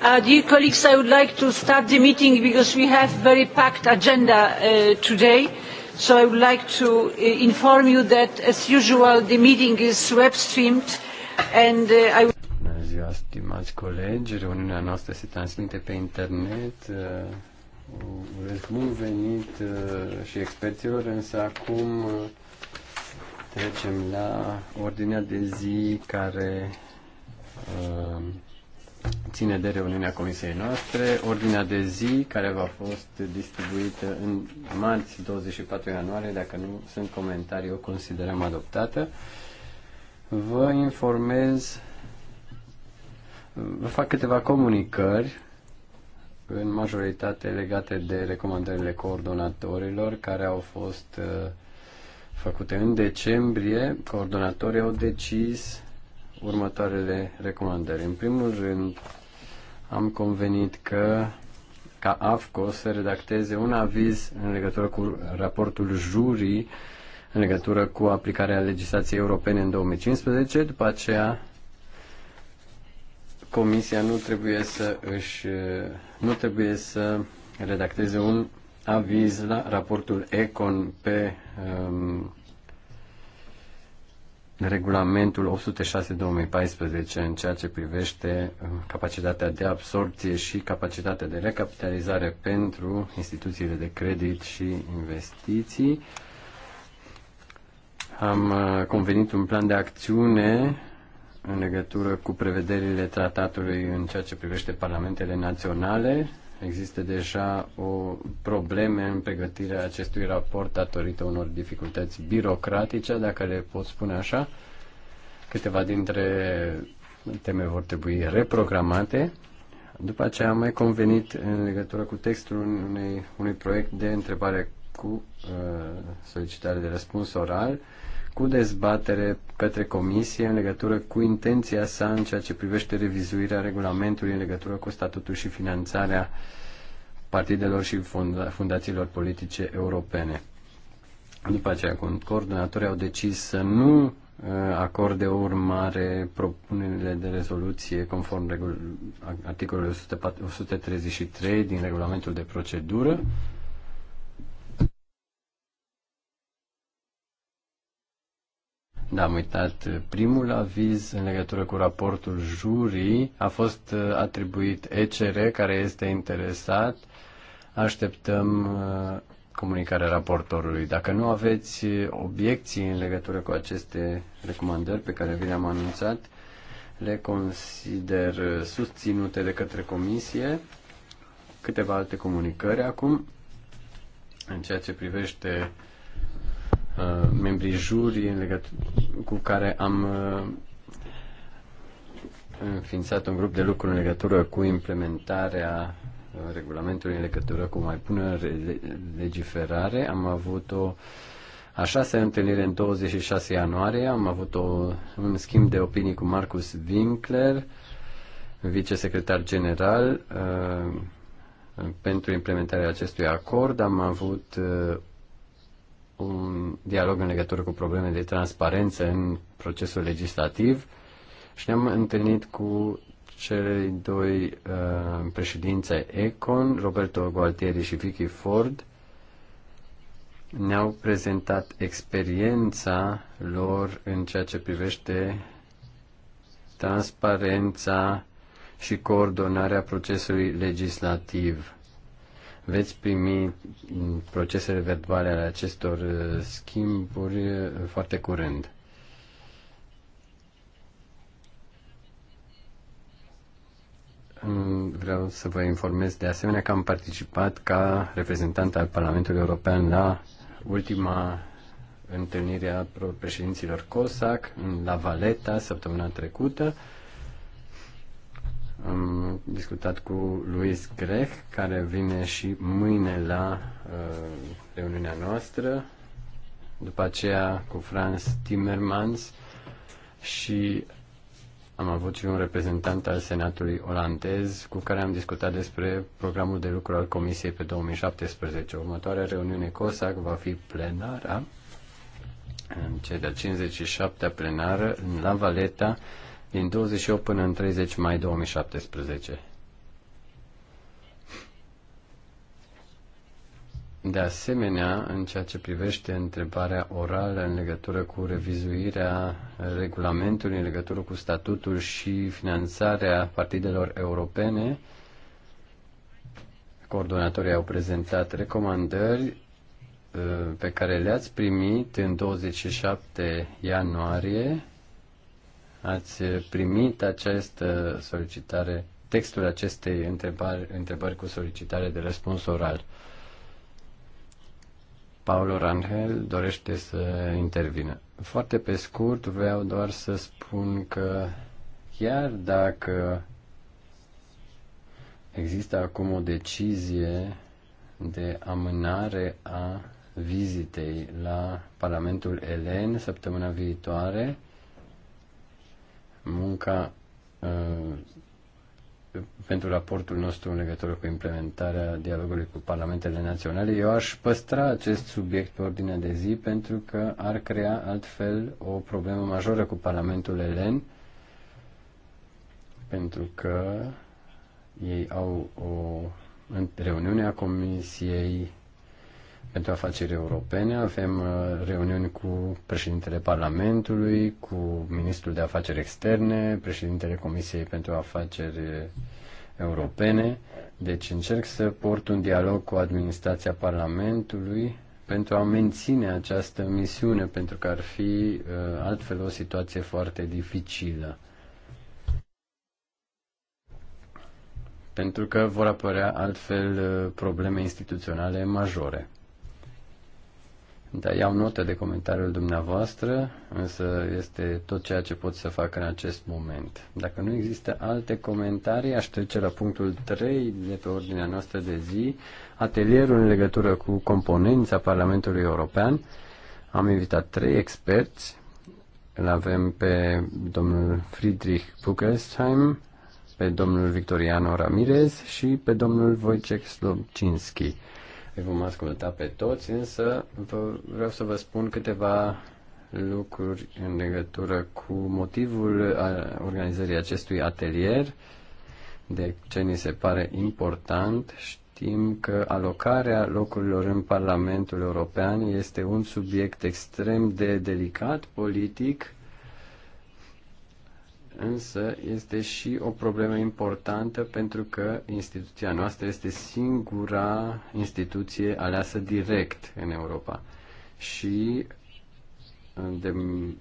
Uh, dear colleagues, I would like to start the meeting because we have very packed agenda uh, today. So I would like to uh, inform you that, as usual, the meeting is web streamed, and uh, I. Bună ziua, stimați colegi. Reuniunea noastră se transmite pe internet. Uh, urez bun venit uh, și experților, însă acum uh, trecem la ordinea de zi care Uh, ține de reuniunea comisiei noastre, ordinea de zi care va fost distribuită în marți 24 ianuarie, dacă nu sunt comentarii, o considerăm adoptată. Vă informez, vă fac câteva comunicări în majoritate legate de recomandările coordonatorilor care au fost uh, făcute în decembrie. Coordonatorii au decis următoarele recomandări. În primul rând, am convenit că ca AFCO să redacteze un aviz în legătură cu raportul jurii în legătură cu aplicarea legislației europene în 2015, după aceea Comisia nu trebuie să își nu trebuie să redacteze un aviz la raportul Econ pe um, regulamentul 806-2014 în ceea ce privește uh, capacitatea de absorpție și capacitatea de recapitalizare pentru instituțiile de credit și investiții. Am uh, convenit un plan de acțiune în legătură cu prevederile tratatului în ceea ce privește parlamentele naționale Există deja o probleme în pregătirea acestui raport datorită unor dificultăți birocratice, dacă le pot spune așa. Câteva dintre teme vor trebui reprogramate. După aceea am mai convenit în legătură cu textul unei, unui proiect de întrebare cu uh, solicitare de răspuns oral cu dezbatere către Comisie în legătură cu intenția sa în ceea ce privește revizuirea regulamentului în legătură cu statutul și finanțarea partidelor și funda- fundațiilor politice europene. După aceea, coordonatorii au decis să nu uh, acorde o urmare propunerile de rezoluție conform articolului 133 din regulamentul de procedură Da, am uitat. Uh, primul aviz în legătură cu raportul jurii a fost uh, atribuit ECR, care este interesat. Așteptăm uh, comunicarea raportorului. Dacă nu aveți obiecții în legătură cu aceste recomandări pe care vi le-am anunțat, le consider susținute de către comisie. Câteva alte comunicări acum în ceea ce privește uh, Uh, membrii jurii în legat- cu care am uh, înființat un grup de lucru în legătură cu implementarea uh, regulamentului în legătură cu mai bună legiferare. Am avut o a șasea întâlnire în 26 ianuarie, am avut o, un schimb de opinii cu Marcus Winkler, vicesecretar general, pentru implementarea acestui acord. Am avut un dialog în legătură cu probleme de transparență în procesul legislativ și ne-am întâlnit cu cele doi uh, președințe Econ, Roberto Gualtieri și Vicky Ford, ne-au prezentat experiența lor în ceea ce privește transparența și coordonarea procesului legislativ veți primi procesele verbale ale acestor uh, schimburi uh, foarte curând. Mm, vreau să vă informez de asemenea că am participat ca reprezentant al Parlamentului European la ultima întâlnire a președinților COSAC la Valeta săptămâna trecută. Am discutat cu Luis Grech, care vine și mâine la uh, reuniunea noastră. După aceea cu Franz Timmermans și am avut și un reprezentant al Senatului olandez cu care am discutat despre programul de lucru al Comisiei pe 2017. Următoarea reuniune COSAC va fi plenara, în cea de-a 57-a plenară, în La Valeta, din 28 până în 30 mai 2017. De asemenea, în ceea ce privește întrebarea orală în legătură cu revizuirea regulamentului în legătură cu statutul și finanțarea partidelor europene, coordonatorii au prezentat recomandări uh, pe care le-ați primit în 27 ianuarie ați primit această solicitare, textul acestei întrebări, întrebări cu solicitare de răspuns oral. Paulo Rangel dorește să intervină. Foarte pe scurt, vreau doar să spun că chiar dacă există acum o decizie de amânare a vizitei la Parlamentul Elen săptămâna viitoare, munca uh, pentru raportul nostru în legătură cu implementarea dialogului cu parlamentele naționale. Eu aș păstra acest subiect pe ordinea de zi pentru că ar crea altfel o problemă majoră cu Parlamentul Elen pentru că ei au o reuniune a Comisiei pentru afaceri europene. Avem uh, reuniuni cu președintele Parlamentului, cu ministrul de afaceri externe, președintele Comisiei pentru afaceri europene. Deci încerc să port un dialog cu administrația Parlamentului pentru a menține această misiune, pentru că ar fi uh, altfel o situație foarte dificilă. Pentru că vor apărea altfel uh, probleme instituționale majore. Da, iau notă de comentariul dumneavoastră, însă este tot ceea ce pot să fac în acest moment. Dacă nu există alte comentarii, aș trece la punctul 3 de pe ordinea noastră de zi, atelierul în legătură cu componența Parlamentului European. Am invitat trei experți. Îl avem pe domnul Friedrich Buckersheim, pe domnul Victoriano Ramirez și pe domnul Wojciech Slobcinski îi vom asculta pe toți, însă vă, vreau să vă spun câteva lucruri în legătură cu motivul organizării acestui atelier, de ce ni se pare important. Știm că alocarea locurilor în Parlamentul European este un subiect extrem de delicat politic însă este și o problemă importantă pentru că instituția noastră este singura instituție aleasă direct în Europa. Și de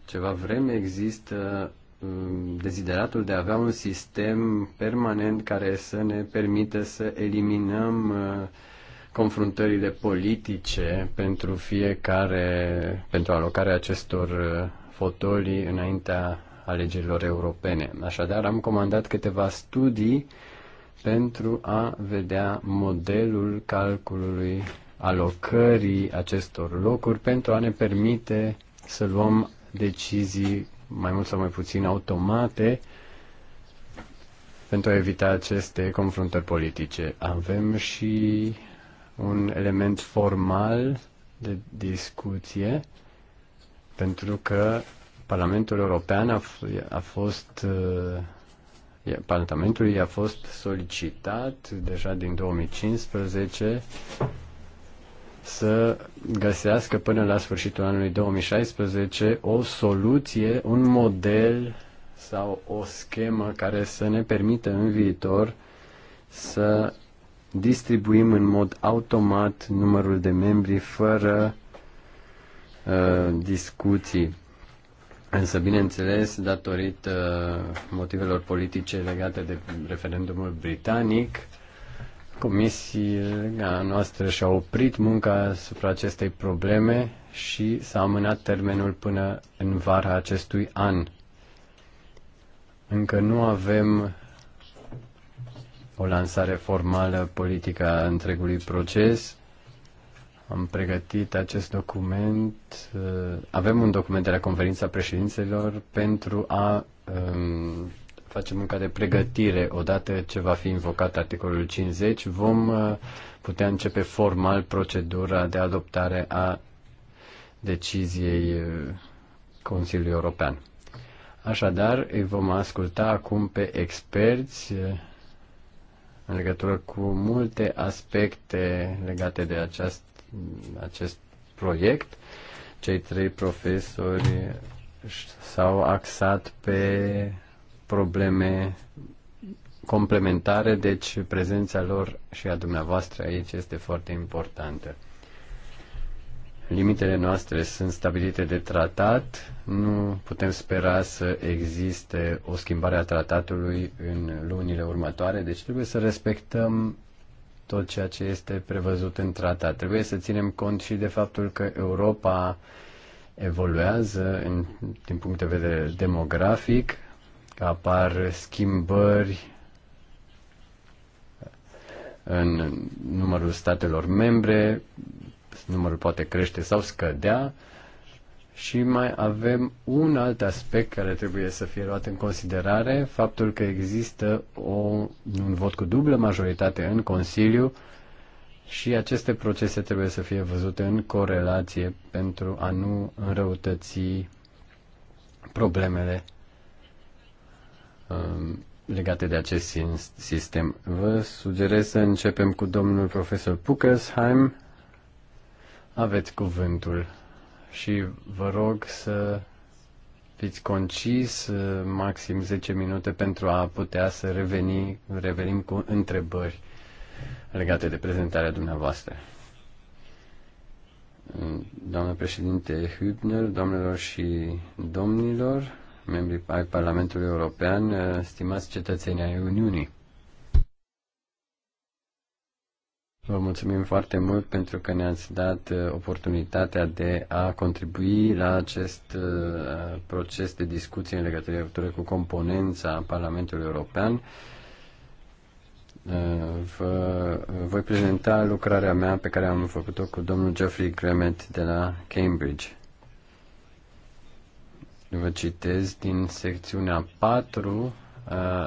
ceva vreme există um, dezideratul de a avea un sistem permanent care să ne permită să eliminăm uh, confruntările politice pentru fiecare, pentru alocarea acestor uh, fotolii înaintea alegerilor europene. Așadar, am comandat câteva studii pentru a vedea modelul calculului alocării acestor locuri pentru a ne permite să luăm decizii mai mult sau mai puțin automate pentru a evita aceste confruntări politice. Avem și un element formal de discuție pentru că Parlamentul European a, a fost uh, Parlamentului a fost solicitat deja din 2015 să găsească până la sfârșitul anului 2016 o soluție, un model sau o schemă care să ne permită în viitor să distribuim în mod automat numărul de membri fără uh, discuții Însă, bineînțeles, datorită motivelor politice legate de referendumul britanic, comisia noastră și-a oprit munca asupra acestei probleme și s-a amânat termenul până în vara acestui an. Încă nu avem o lansare formală politică a întregului proces, am pregătit acest document. Uh, avem un document de la conferința președinților pentru a um, face munca de pregătire. Odată ce va fi invocat articolul 50, vom uh, putea începe formal procedura de adoptare a deciziei uh, Consiliului European. Așadar, îi vom asculta acum pe experți în legătură cu multe aspecte legate de acest acest proiect. Cei trei profesori s-au axat pe probleme complementare, deci prezența lor și a dumneavoastră aici este foarte importantă. Limitele noastre sunt stabilite de tratat, nu putem spera să existe o schimbare a tratatului în lunile următoare, deci trebuie să respectăm tot ceea ce este prevăzut în tratat. Trebuie să ținem cont și de faptul că Europa evoluează în, din punct de vedere demografic, că apar schimbări în numărul statelor membre, numărul poate crește sau scădea, și mai avem un alt aspect care trebuie să fie luat în considerare, faptul că există o, un vot cu dublă majoritate în Consiliu și aceste procese trebuie să fie văzute în corelație pentru a nu înrăutăți problemele um, legate de acest sistem. Vă sugerez să începem cu domnul profesor Puckersheim. Aveți cuvântul și vă rog să fiți concis, uh, maxim 10 minute pentru a putea să reveni, revenim cu întrebări legate de prezentarea dumneavoastră. Doamnă președinte Hübner, domnilor și domnilor, membrii ai Parlamentului European, uh, stimați cetățenii ai Uniunii. Vă mulțumim foarte mult pentru că ne-ați dat uh, oportunitatea de a contribui la acest uh, proces de discuție în legătură cu componența Parlamentului European. Uh, vă voi prezenta lucrarea mea pe care am făcut-o cu domnul Geoffrey Gremet de la Cambridge. Vă citez din secțiunea 4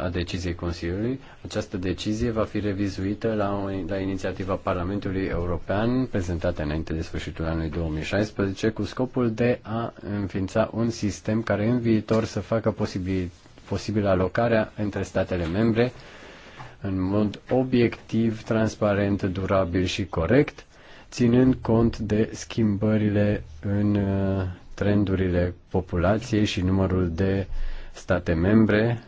a deciziei Consiliului. Această decizie va fi revizuită la, o, la inițiativa Parlamentului European prezentată înainte de sfârșitul anului 2016 cu scopul de a înființa un sistem care în viitor să facă posibil, posibil alocarea între statele membre în mod obiectiv, transparent, durabil și corect, ținând cont de schimbările în uh, trendurile populației și numărul de state membre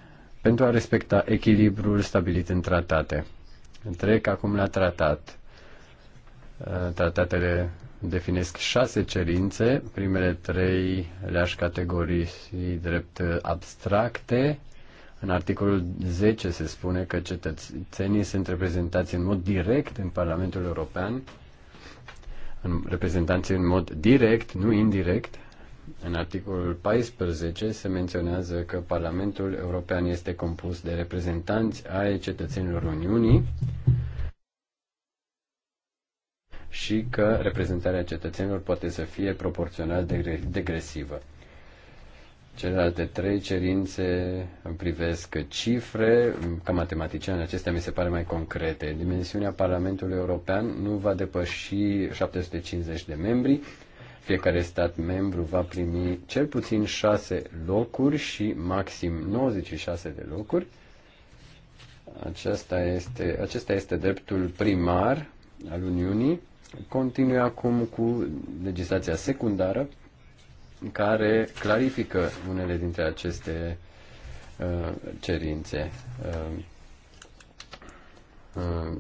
pentru a respecta echilibrul stabilit în tratate. Trec acum la tratat. Uh, tratatele definesc șase cerințe, primele trei le-aș categorii drept abstracte. În articolul 10 se spune că cetățenii sunt reprezentați în mod direct în Parlamentul European, în reprezentanții în mod direct, nu indirect, în articolul 14 se menționează că Parlamentul European este compus de reprezentanți ai cetățenilor Uniunii și că reprezentarea cetățenilor poate să fie proporțional degresivă. Celelalte trei cerințe privesc cifre, ca matematician acestea mi se pare mai concrete. Dimensiunea Parlamentului European nu va depăși 750 de membri, fiecare stat membru va primi cel puțin 6 locuri și maxim 96 de locuri. Acesta este, acesta este dreptul primar al Uniunii. Continuă acum cu legislația secundară care clarifică unele dintre aceste uh, cerințe. Uh, uh,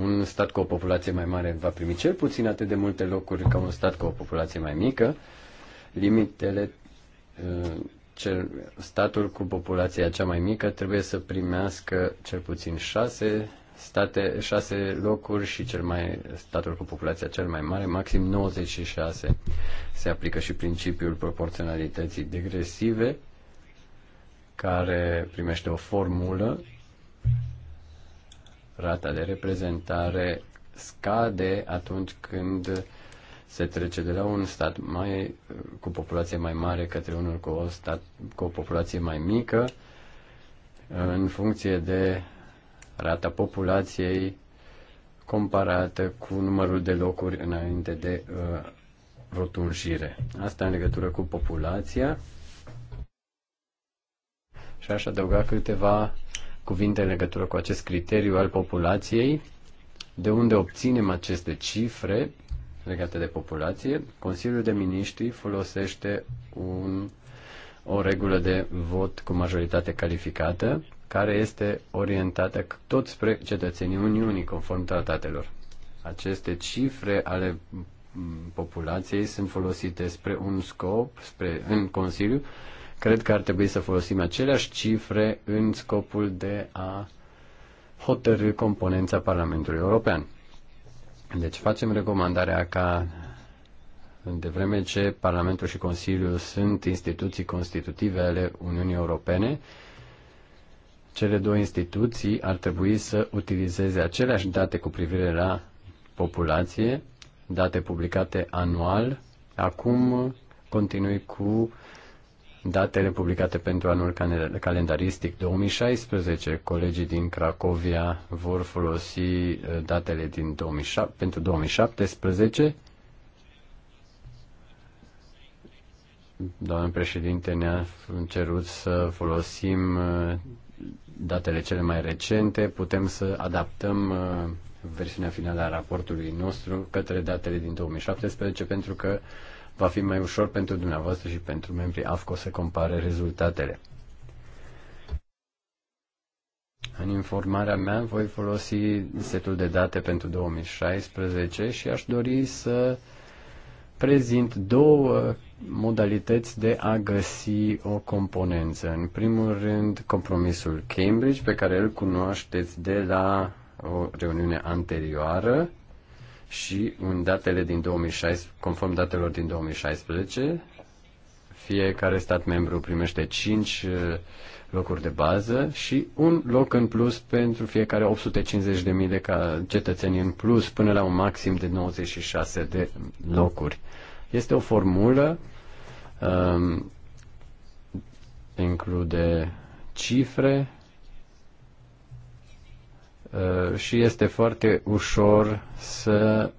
un stat cu o populație mai mare va primi cel puțin atât de multe locuri ca un stat cu o populație mai mică. Limitele uh, cel, statul cu populația cea mai mică trebuie să primească cel puțin șase state, șase locuri și cel mai, statul cu populația cel mai mare, maxim 96. Se aplică și principiul proporționalității degresive, care primește o formulă rata de reprezentare scade atunci când se trece de la un stat mai, cu populație mai mare către unul cu, o stat, cu o populație mai mică, în funcție de rata populației comparată cu numărul de locuri înainte de uh, rotunjire. Asta în legătură cu populația. Și aș adăuga câteva cuvinte în legătură cu acest criteriu al populației, de unde obținem aceste cifre legate de populație. Consiliul de Miniștri folosește un, o regulă de vot cu majoritate calificată, care este orientată tot spre cetățenii Uniunii, conform tratatelor. Aceste cifre ale populației sunt folosite spre un scop, spre, în Consiliu, Cred că ar trebui să folosim aceleași cifre în scopul de a hotărâ componența Parlamentului European. Deci facem recomandarea ca de vreme ce Parlamentul și Consiliul sunt instituții constitutive ale Uniunii Europene, cele două instituții ar trebui să utilizeze aceleași date cu privire la populație, date publicate anual. Acum continui cu datele publicate pentru anul calendaristic 2016. Colegii din Cracovia vor folosi uh, datele din 2007, pentru 2017. Doamne președinte, ne-a cerut să folosim uh, datele cele mai recente. Putem să adaptăm uh, versiunea finală a raportului nostru către datele din 2017 pentru că va fi mai ușor pentru dumneavoastră și pentru membrii AFCO să compare rezultatele. În informarea mea voi folosi setul de date pentru 2016 și aș dori să prezint două modalități de a găsi o componență. În primul rând, compromisul Cambridge, pe care îl cunoașteți de la o reuniune anterioară, și în datele din 2016, conform datelor din 2016, fiecare stat membru primește 5 uh, locuri de bază și un loc în plus pentru fiecare 850.000 de cetățeni în plus până la un maxim de 96 de locuri. Este o formulă, um, include cifre Uh, și este foarte ușor să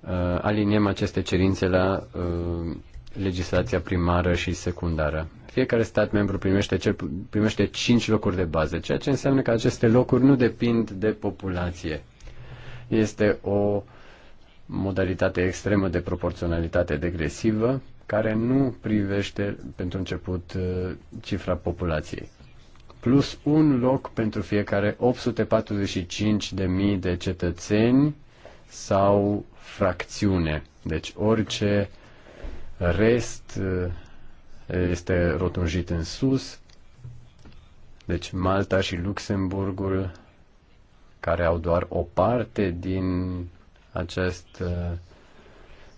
uh, aliniem aceste cerințe la uh, legislația primară și secundară. Fiecare stat membru primește, cel, primește 5 locuri de bază, ceea ce înseamnă că aceste locuri nu depind de populație. Este o modalitate extremă de proporționalitate degresivă care nu privește pentru început cifra populației plus un loc pentru fiecare 845 de mii de cetățeni sau fracțiune. Deci orice rest eh, este rotunjit în sus. Deci Malta și Luxemburgul, care au doar o parte din această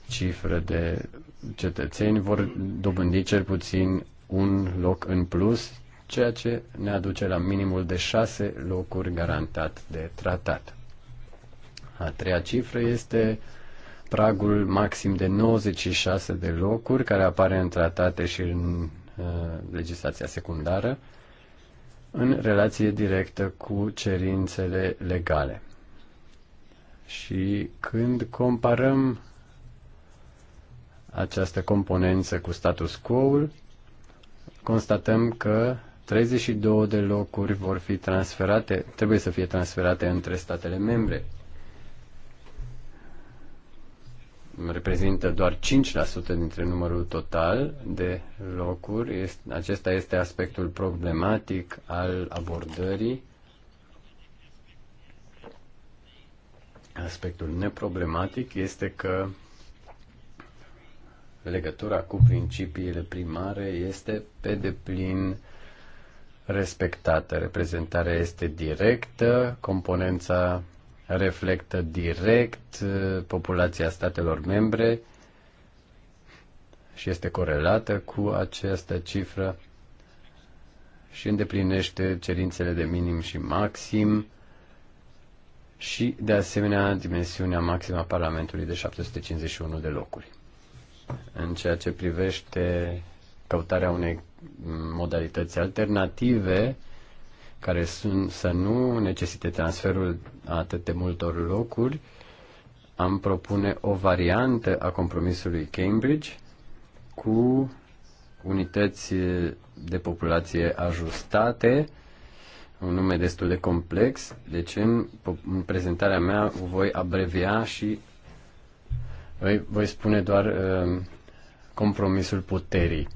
cifră de cetățeni, vor dobândi cel puțin un loc în plus, ceea ce ne aduce la minimul de șase locuri garantat de tratat. A treia cifră este pragul maxim de 96 de locuri care apare în tratate și în uh, legislația secundară în relație directă cu cerințele legale. Și când comparăm această componență cu status quo-ul, constatăm că 32 de locuri vor fi transferate, trebuie să fie transferate între statele membre. Reprezintă doar 5% dintre numărul total de locuri. Acesta este aspectul problematic al abordării, aspectul neproblematic este că legătura cu principiile primare este pe deplin respectată. Reprezentarea este directă, componența reflectă direct uh, populația statelor membre și este corelată cu această cifră și îndeplinește cerințele de minim și maxim și, de asemenea, dimensiunea maximă a Parlamentului de 751 de locuri. În ceea ce privește căutarea unei modalități alternative care sunt, să nu necesite transferul atât de multor locuri, am propune o variantă a compromisului Cambridge cu unități de populație ajustate, un nume destul de complex, deci în, în prezentarea mea o voi abrevia și voi, voi spune doar uh, compromisul puterii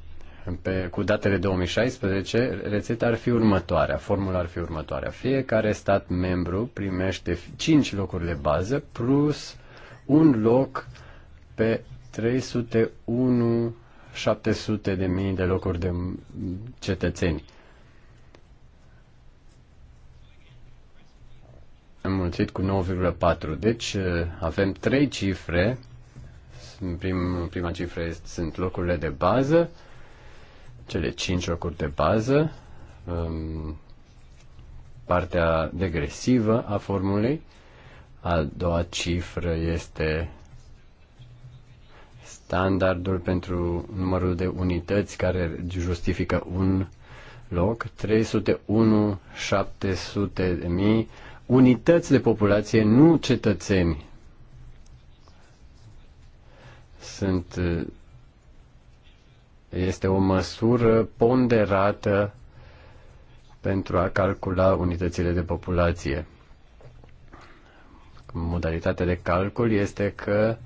pe, cu datele 2016, rețeta ar fi următoarea, formula ar fi următoarea. Fiecare stat membru primește 5 locuri de bază plus un loc pe 301 700 de mii de locuri de cetățeni. Înmulțit cu 9,4. Deci uh, avem trei cifre. Prim, prima cifră sunt locurile de bază, cele cinci jocuri de bază, um, partea degresivă a formulei. A doua cifră este standardul pentru numărul de unități care justifică un loc, 301 700 de mii unități de populație, nu cetățeni. Sunt este o măsură ponderată pentru a calcula unitățile de populație. Modalitatea de calcul este că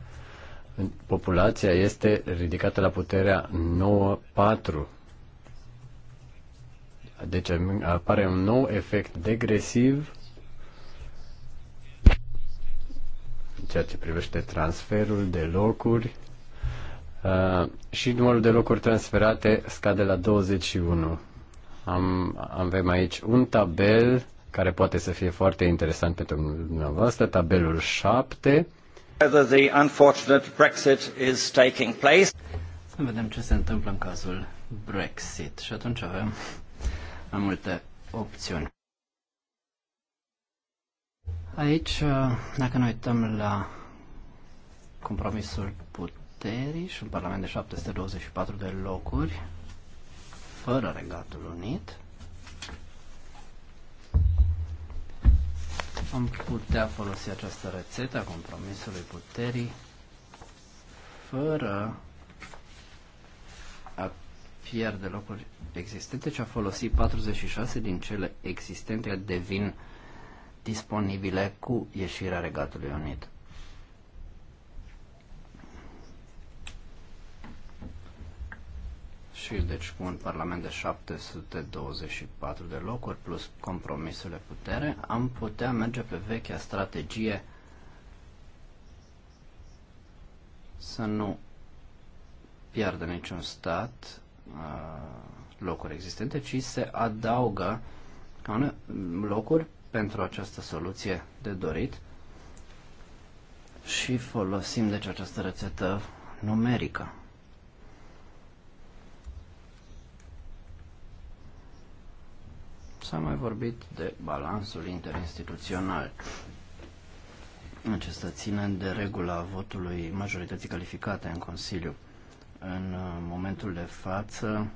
populația este ridicată la puterea 9-4. Deci apare un nou efect degresiv în ceea ce privește transferul de locuri Uh, și numărul de locuri transferate scade la 21. Am, avem aici un tabel care poate să fie foarte interesant pentru dumneavoastră, tabelul 7. Whether the unfortunate Brexit is taking place. Să vedem ce se întâmplă în cazul Brexit și atunci avem mai multe opțiuni. Aici, uh, dacă ne uităm la compromisul put puterii și un parlament de 724 de locuri, fără Regatul Unit, am putea folosi această rețetă a compromisului puterii fără a pierde locuri existente, ci a folosi 46 din cele existente devin disponibile cu ieșirea Regatului Unit. dificil, deci cu un parlament de 724 de locuri plus compromisurile putere, am putea merge pe vechea strategie să nu pierdă niciun stat uh, locuri existente, ci se adaugă locuri pentru această soluție de dorit și folosim deci această rețetă numerică. S-a mai vorbit de balansul interinstituțional. Acesta ține de regula votului majorității calificate în Consiliu. În uh, momentul de față,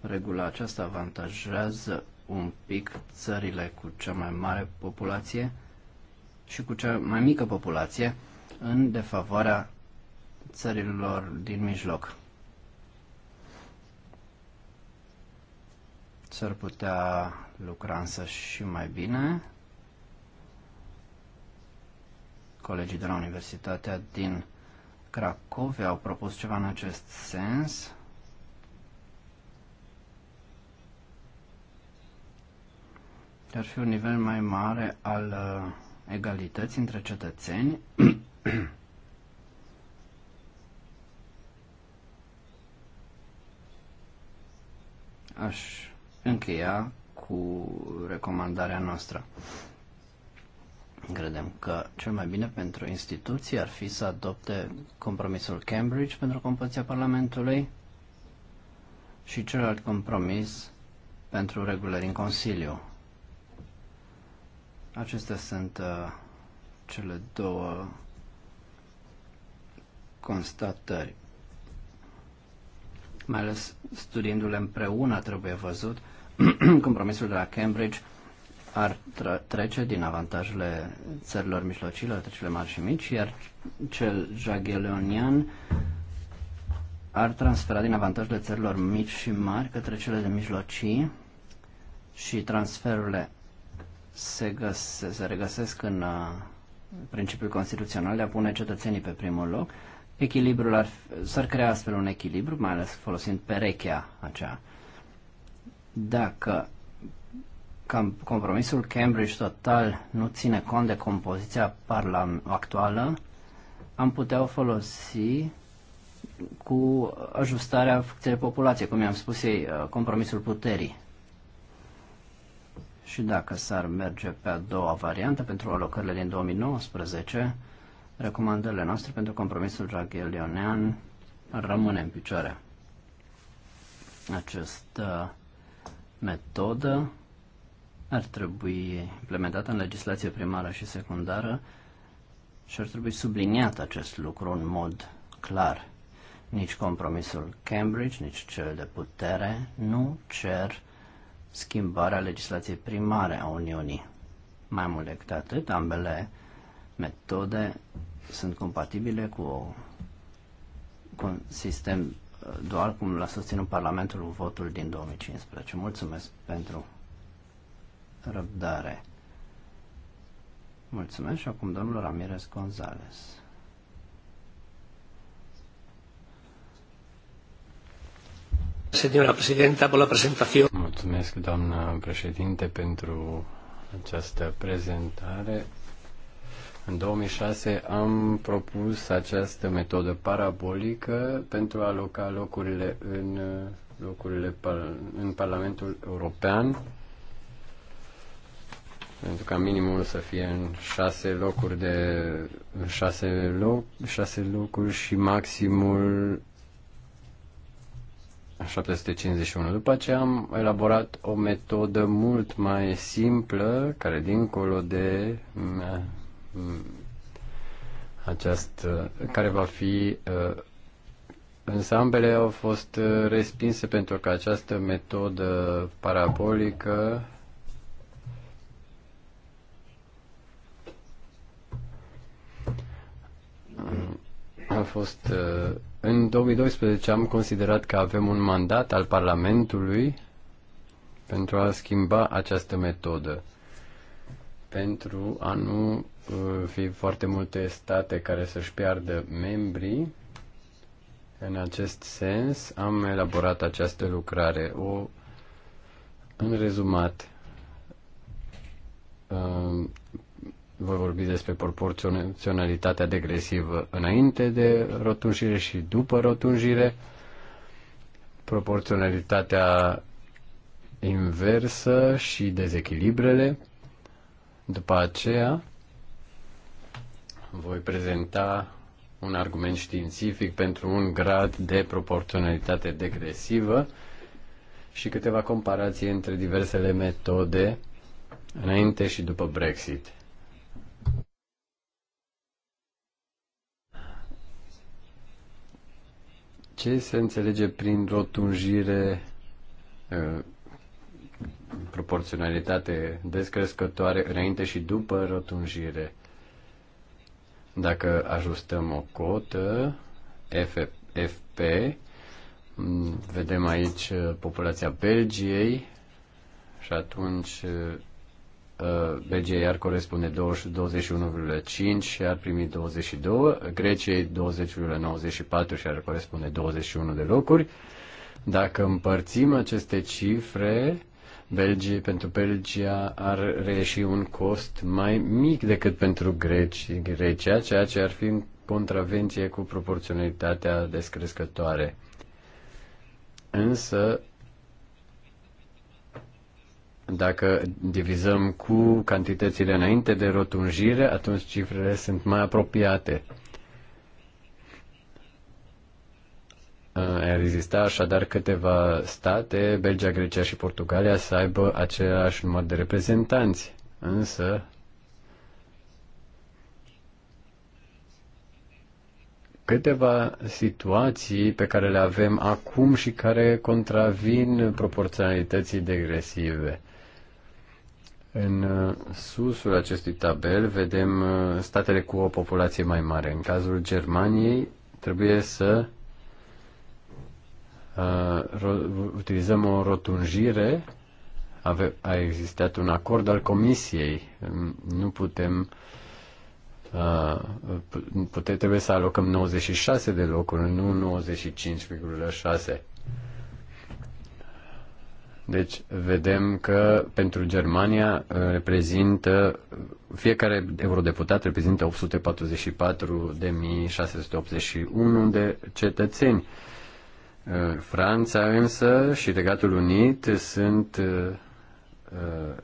regula aceasta avantajează un pic țările cu cea mai mare populație și cu cea mai mică populație în defavoarea țărilor din mijloc. S-ar putea lucra însă și mai bine. Colegii de la Universitatea din Cracovia au propus ceva în acest sens. Ar fi un nivel mai mare al uh, egalității între cetățeni. Aș încheia cu recomandarea noastră. Credem că cel mai bine pentru instituții ar fi să adopte compromisul Cambridge pentru compoziția Parlamentului și celălalt compromis pentru regulări în Consiliu. Acestea sunt uh, cele două constatări. Mai ales studiindu-le împreună trebuie văzut uh, compromisul de la Cambridge ar trece din avantajele țărilor mijlocii la cele mari și mici, iar cel jagheleonian ar transfera din avantajele țărilor mici și mari către cele de mijlocii și transferurile se, găse, se regăsesc în uh, principiul constituțional de a pune cetățenii pe primul loc. Echilibrul ar, s-ar crea astfel un echilibru, mai ales folosind perechea aceea. Dacă compromisul Cambridge total nu ține cont de compoziția actuală, am putea o folosi cu ajustarea funcției populației, cum i-am spus ei, uh, compromisul puterii. Și dacă s-ar merge pe a doua variantă pentru alocările din 2019, recomandările noastre pentru compromisul draghelionean rămâne în picioare. Acest uh, metodă ar trebui implementată în legislație primară și secundară și ar trebui subliniat acest lucru în mod clar. Nici compromisul Cambridge, nici cel de putere nu cer schimbarea legislației primare a Uniunii. Mai mult decât atât, ambele metode sunt compatibile cu, un sistem doar cum l-a susținut Parlamentul cu votul din 2015. Mulțumesc pentru răbdare. Mulțumesc și acum domnul Ramirez Gonzales. por la Mulțumesc, doamnă președinte, pentru această prezentare. În 2006 am propus această metodă parabolică pentru a aloca locurile în uh, locurile în Parlamentul European pentru ca minimul să fie în șase locuri de șase, loc, șase locuri și maximul 751. După ce am elaborat o metodă mult mai simplă, care dincolo de Mm. aceast, uh, care va fi uh, Însă ambele au fost uh, respinse pentru că această metodă parabolică a fost în 2012 am considerat că avem un mandat al Parlamentului pentru a schimba această metodă pentru a nu uh, fi foarte multe state care să-și piardă membrii. În acest sens am elaborat această lucrare. O, în rezumat, uh, voi vorbi despre proporționalitatea degresivă înainte de rotunjire și după rotunjire, proporționalitatea inversă și dezechilibrele, după aceea, voi prezenta un argument științific pentru un grad de proporționalitate degresivă și câteva comparații între diversele metode înainte și după Brexit. Ce se înțelege prin rotunjire uh, proporționalitate descrescătoare înainte și după rotunjire. Dacă ajustăm o cotă, F, FP, vedem aici uh, populația Belgiei și atunci uh, uh, Belgia ar corespunde 21,5 și ar primi 22, Greciei 20,94 și ar corespunde 21 de locuri. Dacă împărțim aceste cifre, Belgie pentru Belgia ar reieși un cost mai mic decât pentru Greci, Grecia, ceea ce ar fi în contravenție cu proporționalitatea descrescătoare. Însă, dacă divizăm cu cantitățile înainte de rotunjire, atunci cifrele sunt mai apropiate. ar exista așadar câteva state, Belgia, Grecia și Portugalia, să aibă același număr de reprezentanți. Însă, câteva situații pe care le avem acum și care contravin proporționalității degresive. În susul acestui tabel vedem statele cu o populație mai mare. În cazul Germaniei trebuie să utilizăm o rotunjire, ave, a existat un acord al comisiei, nu putem pute, trebuie să alocăm 96 de locuri, nu 95,6. Deci vedem că pentru Germania reprezintă fiecare eurodeputat reprezintă 844.681 de cetățeni Franța însă și Regatul Unit sunt uh, uh,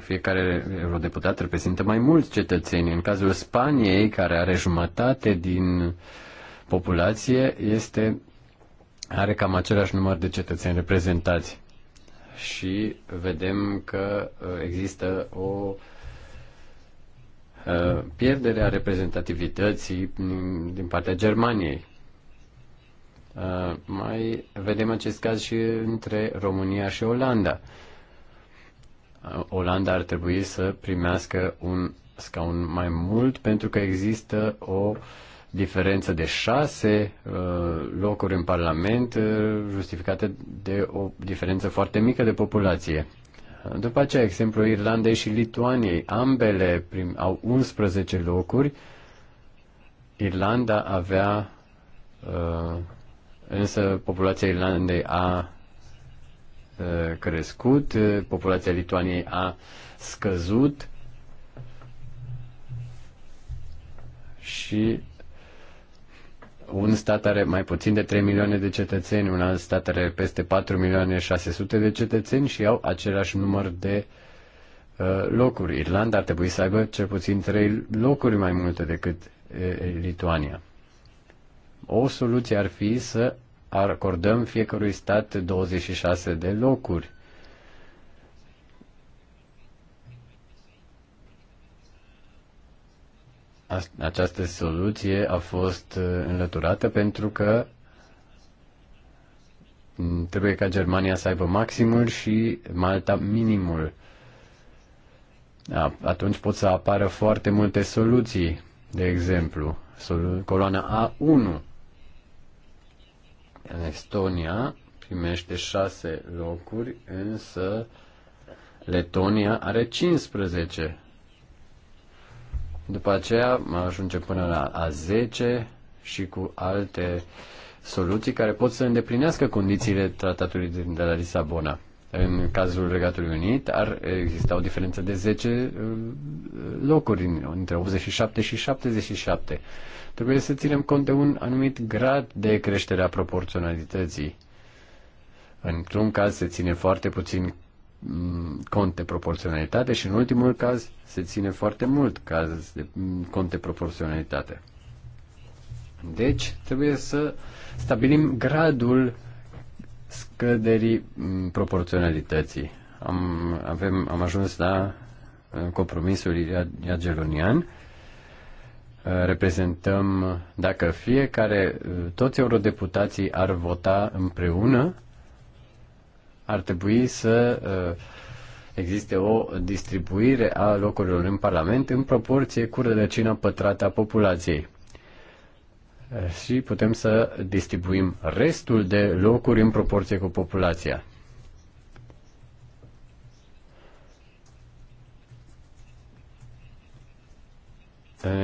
fiecare eurodeputat reprezintă mai mulți cetățeni. În cazul Spaniei, care are jumătate din populație, este, are cam același număr de cetățeni reprezentați. Și vedem că uh, există o pierdere a reprezentativității din partea Germaniei. Uh, mai vedem acest caz și între România și Olanda. Uh, Olanda ar trebui să primească un scaun mai mult pentru că există o diferență de șase uh, locuri în Parlament justificate de o diferență foarte mică de populație. După aceea, exemplu Irlandei și Lituaniei, ambele prim, au 11 locuri. Irlanda avea uh, însă populația Irlandei a crescut, populația Lituaniei a scăzut și un stat are mai puțin de 3 milioane de cetățeni, un alt stat are peste 4 milioane 600 de cetățeni și au același număr de locuri. Irlanda ar trebui să aibă cel puțin 3 locuri mai multe decât Lituania. O soluție ar fi să acordăm fiecărui stat 26 de locuri. Această soluție a fost uh, înlăturată pentru că mm, trebuie ca Germania să aibă maximul și Malta minimul. Atunci pot să apară foarte multe soluții. De exemplu, coloana A1 în Estonia primește 6 locuri, însă Letonia are 15. După aceea ajunge până la a 10 și cu alte soluții care pot să îndeplinească condițiile tratatului de la Lisabona. În cazul Regatului Unit ar exista o diferență de 10 uh, locuri între 87 și 77. Trebuie să ținem cont de un anumit grad de creștere a proporționalității. Într-un caz se ține foarte puțin mm, cont de proporționalitate și în ultimul caz se ține foarte mult caz de mm, cont de proporționalitate. Deci trebuie să stabilim gradul scăderii mm, proporționalității. Am, avem, am ajuns la uh, compromisul iagelonian. Uh, reprezentăm, dacă fiecare, uh, toți eurodeputații ar vota împreună, ar trebui să existe o distribuire a locurilor în Parlament în proporție cu rădăcina pătrată a populației și putem să distribuim restul de locuri în proporție cu populația.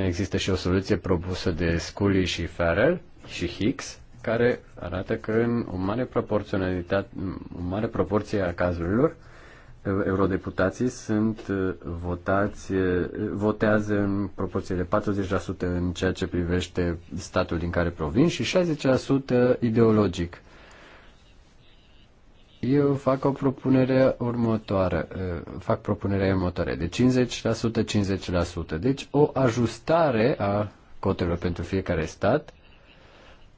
Există și o soluție propusă de Scully și Farrell și Hicks, care arată că în o mare, proporționalitate, o mare proporție a cazurilor, uh, eurodeputații sunt uh, votați, uh, votează în proporție de 40% în ceea ce privește statul din care provin și 60% ideologic. Eu fac o propunere următoare, uh, fac propunerea următoare, de 50%, 50%. Deci o ajustare a cotelor pentru fiecare stat,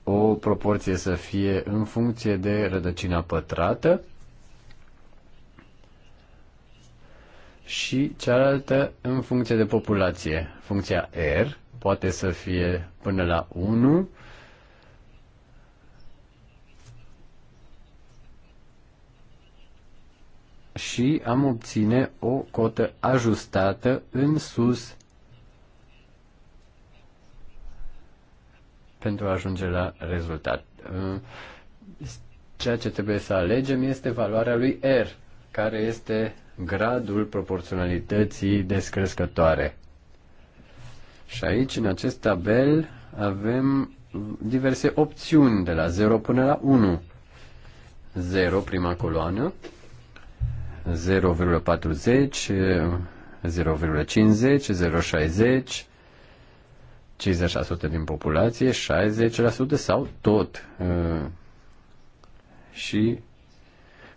o proporție să fie în funcție de rădăcina pătrată, și cealaltă în funcție de populație. Funcția R poate să fie până la 1, și am obține o cotă ajustată în sus pentru a ajunge la rezultat. Ceea ce trebuie să alegem este valoarea lui R, care este gradul proporționalității descrescătoare. Și aici, în acest tabel, avem diverse opțiuni de la 0 până la 1. 0, prima coloană, 0,40, 0,50, 0,60, 50% din populație, 60% sau tot. Ă, și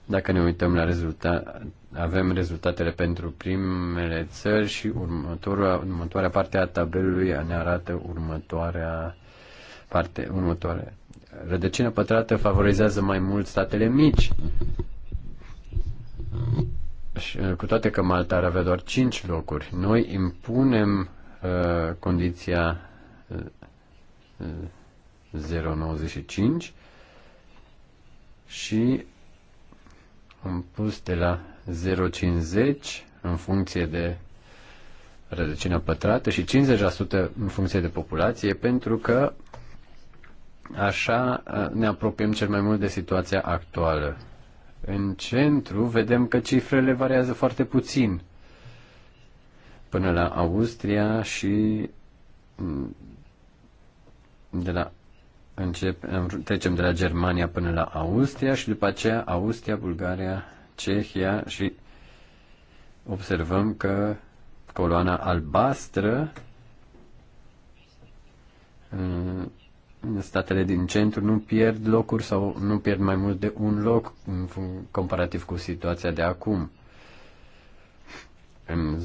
dacă ne uităm la rezultat, avem rezultatele pentru primele țări și următoarea, următoarea parte a tabelului ne arată următoarea parte, următoare. Rădăcină pătrată favorizează mai mult statele mici. Și, uh, cu toate că Malta ar avea doar 5 locuri, noi impunem uh, condiția uh, 0,95 uh, și am pus de la 0,50 în funcție de rădăcină pătrată și 50% în funcție de populație, pentru că așa ne apropiem cel mai mult de situația actuală. În centru vedem că cifrele variază foarte puțin până la Austria și de la încep, trecem de la Germania până la Austria și după aceea Austria, Bulgaria, Cehia și observăm că coloana albastră în statele din centru nu pierd locuri sau nu pierd mai mult de un loc comparativ cu situația de acum. În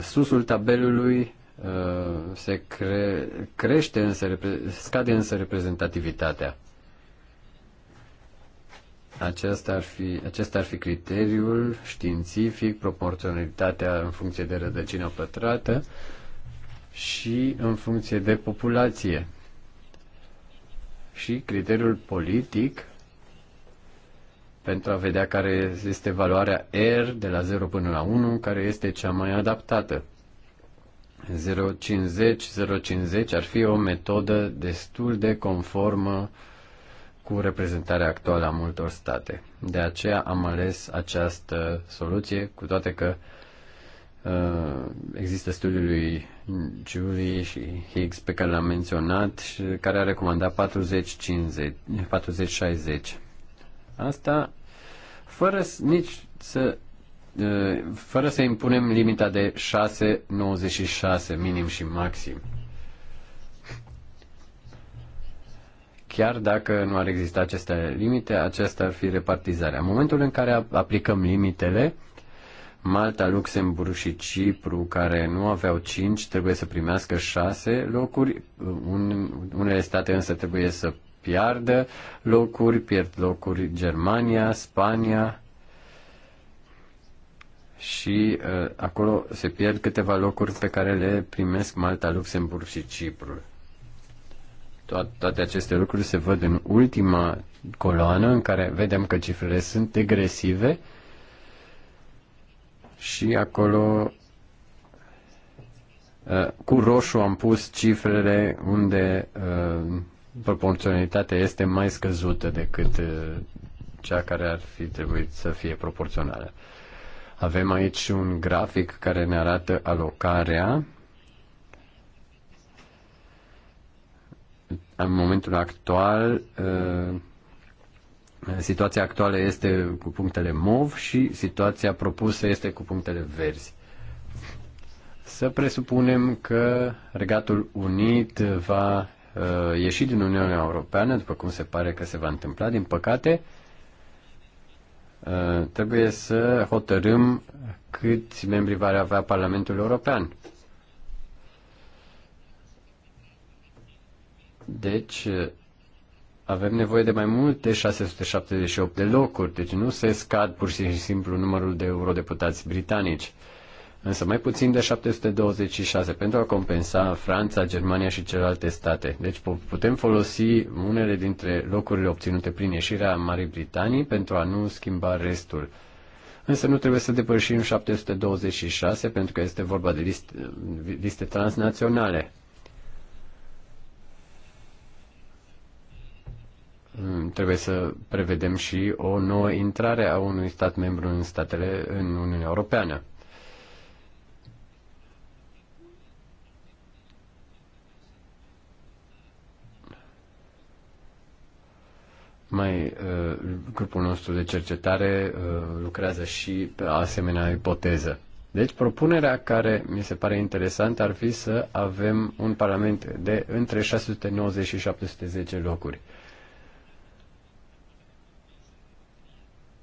susul tabelului uh, se cre- crește însă, scade însă reprezentativitatea. Acesta ar fi, acesta ar fi criteriul științific, proporționalitatea în funcție de rădăcină pătrată și în funcție de populație. Și criteriul politic pentru a vedea care este valoarea R de la 0 până la 1, care este cea mai adaptată. 0,50, 0,50 ar fi o metodă destul de conformă uh, cu reprezentarea actuală a multor state. De aceea am ales această soluție, cu toate că uh, există studiul lui Julie și Higgs pe care l-am menționat și care a recomandat 40-60. Asta fără nici să uh, fără să impunem limita de 6,96 minim și maxim. chiar dacă nu ar exista aceste limite, aceasta ar fi repartizarea. În momentul în care aplicăm limitele, Malta, Luxemburg și Cipru, care nu aveau 5, trebuie să primească 6 locuri, Un, unele state însă trebuie să piardă locuri, pierd locuri Germania, Spania și uh, acolo se pierd câteva locuri pe care le primesc Malta, Luxemburg și Cipru toate aceste lucruri se văd în ultima coloană în care vedem că cifrele sunt degresive și acolo ă, cu roșu am pus cifrele unde ă, proporționalitatea este mai scăzută decât ă, cea care ar fi trebuit să fie proporțională. Avem aici un grafic care ne arată alocarea în momentul actual, uh, situația actuală este cu punctele MOV și situația propusă este cu punctele verzi. Să presupunem că Regatul Unit va uh, ieși din Uniunea Europeană, după cum se pare că se va întâmpla, din păcate, uh, trebuie să hotărâm câți membri va avea Parlamentul European. Deci, avem nevoie de mai multe 678 de locuri, deci nu se scad pur și simplu numărul de eurodeputați britanici, însă mai puțin de 726 pentru a compensa Franța, Germania și celelalte state. Deci putem folosi unele dintre locurile obținute prin ieșirea Marii Britanii pentru a nu schimba restul. Însă nu trebuie să depășim 726 pentru că este vorba de liste, liste transnaționale. Mm, trebuie să prevedem și o nouă intrare a unui stat membru în statele în Uniunea Europeană. mai uh, grupul nostru de cercetare uh, lucrează și pe asemenea ipoteză. Deci propunerea care mi se pare interesantă ar fi să avem un parlament de între 690 și 710 locuri.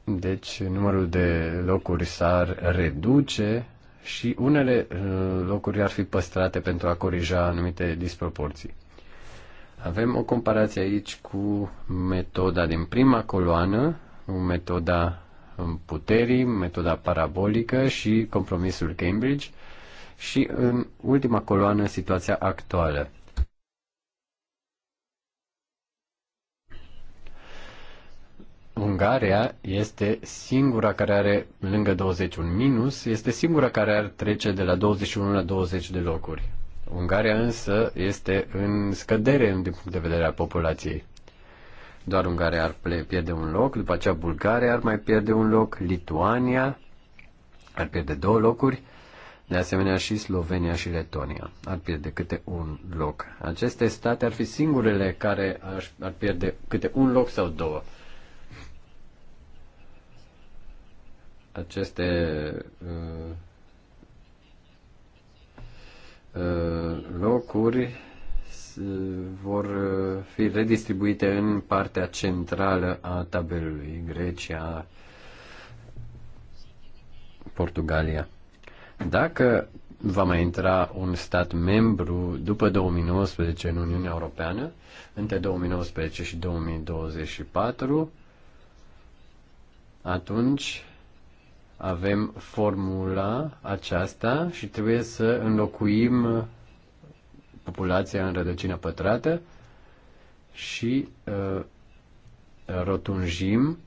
Deci numărul de locuri s-ar reduce și unele uh, locuri ar fi păstrate pentru a corija anumite disproporții. Avem o comparație aici cu metoda din prima coloană, metoda puterii, metoda parabolică și compromisul Cambridge și în ultima coloană situația actuală. Ungaria este singura care are, lângă 21 minus, este singura care ar trece de la 21 la 20 de locuri. Ungaria însă este în scădere din punct de vedere al populației. Doar Ungaria ar pierde un loc, după aceea Bulgaria ar mai pierde un loc, Lituania ar pierde două locuri, de asemenea și Slovenia și Letonia ar pierde câte un loc. Aceste state ar fi singurele care ar, ar pierde câte un loc sau două. aceste uh, uh, locuri vor fi redistribuite în partea centrală a tabelului Grecia, Portugalia. Dacă va mai intra un stat membru după 2019 în Uniunea Europeană, între 2019 și 2024, atunci avem formula aceasta și trebuie să înlocuim populația în rădăcină pătrată și uh, rotunjim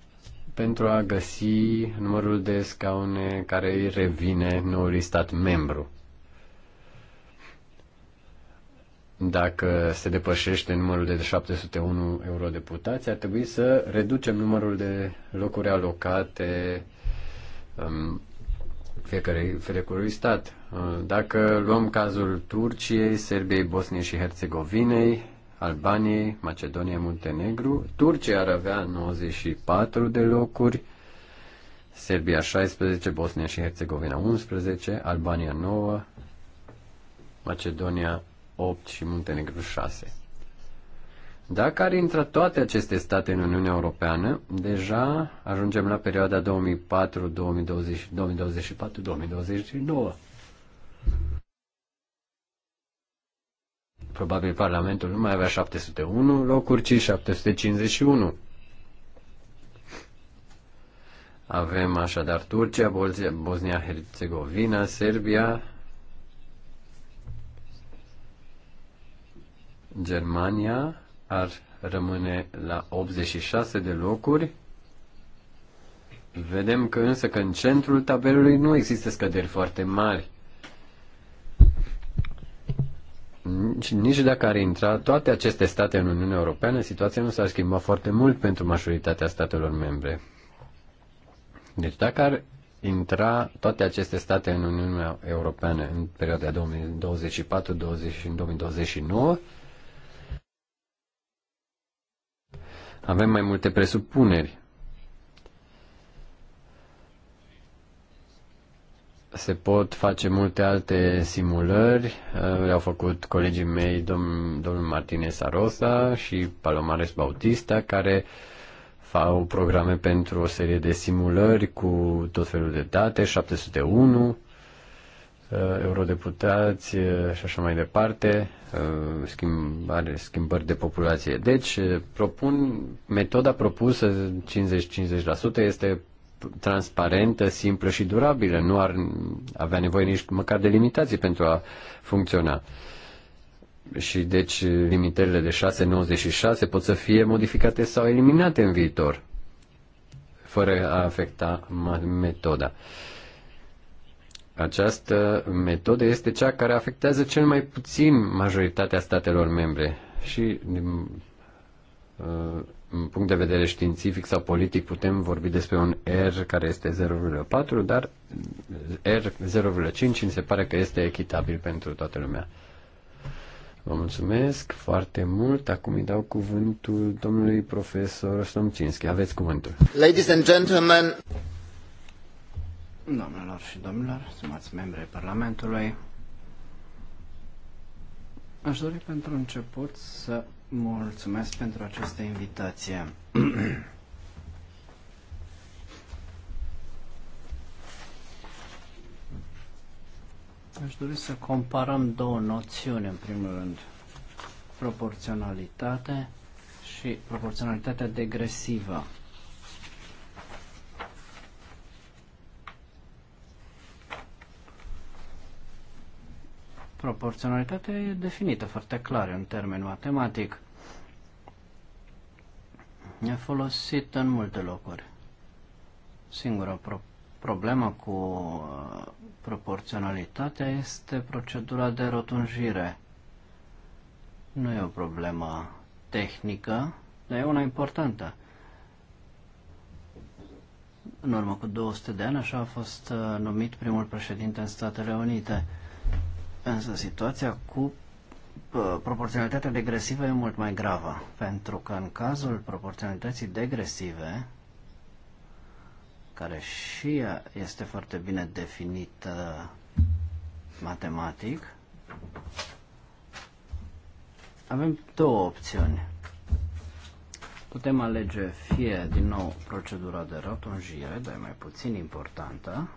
pentru a găsi numărul de scaune care îi revine noului stat membru. Dacă se depășește numărul de 701 eurodeputați, ar trebui să reducem numărul de locuri alocate uh, fiecare, fiecărui stat. Dacă luăm cazul Turciei, Serbiei, Bosniei și Herțegovinei, Albaniei, Macedoniei, Muntenegru, Turcia ar avea 94 de locuri, Serbia 16, Bosnia și Herțegovina 11, Albania 9, Macedonia 8 și Muntenegru 6. Dacă ar intra toate aceste state în Uniunea Europeană, deja ajungem la perioada 2004-2024-2022. Probabil Parlamentul nu mai avea 701 locuri, ci 751. Avem așadar Turcia, Bosnia-Herzegovina, Serbia, Germania, ar rămâne la 86 de locuri. Vedem că însă că în centrul tabelului nu există scăderi foarte mari. Nici, nici dacă ar intra toate aceste state în Uniunea Europeană, situația nu s-ar schimba foarte mult pentru majoritatea statelor membre. Deci dacă ar intra toate aceste state în Uniunea Europeană în perioada 2024-2029, Avem mai multe presupuneri. Se pot face multe alte simulări, uh, le-au făcut colegii mei, dom. domnul Martinez Arosa și Palomares Bautista, care au programe pentru o serie de simulări cu tot felul de date, 701, Uh, eurodeputați uh, și așa mai departe, uh, schimbare schimbări de populație. Deci, propun, metoda propusă 50-50% este transparentă, simplă și durabilă. Nu ar avea nevoie nici măcar de limitații pentru a funcționa. Și deci limitările de 6-96 pot să fie modificate sau eliminate în viitor, fără a afecta metoda. Uh, această metodă este cea care afectează cel mai puțin majoritatea statelor membre și din uh, în punct de vedere științific sau politic putem vorbi despre un R care este 0,4, dar R 0,5 îmi se pare că este echitabil pentru toată lumea. Vă mulțumesc foarte mult. Acum îi dau cuvântul domnului profesor Somcinski. Aveți cuvântul. Ladies and gentlemen. Doamnelor și domnilor, stimați membrii Parlamentului, aș dori pentru început să mulțumesc pentru această invitație. Aș dori să comparăm două noțiuni, în primul rând, proporționalitate și proporționalitatea degresivă. Proporționalitatea e definită foarte clar în termen matematic. E folosit în multe locuri. Singura pro- problemă cu uh, proporționalitatea este procedura de rotunjire. Nu e o problemă tehnică, dar e una importantă. În urmă cu 200 de ani, așa a fost uh, numit primul președinte în Statele Unite. Însă situația cu proporționalitatea degresivă e mult mai gravă, pentru că în cazul proporționalității degresive, care și ea este foarte bine definită matematic, avem două opțiuni. Putem alege fie, din nou, procedura de rotunjire, dar e mai puțin importantă,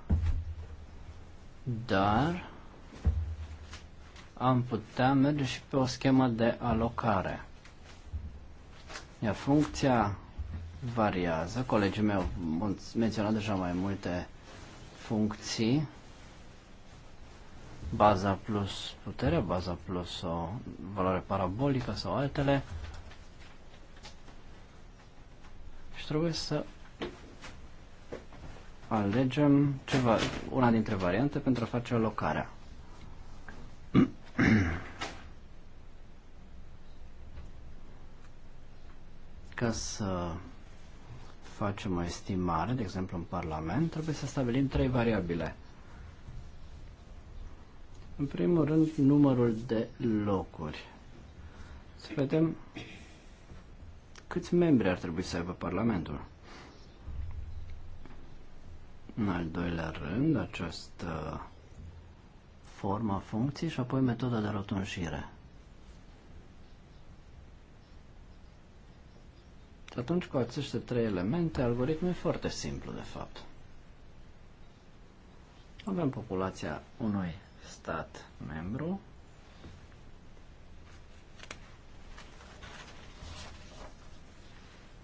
dar am putea merge și pe o schemă de alocare. Iar funcția variază. Colegii mei au menționat deja mai multe funcții. Baza plus putere, baza plus o valoare parabolică sau altele. Și trebuie să alegem ceva, una dintre variante pentru a face alocarea. Ca să facem o estimare, de exemplu în Parlament, trebuie să stabilim trei variabile. În primul rând, numărul de locuri. Să vedem câți membri ar trebui să aibă Parlamentul. În al doilea rând, această forma funcției și apoi metoda de rotunjire. Și atunci cu aceste trei elemente, algoritmul e foarte simplu de fapt. Avem populația unui stat membru,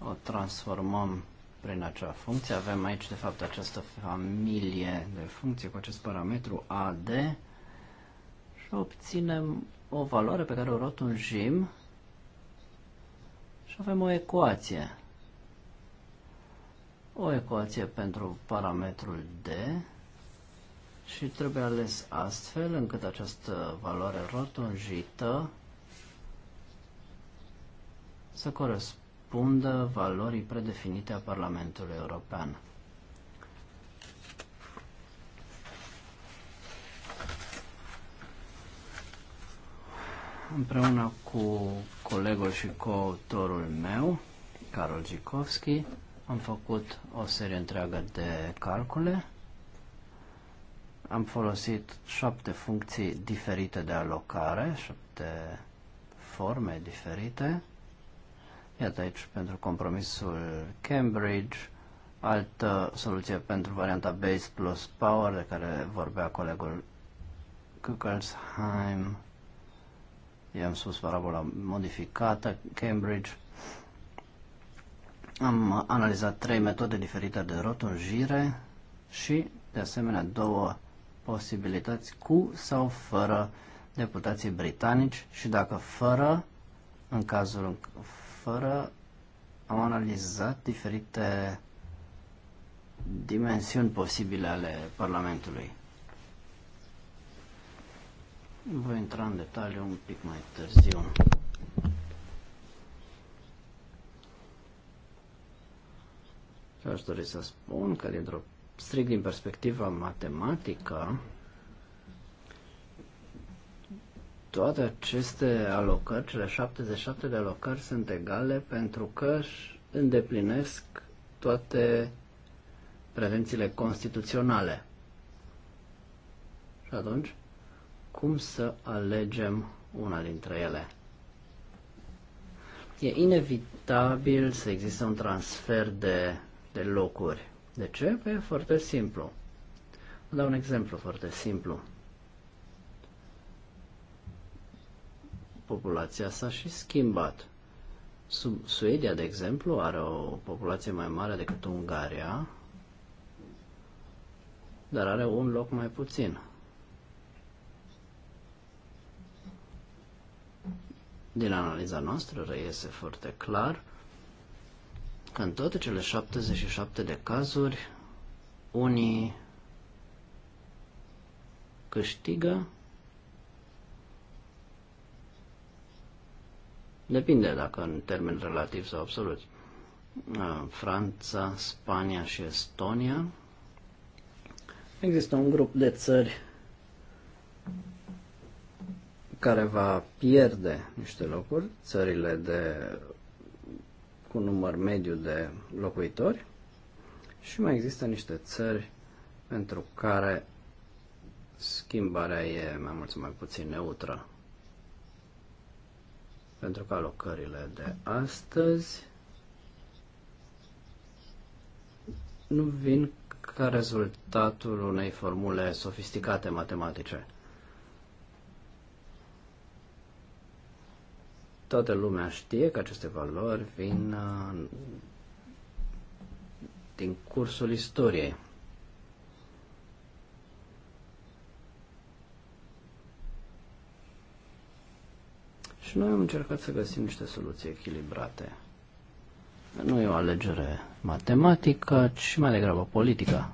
o transformăm prin acea funcție. Avem aici, de fapt, această familie de funcții cu acest parametru AD obținem o valoare pe care o rotunjim și avem o ecuație. O ecuație pentru parametrul D și trebuie ales astfel încât această valoare rotunjită să corespundă valorii predefinite a Parlamentului European. împreună cu colegul și coautorul meu, Carol Gikovski, am făcut o serie întreagă de calcule. Am folosit șapte funcții diferite de alocare, șapte forme diferite. Iată aici pentru compromisul Cambridge, altă soluție pentru varianta Base plus Power de care vorbea colegul Kukelsheim, i am spus parabola modificată, Cambridge. Am analizat trei metode diferite de rotunjire și, de asemenea, două posibilități cu sau fără deputații britanici și dacă fără, în cazul fără, am analizat diferite dimensiuni posibile ale Parlamentului. Voi intra în detaliu un pic mai târziu. Ce aș dori să spun că, dintr-o strict din perspectiva matematică, toate aceste alocări, cele 77 de alocări, sunt egale pentru că își îndeplinesc toate prevențiile constituționale. Și atunci, cum să alegem una dintre ele. E inevitabil să existe un transfer de, de locuri. De ce? Păi e foarte simplu. Vă dau un exemplu foarte simplu. Populația s-a și schimbat. Sub Suedia, de exemplu, are o populație mai mare decât Ungaria, dar are un loc mai puțin. Din analiza noastră reiese foarte clar că în toate cele 77 de cazuri, unii câștigă Depinde dacă în termen relativ sau absolut. Uh, Franța, Spania și Estonia. Există un grup de țări care va pierde niște locuri, țările de, cu număr mediu de locuitori și mai există niște țări pentru care schimbarea e mai mult sau mai puțin neutră. Pentru că alocările de astăzi nu vin ca rezultatul unei formule sofisticate matematice. Toată lumea știe că aceste valori vin uh, din cursul istoriei. Și noi am încercat să găsim niște soluții echilibrate. Nu e o alegere matematică, ci mai degrabă politică.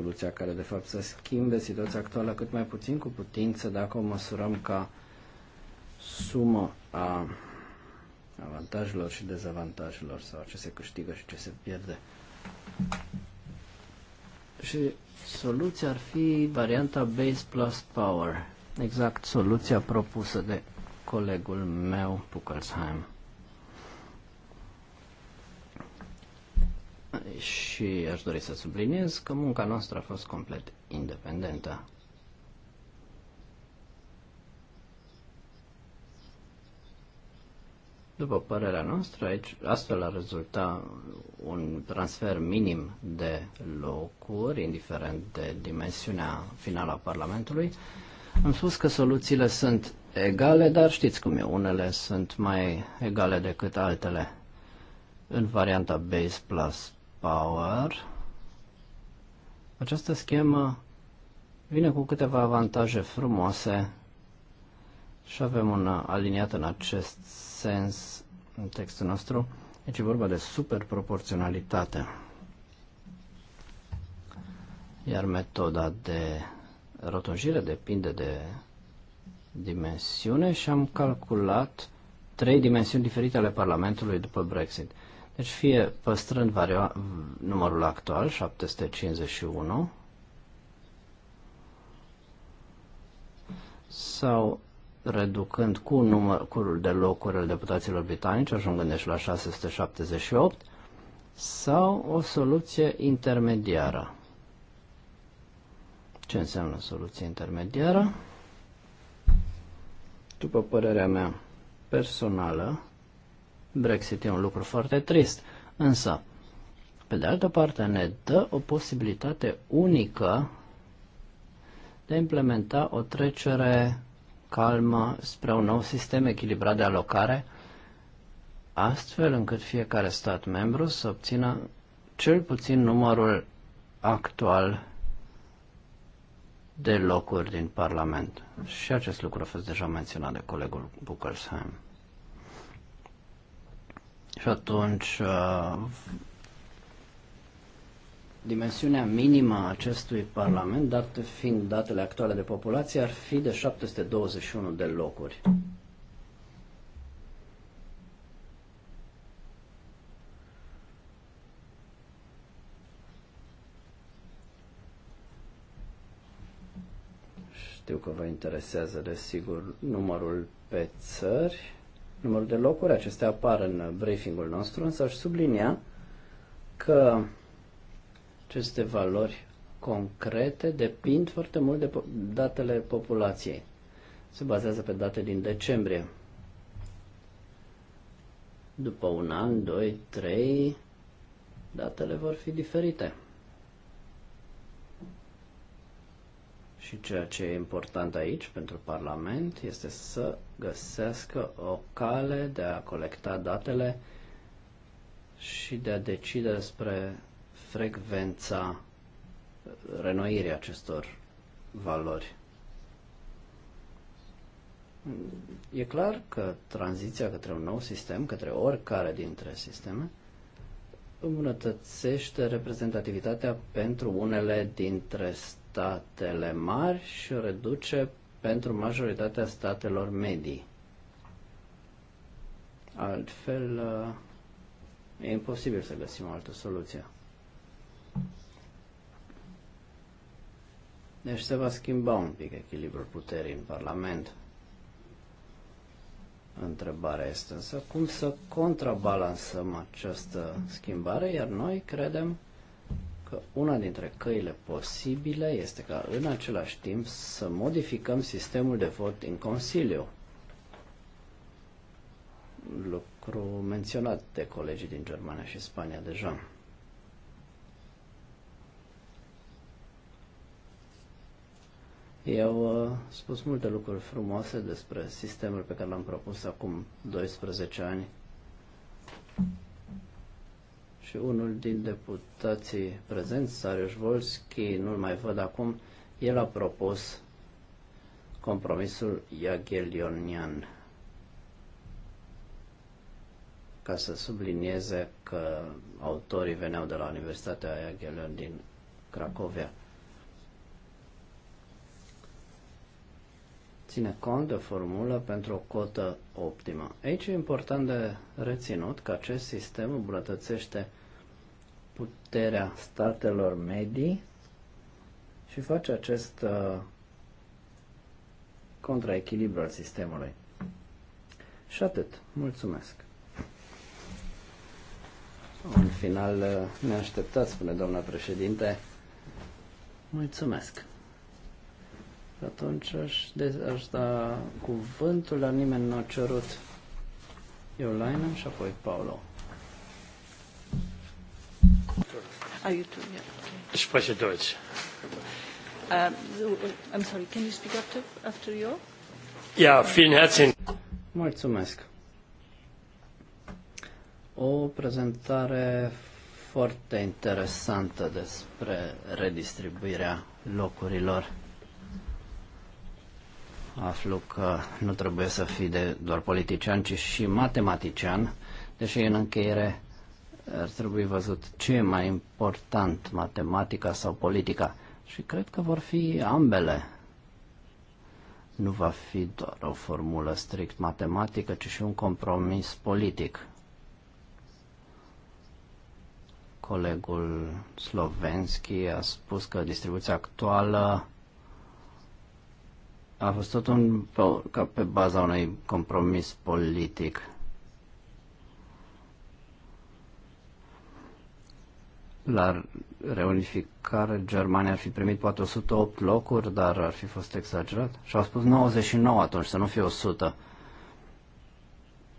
soluția care de fapt să schimbe situația actuală cât mai puțin cu putință dacă o măsurăm ca sumă a avantajelor și dezavantajelor sau ce se câștigă și ce se pierde. Și soluția ar fi varianta Base Plus Power, exact soluția propusă de colegul meu, Pukelsheim. și aș dori să subliniez că munca noastră a fost complet independentă. După părerea noastră, aici, astfel ar rezulta un transfer minim de locuri, indiferent de dimensiunea finală a Parlamentului. Am spus că soluțiile sunt egale, dar știți cum e, unele sunt mai egale decât altele. În varianta Base Plus Power, această schemă vine cu câteva avantaje frumoase și avem un aliniat în acest sens în textul nostru. Deci e vorba de superproporționalitate. Iar metoda de rotunjire depinde de dimensiune și am calculat trei dimensiuni diferite ale Parlamentului după Brexit. Deci fie păstrând vario- numărul actual, 751, sau reducând cu numărul de locuri al deputaților britanici, ajungând deci la 678, sau o soluție intermediară. Ce înseamnă soluție intermediară? După părerea mea personală, Brexit e un lucru foarte trist, însă, pe de altă parte, ne dă o posibilitate unică de a implementa o trecere calmă spre un nou sistem echilibrat de alocare, astfel încât fiecare stat membru să obțină cel puțin numărul actual de locuri din Parlament. Și acest lucru a fost deja menționat de colegul Buckelsheim. Și atunci uh, dimensiunea minimă a acestui parlament, date fiind datele actuale de populație, ar fi de 721 de locuri. Știu că vă interesează, desigur, numărul pe țări numărul de locuri, acestea apar în briefingul nostru, însă aș sublinia că aceste valori concrete depind foarte mult de datele populației. Se bazează pe date din decembrie. După un an, doi, trei, datele vor fi diferite. Și ceea ce e important aici pentru Parlament este să găsească o cale de a colecta datele și de a decide despre frecvența uh, renoirii acestor valori. E clar că tranziția către un nou sistem, către oricare dintre sisteme, îmbunătățește reprezentativitatea pentru unele dintre statele mari și o reduce pentru majoritatea statelor medii. Altfel, e imposibil să găsim o altă soluție. Deci se va schimba un pic echilibrul puterii în Parlament. Întrebarea este însă cum să contrabalansăm această schimbare, iar noi credem că una dintre căile posibile este ca în același timp să modificăm sistemul de vot în Consiliu. Lucru menționat de colegii din Germania și Spania deja. Eu uh, spus multe lucruri frumoase despre sistemul pe care l-am propus acum 12 ani și unul din deputații prezenți, Sareș Volski, nu-l mai văd acum, el a propus compromisul Iaghelionian ca să sublinieze că autorii veneau de la Universitatea Iaghelion din Cracovia. Ține cont de o formulă pentru o cotă optimă. Aici e important de reținut că acest sistem îmbunătățește puterea statelor medii și face acest uh, contraechilibru al sistemului. Și atât. Mulțumesc. Un final uh, neașteptat, spune doamna președinte. Mulțumesc. Atunci aș, de, aș da cuvântul la nimeni nu a cerut eu Lainen și apoi Paulo. Are you too? Yeah. spreche Deutsch. Uh, I'm sorry, can you speak after, after your? Ja, vielen herzlichen. Mulțumesc. O prezentare foarte interesantă despre redistribuirea locurilor. Aflu că nu trebuie să fii de doar politician, ci și matematician, deși în încheiere ar trebui văzut ce e mai important, matematica sau politica. Și cred că vor fi ambele. Nu va fi doar o formulă strict matematică, ci și un compromis politic. Colegul Slovenski a spus că distribuția actuală a fost tot un, ca pe baza unui compromis politic. La reunificare Germania ar fi primit poate 108 locuri, dar ar fi fost exagerat. Și au spus 99 atunci, să nu fie 100.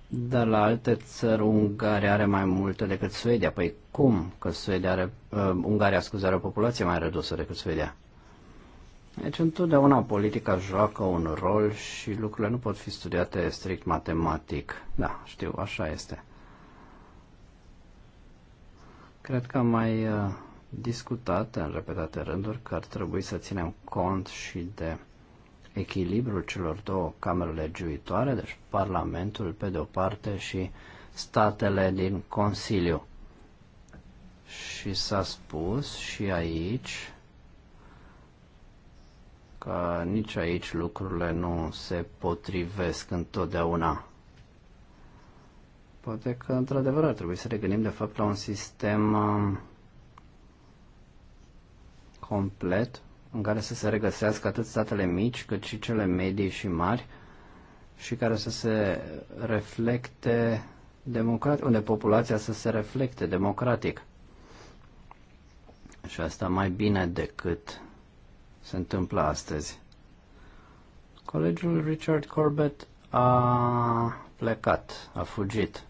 Dar la alte țări Ungaria are mai multe decât Suedia. Păi cum? Că Suedia are, uh, Ungaria scuze, are o populație mai redusă decât Suedia. Deci întotdeauna politica joacă un rol și lucrurile nu pot fi studiate strict matematic. Da, știu, așa este. Cred că am mai uh, discutat în repetate rânduri că ar trebui să ținem cont și de echilibrul celor două camere legiuitoare, deci Parlamentul pe de o parte și statele din Consiliu. Și s-a spus și aici că nici aici lucrurile nu se potrivesc întotdeauna. Poate că, într-adevăr, ar trebui să regândim, de fapt, la un sistem um, complet în care să se regăsească atât statele mici cât și cele medii și mari și care să se reflecte democratic, unde populația să se reflecte democratic. Și asta mai bine decât se întâmplă astăzi. Colegul Richard Corbett a plecat, a fugit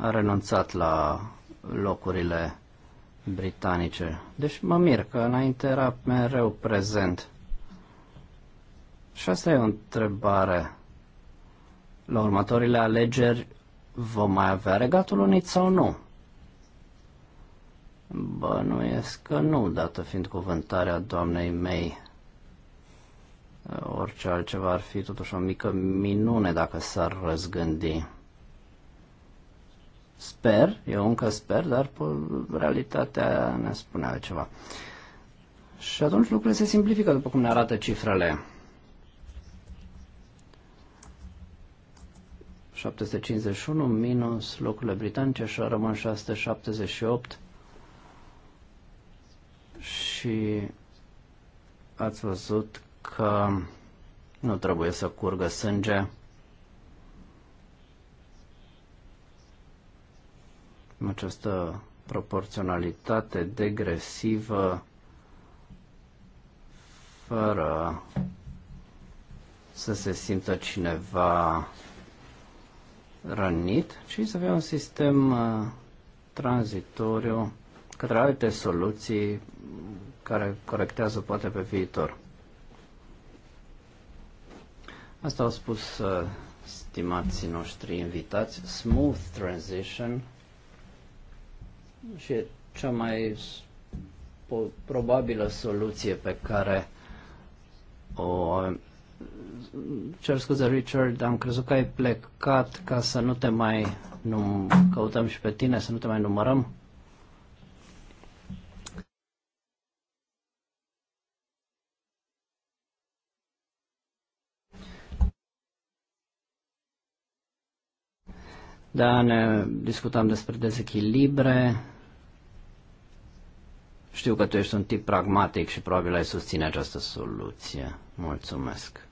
a renunțat la locurile britanice. Deci mă mir că înainte era mereu prezent. Și asta e o întrebare. La următorile alegeri vom mai avea Regatul Unit sau nu? nu că nu, dată fiind cuvântarea doamnei mei. Orice altceva ar fi totuși o mică minune dacă s-ar răzgândi. Sper, eu încă sper, dar realitatea ne spune altceva. Și atunci lucrurile se simplifică după cum ne arată cifrele. 751 minus locurile britanice și rămân 678 și ați văzut că nu trebuie să curgă sânge această proporționalitate degresivă fără să se simtă cineva rănit, ci să avem un sistem uh, tranzitoriu către alte soluții care corectează poate pe viitor. Asta au spus uh, stimații noștri invitați. Smooth transition și cea mai probabilă soluție pe care o cer scuze Richard, am crezut că ai plecat ca să nu te mai num căutăm și pe tine, să nu te mai numărăm. Da, ne discutam despre dezechilibre, știu că tu ești un tip pragmatic și probabil ai susține această soluție. Mulțumesc.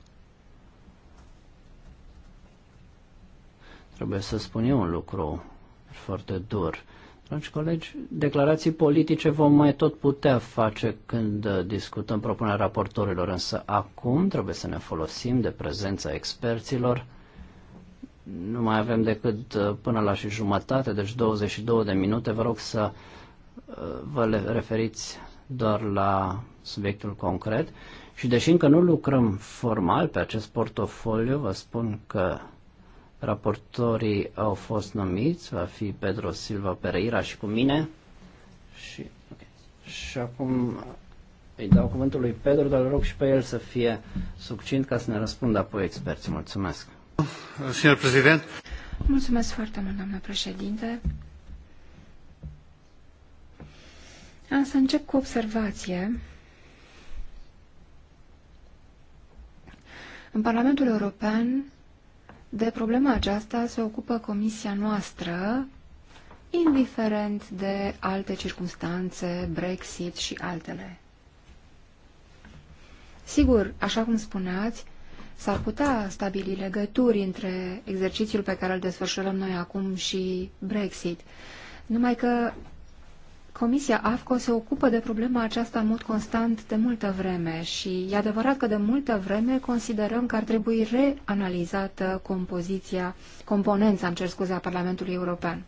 Trebuie să spun eu un lucru foarte dur. Dragi colegi, declarații politice vom mai tot putea face când discutăm propunerea raportorilor, însă acum trebuie să ne folosim de prezența experților. Nu mai avem decât uh, până la și jumătate, deci 22 de minute. Vă rog să vă referiți doar la subiectul concret și deși încă nu lucrăm formal pe acest portofoliu, vă spun că raportorii au fost numiți, va fi Pedro Silva Pereira și cu mine și, okay. și acum îi dau cuvântul lui Pedro, dar rog și pe el să fie succint ca să ne răspundă apoi experții. Mulțumesc. Mulțumesc foarte mult, doamnă președinte. Am să încep cu observație. În Parlamentul European, de problema aceasta se ocupă comisia noastră, indiferent de alte circunstanțe, Brexit și altele. Sigur, așa cum spuneați, s-ar putea stabili legături între exercițiul pe care îl desfășurăm noi acum și Brexit. Numai că Comisia AFCO se ocupă de problema aceasta în mod constant de multă vreme și e adevărat că de multă vreme considerăm că ar trebui reanalizată compoziția, componența, îmi cer scuze, a Parlamentului European.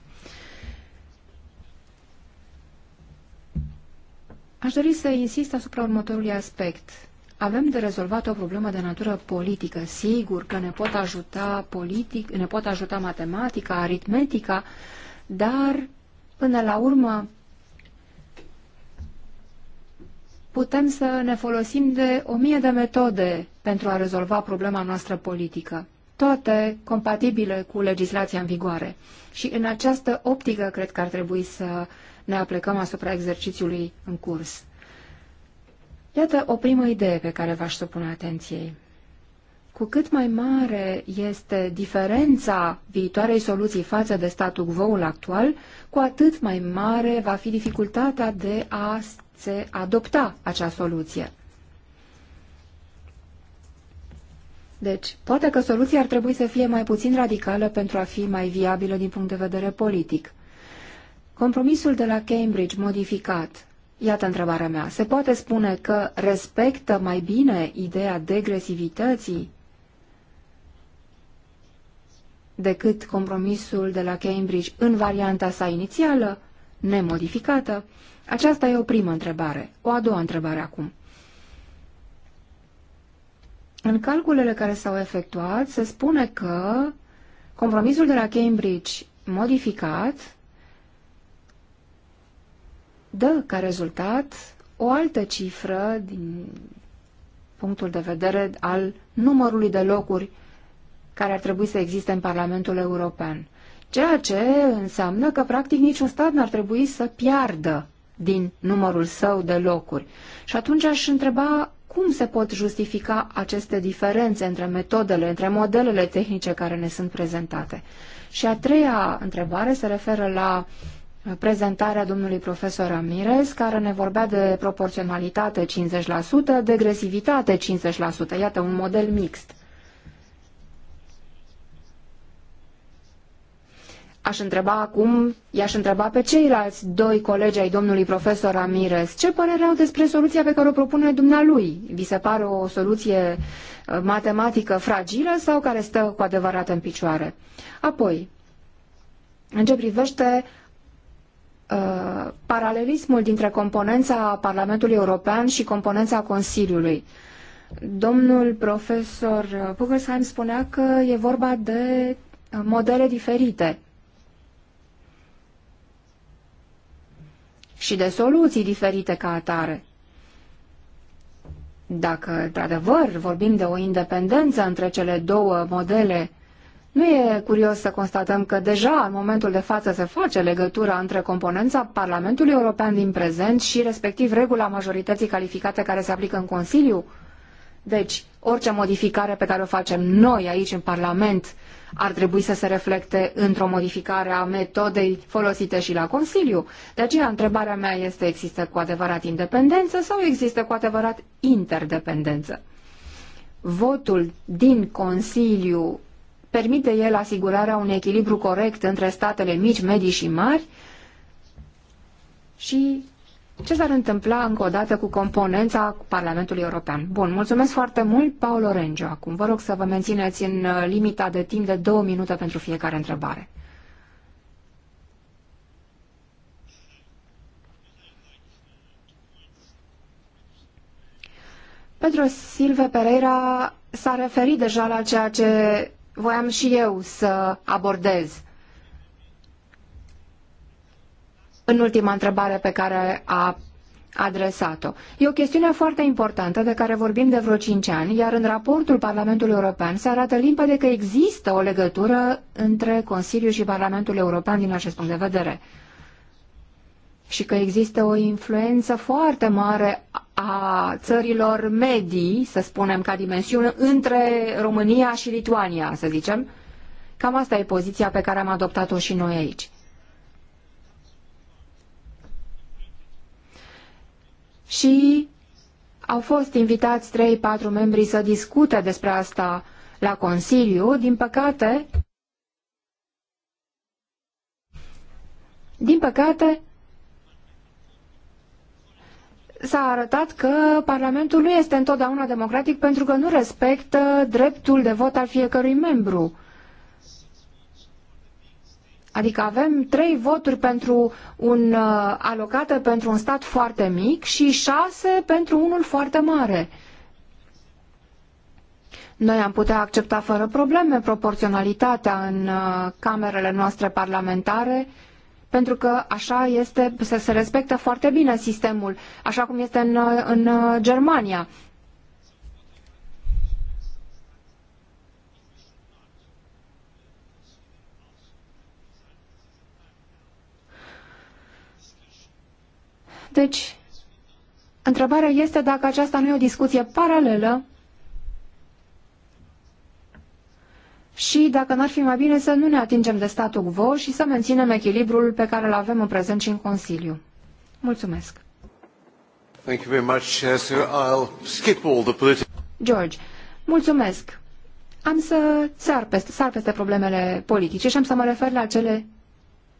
Aș dori să insist asupra următorului aspect. Avem de rezolvat o problemă de natură politică. Sigur că ne pot ajuta politic, ne pot ajuta matematica, aritmetica, dar până la urmă putem să ne folosim de o mie de metode pentru a rezolva problema noastră politică, toate compatibile cu legislația în vigoare. Și în această optică cred că ar trebui să ne aplicăm asupra exercițiului în curs. Iată o primă idee pe care v-aș supune atenției. Cu cât mai mare este diferența viitoarei soluții față de statul quo-ul actual, cu atât mai mare va fi dificultatea de a se adopta acea soluție. Deci, poate că soluția ar trebui să fie mai puțin radicală pentru a fi mai viabilă din punct de vedere politic. Compromisul de la Cambridge modificat. Iată întrebarea mea. Se poate spune că respectă mai bine ideea degresivității decât compromisul de la Cambridge în varianta sa inițială, nemodificată? Aceasta e o primă întrebare. O a doua întrebare acum. În calculele care s-au efectuat, se spune că compromisul de la Cambridge modificat dă ca rezultat o altă cifră din punctul de vedere al numărului de locuri care ar trebui să existe în Parlamentul European. Ceea ce înseamnă că practic niciun stat n-ar trebui să piardă din numărul său de locuri. Și atunci aș întreba cum se pot justifica aceste diferențe între metodele, între modelele tehnice care ne sunt prezentate. Și a treia întrebare se referă la prezentarea domnului profesor Ramirez, care ne vorbea de proporționalitate 50%, degresivitate 50%, iată un model mixt. Aș întreba acum, i-aș întreba pe ceilalți doi colegi ai domnului profesor Ramirez, ce părere au despre soluția pe care o propune dumnealui? Vi se pare o soluție uh, matematică fragilă sau care stă cu adevărat în picioare? Apoi, în ce privește uh, paralelismul dintre componența Parlamentului European și componența Consiliului. Domnul profesor Pugelsheim spunea că e vorba de uh, modele diferite și de soluții diferite ca atare. Dacă, într-adevăr, vorbim de o independență între cele două modele, nu e curios să constatăm că deja în momentul de față se face legătura între componența Parlamentului European din prezent și respectiv regula majorității calificate care se aplică în Consiliu deci, orice modificare pe care o facem noi aici în Parlament ar trebui să se reflecte într-o modificare a metodei folosite și la Consiliu. De aceea, întrebarea mea este, există cu adevărat independență sau există cu adevărat interdependență? Votul din Consiliu permite el asigurarea unui echilibru corect între statele mici, medii și mari și ce s-ar întâmpla încă o dată cu componența Parlamentului European? Bun, mulțumesc foarte mult, Paolo Rengio. Acum vă rog să vă mențineți în uh, limita de timp de două minute pentru fiecare întrebare. Pedro Silve Pereira s-a referit deja la ceea ce voiam și eu să abordez. în ultima întrebare pe care a adresat-o. E o chestiune foarte importantă de care vorbim de vreo 5 ani, iar în raportul Parlamentului European se arată limpede că există o legătură între Consiliu și Parlamentul European din acest punct de vedere. Și că există o influență foarte mare a țărilor medii, să spunem ca dimensiune, între România și Lituania, să zicem. Cam asta e poziția pe care am adoptat-o și noi aici. și au fost invitați 3-4 membri să discute despre asta la Consiliu. Din păcate, din păcate, s-a arătat că Parlamentul nu este întotdeauna democratic pentru că nu respectă dreptul de vot al fiecărui membru. Adică avem trei voturi pentru un uh, alocată pentru un stat foarte mic și șase pentru unul foarte mare. Noi am putea accepta fără probleme proporționalitatea în uh, camerele noastre parlamentare, pentru că așa este, se, se respectă foarte bine sistemul, așa cum este în, uh, în Germania. Deci, întrebarea este dacă aceasta nu e o discuție paralelă și dacă n-ar fi mai bine să nu ne atingem de statul quo și să menținem echilibrul pe care îl avem în prezent și în Consiliu. Mulțumesc. Thank you very much, uh, sir. I'll skip all the George, mulțumesc. Am să sar peste, sar peste problemele politice și am să mă refer la cele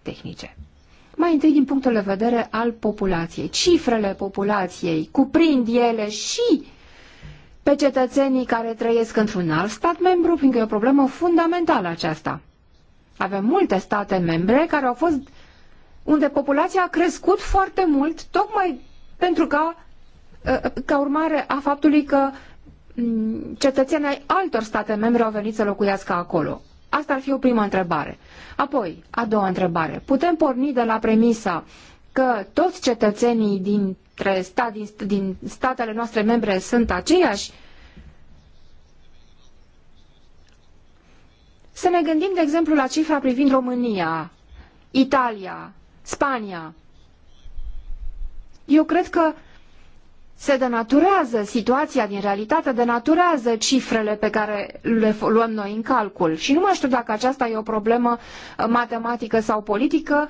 tehnice. Mai întâi din punctul de vedere al populației. Cifrele populației cuprind ele și pe cetățenii care trăiesc într-un alt stat membru, fiindcă e o problemă fundamentală aceasta. Avem multe state membre care au fost unde populația a crescut foarte mult, tocmai pentru că uh, ca urmare a faptului că mm, cetățenii altor state membre au venit să locuiască acolo. Asta ar fi o primă întrebare. Apoi, a doua întrebare. Putem porni de la premisa că toți cetățenii dintre din, din statele noastre membre sunt aceiași? Să ne gândim, de exemplu, la cifra privind România, Italia, Spania. Eu cred că se denaturează, situația din realitate denaturează cifrele pe care le luăm noi în calcul. Și nu mai știu dacă aceasta e o problemă uh, matematică sau politică,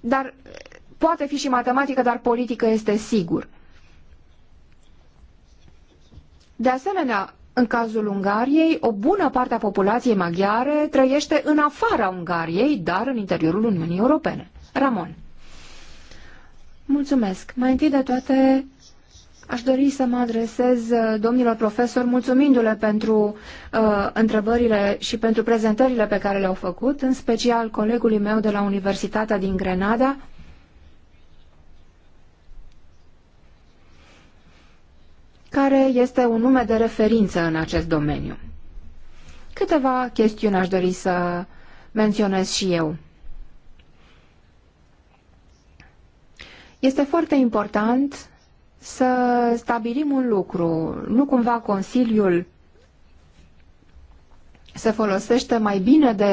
dar uh, poate fi și matematică, dar politică este sigur. De asemenea, în cazul Ungariei, o bună parte a populației maghiare trăiește în afara Ungariei, dar în interiorul Uniunii Europene. Ramon. Mulțumesc. Mai întâi de toate, Aș dori să mă adresez uh, domnilor profesori mulțumindu-le pentru uh, întrebările și pentru prezentările pe care le-au făcut, în special colegului meu de la Universitatea din Grenada, care este un nume de referință în acest domeniu. Câteva chestiuni aș dori să menționez și eu. Este foarte important să stabilim un lucru. Nu cumva Consiliul se folosește mai bine de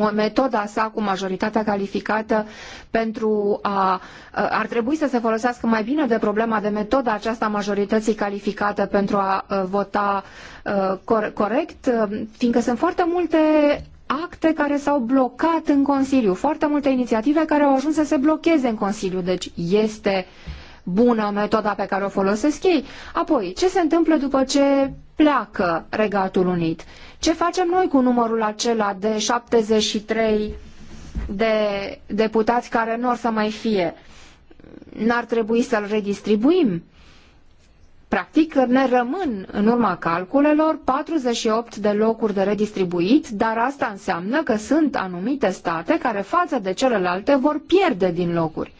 uh, metoda sa cu majoritatea calificată pentru a... Uh, ar trebui să se folosească mai bine de problema de metoda aceasta majorității calificate pentru a uh, vota corect, fiindcă sunt foarte multe acte care s-au blocat în Consiliu, foarte multe inițiative care au ajuns să se blocheze în Consiliu. Deci este uh, bună metoda pe care o folosesc ei. Apoi, ce se întâmplă după ce pleacă Regatul Unit? Ce facem noi cu numărul acela de 73 de deputați care nu or să mai fie? N-ar trebui să-l redistribuim? Practic, ne rămân în urma calculelor 48 de locuri de redistribuit, dar asta înseamnă că sunt anumite state care față de celelalte vor pierde din locuri.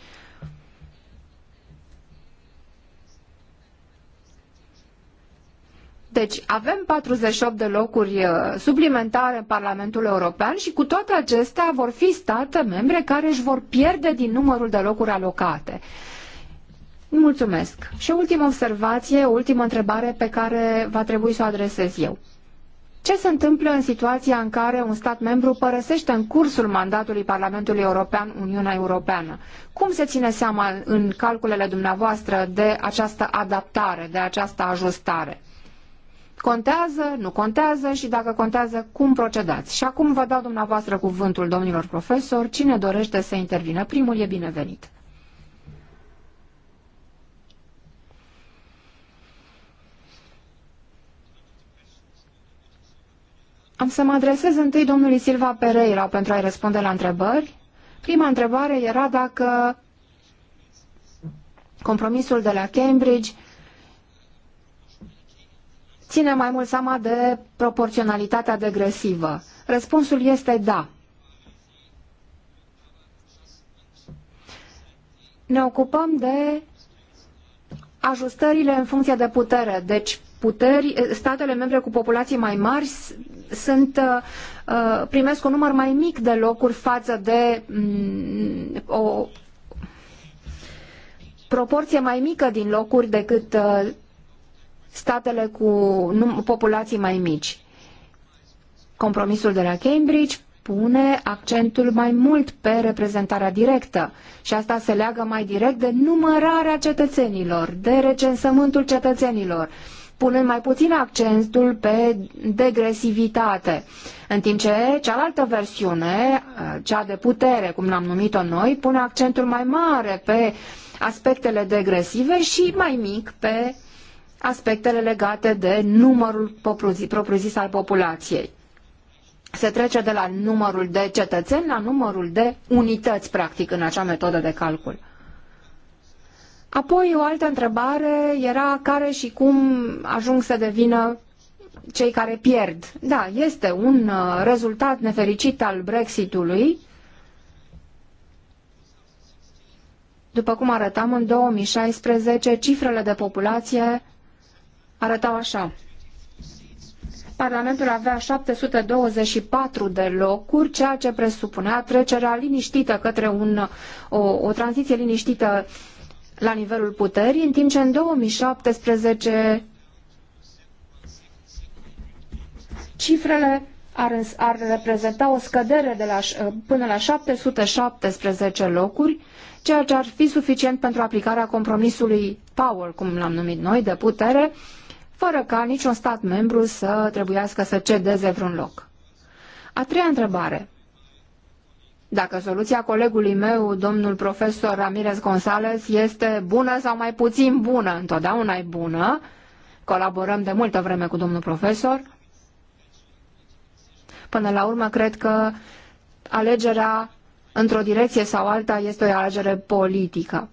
Deci avem 48 de locuri uh, suplimentare în Parlamentul European și cu toate acestea vor fi state membre care își vor pierde din numărul de locuri alocate. Mulțumesc. Și o ultimă observație, o ultimă întrebare pe care va trebui să o adresez eu. Ce se întâmplă în situația în care un stat membru părăsește în cursul mandatului Parlamentului European Uniunea Europeană? Cum se ține seama în calculele dumneavoastră de această adaptare, de această ajustare? Contează, nu contează și dacă contează, cum procedați. Și acum vă dau dumneavoastră cuvântul domnilor profesori. Cine dorește să intervină primul e binevenit. Am să mă adresez întâi domnului Silva Pereira pentru a-i răspunde la întrebări. Prima întrebare era dacă compromisul de la Cambridge ține mai mult seama de proporționalitatea degresivă? Răspunsul este da. Ne ocupăm de ajustările în funcție de putere. Deci puteri, statele membre cu populații mai mari sunt, uh, uh, primesc un număr mai mic de locuri față de mm, o proporție mai mică din locuri decât uh, statele cu populații mai mici. Compromisul de la Cambridge pune accentul mai mult pe reprezentarea directă și asta se leagă mai direct de numărarea cetățenilor, de recensământul cetățenilor, punând mai puțin accentul pe degresivitate. În timp ce cealaltă versiune, cea de putere, cum l-am numit-o noi, pune accentul mai mare pe aspectele degresive și mai mic pe aspectele legate de numărul propriu-zis al populației. Se trece de la numărul de cetățeni la numărul de unități, practic, în acea metodă de calcul. Apoi, o altă întrebare era care și cum ajung să devină cei care pierd. Da, este un uh, rezultat nefericit al Brexitului. După cum arătam în 2016, cifrele de populație arătau așa. Parlamentul avea 724 de locuri, ceea ce presupunea trecerea liniștită către un, o, o tranziție liniștită la nivelul puterii, în timp ce în 2017 cifrele ar, ar reprezenta o scădere de la, până la 717 locuri, ceea ce ar fi suficient pentru aplicarea compromisului Power, cum l-am numit noi, de putere, fără ca niciun stat membru să trebuiască să cedeze vreun loc. A treia întrebare. Dacă soluția colegului meu, domnul profesor Ramirez Gonzalez, este bună sau mai puțin bună, întotdeauna e bună, colaborăm de multă vreme cu domnul profesor, până la urmă cred că alegerea într-o direcție sau alta este o alegere politică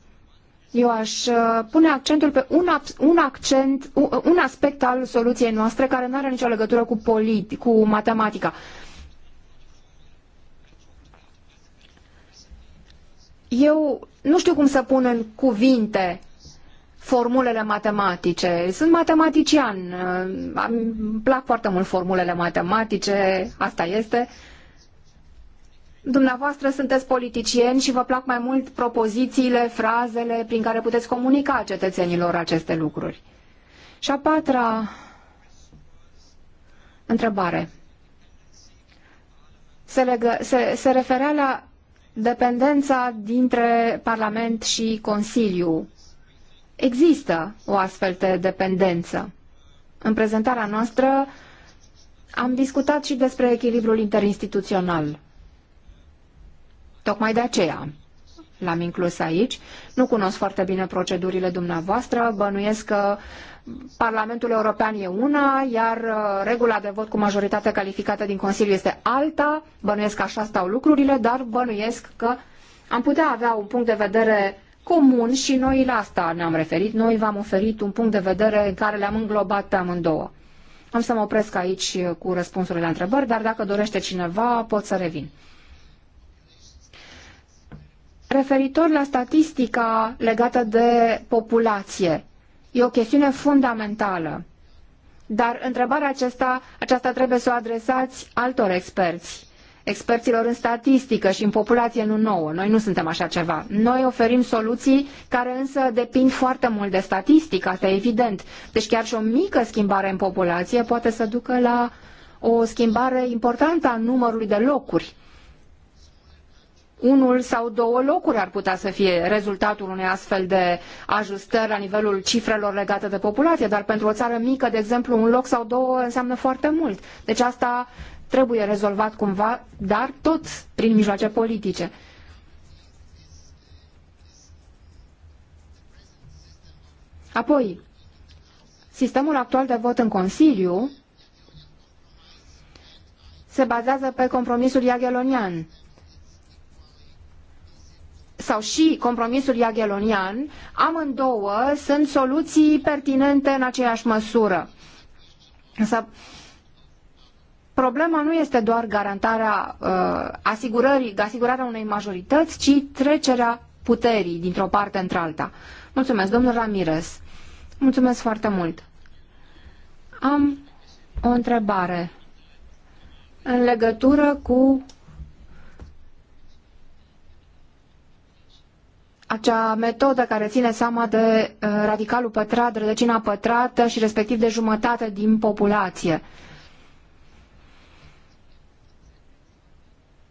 eu aș uh, pune accentul pe un, un, accent, uh, un aspect al soluției noastre care nu are nicio legătură cu, politi, cu matematica. Eu nu știu cum să pun în cuvinte formulele matematice. Sunt matematician, uh, îmi plac foarte mult formulele matematice, asta este. Uh, Dumneavoastră sunteți politicieni și vă plac mai mult propozițiile, frazele prin care puteți comunica cetățenilor aceste lucruri. Și a patra întrebare se, legă, se, se referea la dependența dintre Parlament și Consiliu. Există o astfel de dependență. În prezentarea noastră am discutat și despre echilibrul interinstituțional. Tocmai de aceea l-am inclus aici. Nu cunosc foarte bine procedurile dumneavoastră, bănuiesc că Parlamentul European e una, iar uh, regula de vot cu majoritate calificată din Consiliu este alta, bănuiesc că așa stau lucrurile, dar bănuiesc că am putea avea un punct de vedere comun și noi la asta ne-am referit. Noi v-am oferit un punct de vedere în care le-am înglobat pe amândouă. Am să mă opresc aici cu răspunsurile la întrebări, dar dacă dorește cineva, pot să revin. Referitor la statistica legată de populație, e o chestiune fundamentală. Dar întrebarea acesta, aceasta trebuie să o adresați altor experți, experților în statistică și în populație, nu nouă. Noi nu suntem așa ceva. Noi oferim soluții care însă depind foarte mult de statistică, asta e evident. Deci chiar și o mică schimbare în populație poate să ducă la o schimbare importantă a numărului de locuri unul sau două locuri ar putea să fie rezultatul unei astfel de ajustări la nivelul cifrelor legate de populație, dar pentru o țară mică, de exemplu, un loc sau două înseamnă foarte mult. Deci asta trebuie rezolvat cumva, dar tot prin mijloace politice. Apoi, sistemul actual de vot în Consiliu se bazează pe compromisul iagelonian, sau și compromisul iaghelonian, amândouă sunt soluții pertinente în aceeași măsură. Însă problema nu este doar garantarea uh, asigurării, asigurarea unei majorități, ci trecerea puterii dintr-o parte într-alta. Mulțumesc, domnul Ramirez. Mulțumesc foarte mult. Am o întrebare în legătură cu acea metodă care ține seama de uh, radicalul pătrat, rădăcina pătrată și respectiv de jumătate din populație.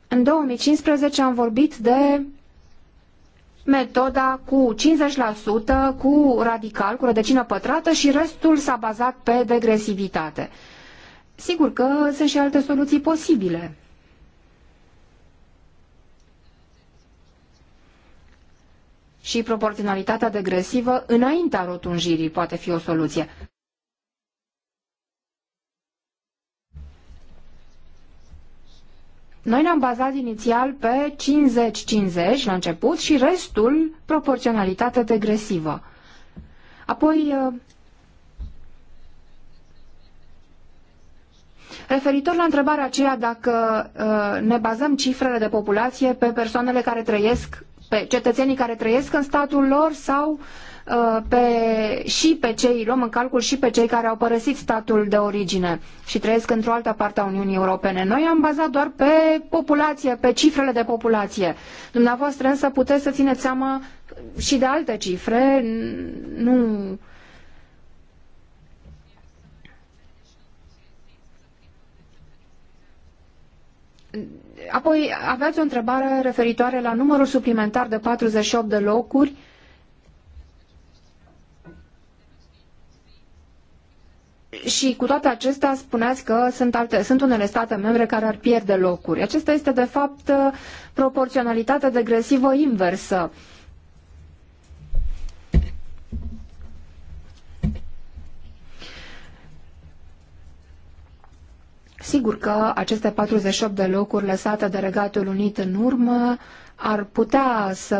În 2015 am vorbit de metoda cu 50%, cu radical, cu rădăcină pătrată și restul s-a bazat pe degresivitate. Sigur că sunt și alte soluții posibile. și proporționalitatea degresivă înaintea rotunjirii poate fi o soluție. Noi ne-am bazat inițial pe 50-50 la început și restul proporționalitate degresivă. Apoi, uh, referitor la întrebarea aceea dacă uh, ne bazăm cifrele de populație pe persoanele care trăiesc pe cetățenii care trăiesc în statul lor sau uh, pe, și pe cei, luăm în calcul și pe cei care au părăsit statul de origine și trăiesc într-o altă parte a Uniunii Europene. Noi am bazat doar pe populație, pe cifrele de populație. Dumneavoastră însă puteți să țineți seama și de alte cifre, nu... Apoi aveați o întrebare referitoare la numărul suplimentar de 48 de locuri. Și cu toate acestea spuneați că sunt, alte, sunt unele state membre care ar pierde locuri. Acesta este de fapt proporționalitatea degresivă inversă. Uh, Sigur că aceste 48 de locuri lăsate de Regatul Unit în urmă ar putea să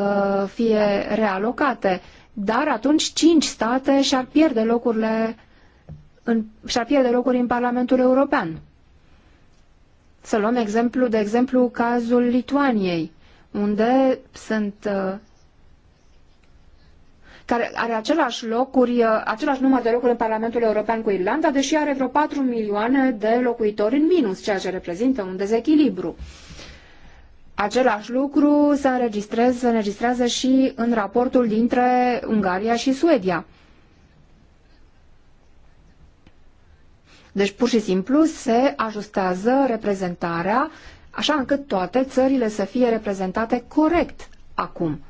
fie realocate, dar atunci cinci state și-ar pierde locurile în, și-ar pierde locuri în Parlamentul European. Să luăm exemplu, de exemplu, cazul Lituaniei, unde sunt uh, care are același, locuri, uh, același număr de locuri în Parlamentul European cu Irlanda, deși are vreo 4 milioane de locuitori în minus, ceea ce reprezintă un dezechilibru. Același lucru se înregistrează, se înregistrează și în raportul dintre Ungaria și Suedia. Deci, pur și simplu, se ajustează reprezentarea așa încât toate țările să fie reprezentate corect acum.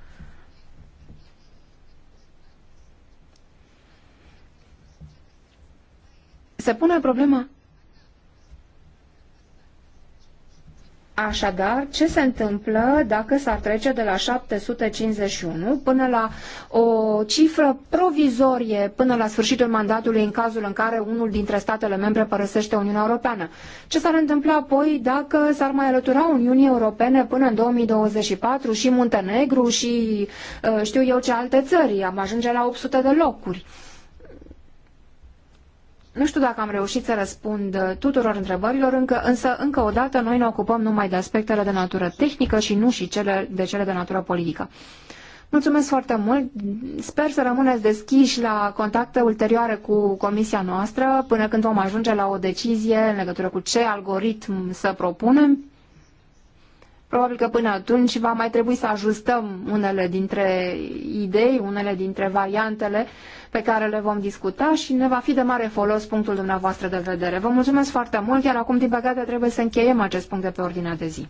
se pune problema Așadar, ce se întâmplă dacă s-ar trece de la 751 până la o cifră provizorie până la sfârșitul mandatului în cazul în care unul dintre statele membre părăsește Uniunea Europeană? Ce s-ar întâmpla apoi dacă s-ar mai alătura Uniunii Europene până în 2024 și Muntenegru și uh, știu eu ce alte țări? Am ajunge la 800 de locuri. Uh, nu știu dacă am reușit să răspund uh, tuturor întrebărilor, încă, însă încă o dată noi ne ocupăm numai de aspectele de natură tehnică și nu și cele, de cele de natură politică. Mulțumesc foarte mult. Sper să rămâneți deschiși la contacte ulterioare cu comisia noastră până când vom ajunge la o decizie în legătură cu ce algoritm să propunem. Probabil că până atunci va mai trebui să ajustăm unele dintre idei, unele dintre variantele pe care le vom discuta și ne va fi de mare folos punctul dumneavoastră de vedere. Vă mulțumesc foarte mult, iar acum, din păcate, trebuie să încheiem acest punct de pe ordinea de zi.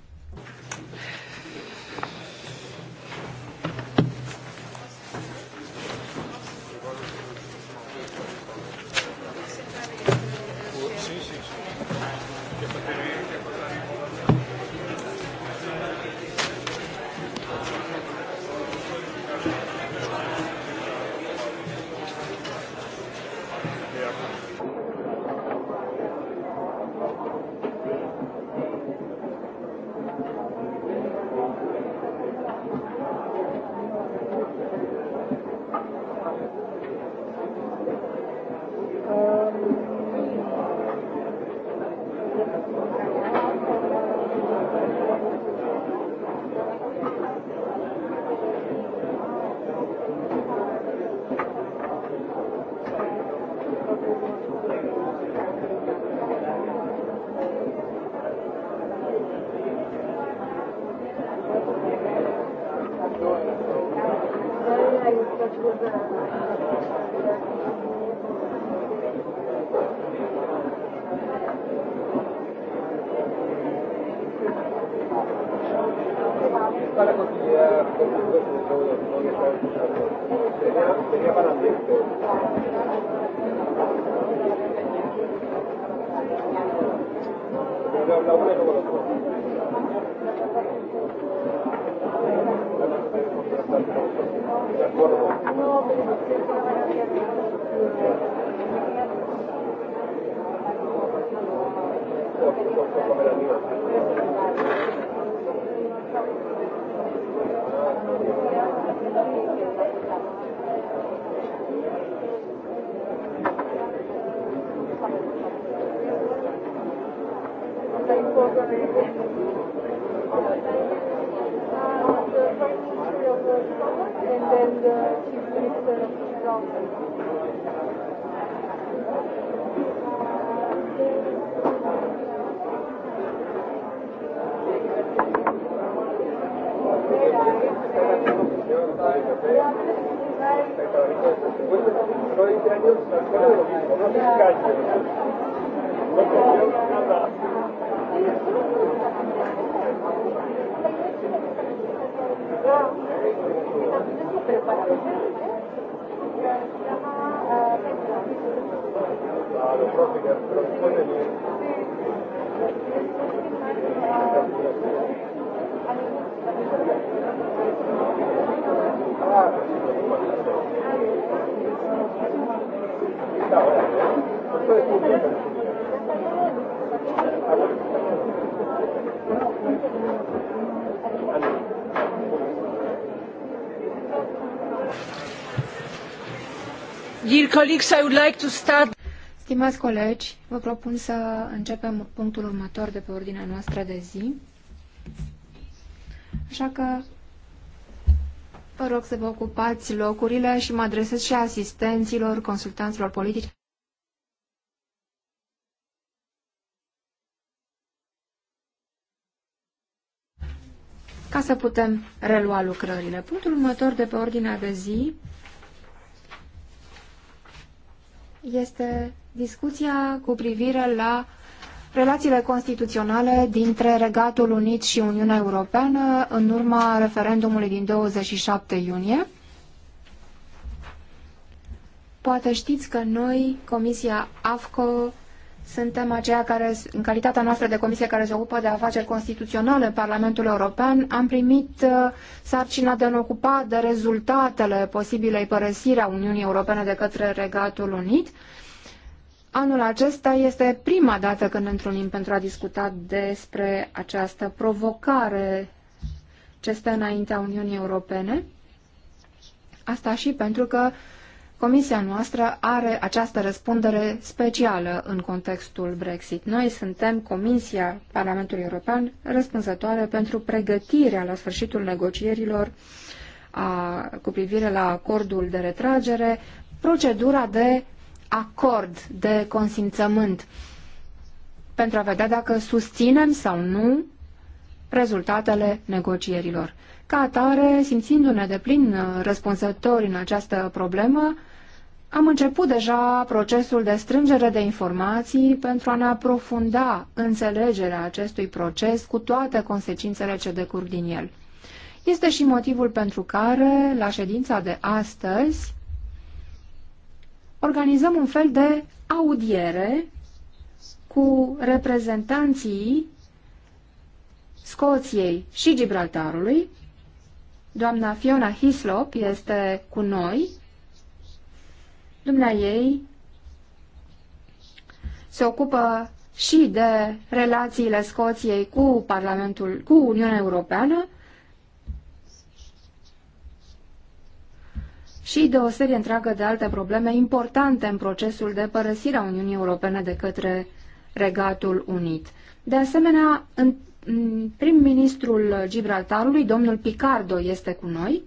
Stimați colegi, vă propun să începem punctul următor de pe ordinea noastră de zi. Așa că vă rog să vă ocupați locurile și mă adresez și asistenților, consultanților politici. ca să putem relua lucrările. Punctul următor de pe ordinea de zi este discuția cu privire la relațiile constituționale dintre Regatul Unit și Uniunea Europeană în urma referendumului din 27 iunie. Poate știți că noi, Comisia AFCO, suntem aceia care, în calitatea noastră de comisie care se ocupă de afaceri constituționale în Parlamentul European, am primit uh, sarcina de a ne ocupa de rezultatele posibilei părăsiri a Uniunii Europene de către Regatul Unit. Anul acesta este prima dată când ne întrunim pentru a discuta despre această provocare ce stă înaintea Uniunii Europene. Asta și pentru că Comisia noastră are această răspundere specială în contextul Brexit. Noi suntem Comisia Parlamentului European răspunzătoare pentru pregătirea la sfârșitul negocierilor a, cu privire la acordul de retragere, procedura de acord, de consimțământ, pentru a vedea dacă susținem sau nu rezultatele negocierilor. Ca atare, simțindu-ne de plin uh, răspunzători în această problemă, am început deja procesul de strângere de informații pentru a ne aprofunda înțelegerea acestui proces cu toate consecințele ce decurg din el. Este și motivul pentru care, la ședința de astăzi, organizăm un fel de audiere cu reprezentanții Scoției și Gibraltarului. Doamna Fiona Hislop este cu noi Dumnea ei se ocupă și de relațiile Scoției cu Parlamentul, cu Uniunea Europeană și de o serie întreagă de alte probleme importante în procesul de părăsire a Uniunii Europene de către Regatul Unit. De asemenea, în prim-ministrul Gibraltarului, domnul Picardo, este cu noi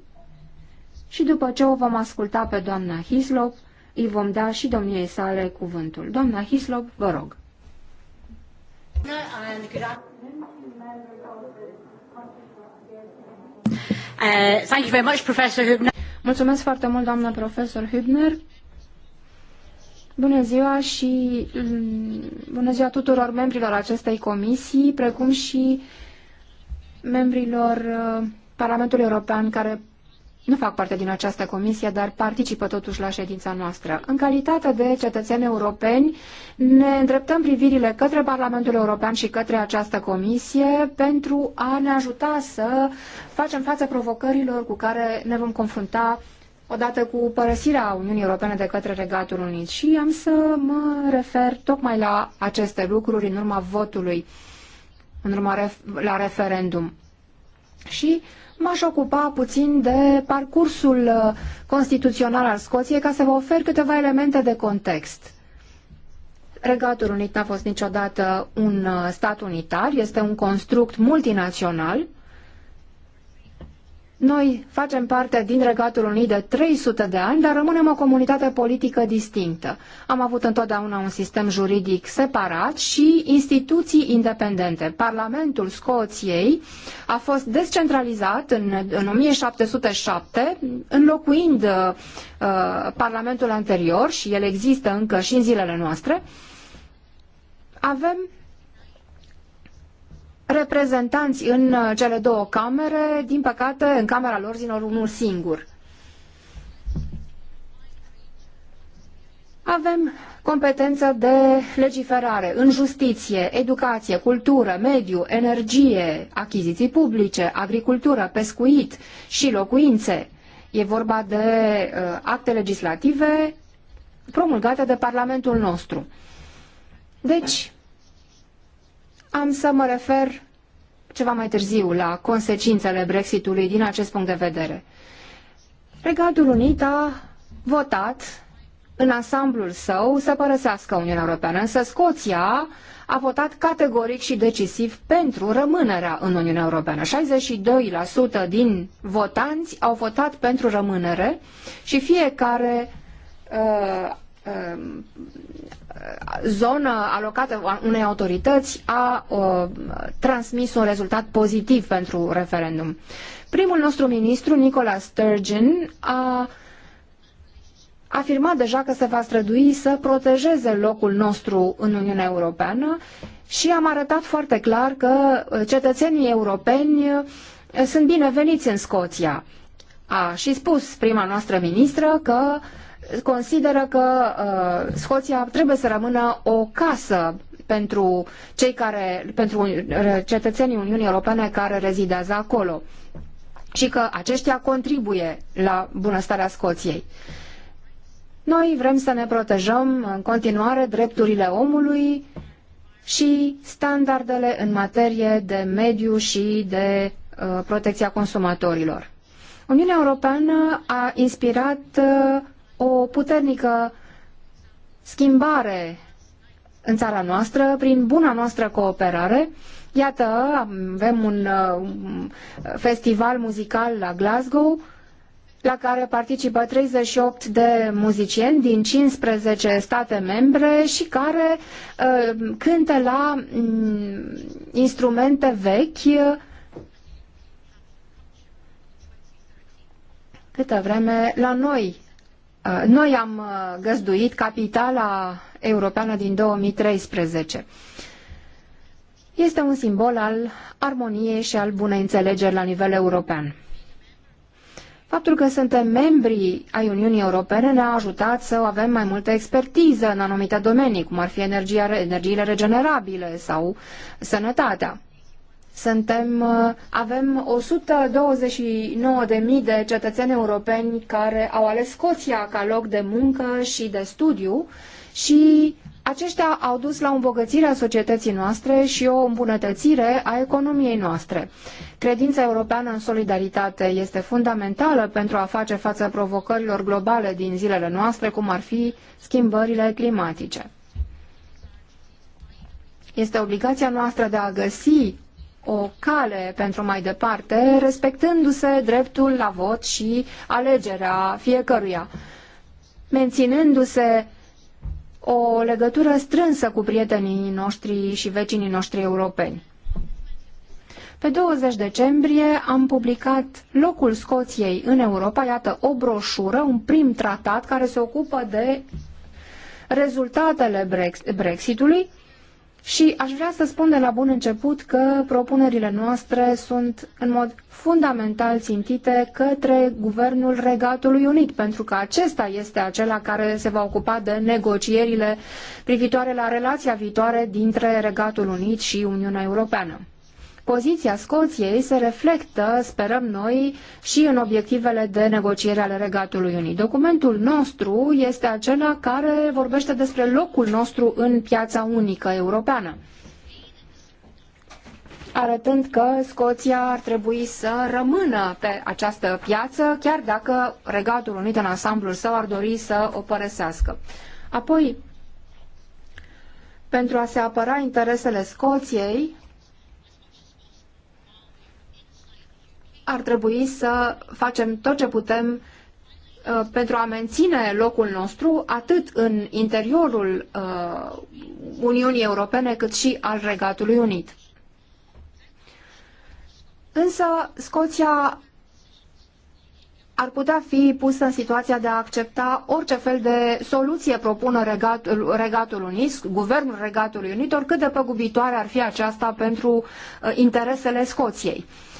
și după ce o vom asculta pe doamna Hislop, îi vom da și domniei sale cuvântul. Doamna Hislop, vă rog. Uh, Mulțumesc foarte mult, doamna profesor Hübner. Bună ziua și mm, bună ziua tuturor membrilor acestei comisii, precum și membrilor uh, Parlamentului European care nu fac parte din această comisie, dar participă totuși la ședința noastră. În calitate de cetățeni europeni, ne îndreptăm privirile către Parlamentul European și către această comisie pentru a ne ajuta să facem față provocărilor cu care ne vom confrunta odată cu părăsirea Uniunii Europene de către Regatul Unit. Și am să mă refer tocmai la aceste lucruri în urma votului, în urma ref- la referendum. Și uh, m-aș ocupa puțin de parcursul uh, constituțional al Scoției ca să vă ofer câteva elemente de context. Regatul Unit n-a fost niciodată un uh, stat unitar, este un construct multinațional noi facem parte din Regatul Unit de 300 de ani, dar rămânem o comunitate politică distinctă. Am avut întotdeauna un sistem juridic separat și instituții independente. Parlamentul Scoției a fost descentralizat în, în 1707, înlocuind uh, Parlamentul anterior și el există încă și în zilele noastre. Avem reprezentanți în uh, cele două camere, din păcate în camera lor zinor unul singur. Avem competență de legiferare în justiție, educație, cultură, mediu, energie, achiziții publice, agricultură, pescuit și locuințe. E vorba de uh, acte legislative promulgate de Parlamentul nostru. Deci, am să mă refer ceva mai târziu la consecințele Brexitului din acest punct de vedere. Regatul Unit a votat în ansamblul său să părăsească Uniunea Europeană, însă Scoția a votat categoric și decisiv pentru rămânerea în Uniunea Europeană. 62% din votanți au votat pentru rămânere și fiecare uh, uh, zonă alocată unei autorități a uh, transmis un rezultat pozitiv pentru referendum. Primul nostru ministru, Nicola Sturgeon, a afirmat deja că se va strădui să protejeze locul nostru în Uniunea Europeană și am arătat foarte clar că uh, cetățenii europeni uh, sunt bineveniți în Scoția. A și spus prima noastră ministră că consideră că uh, Scoția trebuie să rămână o casă pentru cei care, pentru uh, cetățenii Uniunii Europene care rezidează acolo și că aceștia contribuie la bunăstarea Scoției. Noi vrem să ne protejăm în continuare drepturile omului și standardele în materie de mediu și de uh, protecția consumatorilor. Uniunea Europeană a inspirat uh, o puternică schimbare în țara noastră, prin buna noastră cooperare. Iată, avem un uh, festival muzical la Glasgow, la care participă 38 de muzicieni din 15 state membre și care uh, cântă la mm, instrumente vechi câtă vreme la noi Uh, noi am uh, găzduit capitala europeană din 2013. Este un simbol al armoniei și al bunei înțelegeri la nivel european. Faptul că suntem membri ai Uniunii Europene ne-a ajutat să avem mai multă expertiză în anumite domenii, cum ar fi energia, energiile regenerabile sau sănătatea. Suntem, uh, avem 129.000 de cetățeni europeni care au ales Scoția ca loc de muncă și de studiu și aceștia au dus la îmbogățirea societății noastre și o îmbunătățire a economiei noastre. Credința europeană în solidaritate este fundamentală pentru a face față provocărilor globale din zilele noastre, cum ar fi schimbările climatice. Este obligația noastră de a găsi o cale pentru mai departe, respectându-se dreptul la vot și alegerea fiecăruia, menținându-se o legătură strânsă cu prietenii noștri și vecinii noștri europeni. Pe 20 decembrie am publicat Locul Scoției în Europa, iată o broșură, un prim tratat care se ocupă de rezultatele Brexitului și aș vrea să spun de la bun început că propunerile noastre sunt în mod fundamental țintite către Guvernul Regatului Unit, pentru că acesta este acela care se va ocupa de negocierile privitoare la relația viitoare dintre Regatul Unit și Uniunea Europeană. Poziția Scoției se reflectă, sperăm noi, și în obiectivele de negociere ale Regatului Unii. Documentul nostru este acela care vorbește despre locul nostru în piața unică europeană arătând că Scoția ar trebui să rămână pe această piață, chiar dacă Regatul Unit în ansamblul său ar dori să o părăsească. Apoi, pentru a se apăra interesele Scoției, ar trebui să facem tot ce putem uh, pentru a menține locul nostru atât în interiorul uh, Uniunii Europene cât și al Regatului Unit. Însă Scoția ar putea fi pusă în situația de a accepta orice fel de soluție propună Regatul, Regatul Unit, Guvernul Regatului Unit, oricât de păgubitoare ar fi aceasta pentru uh, interesele Scoției. Uh,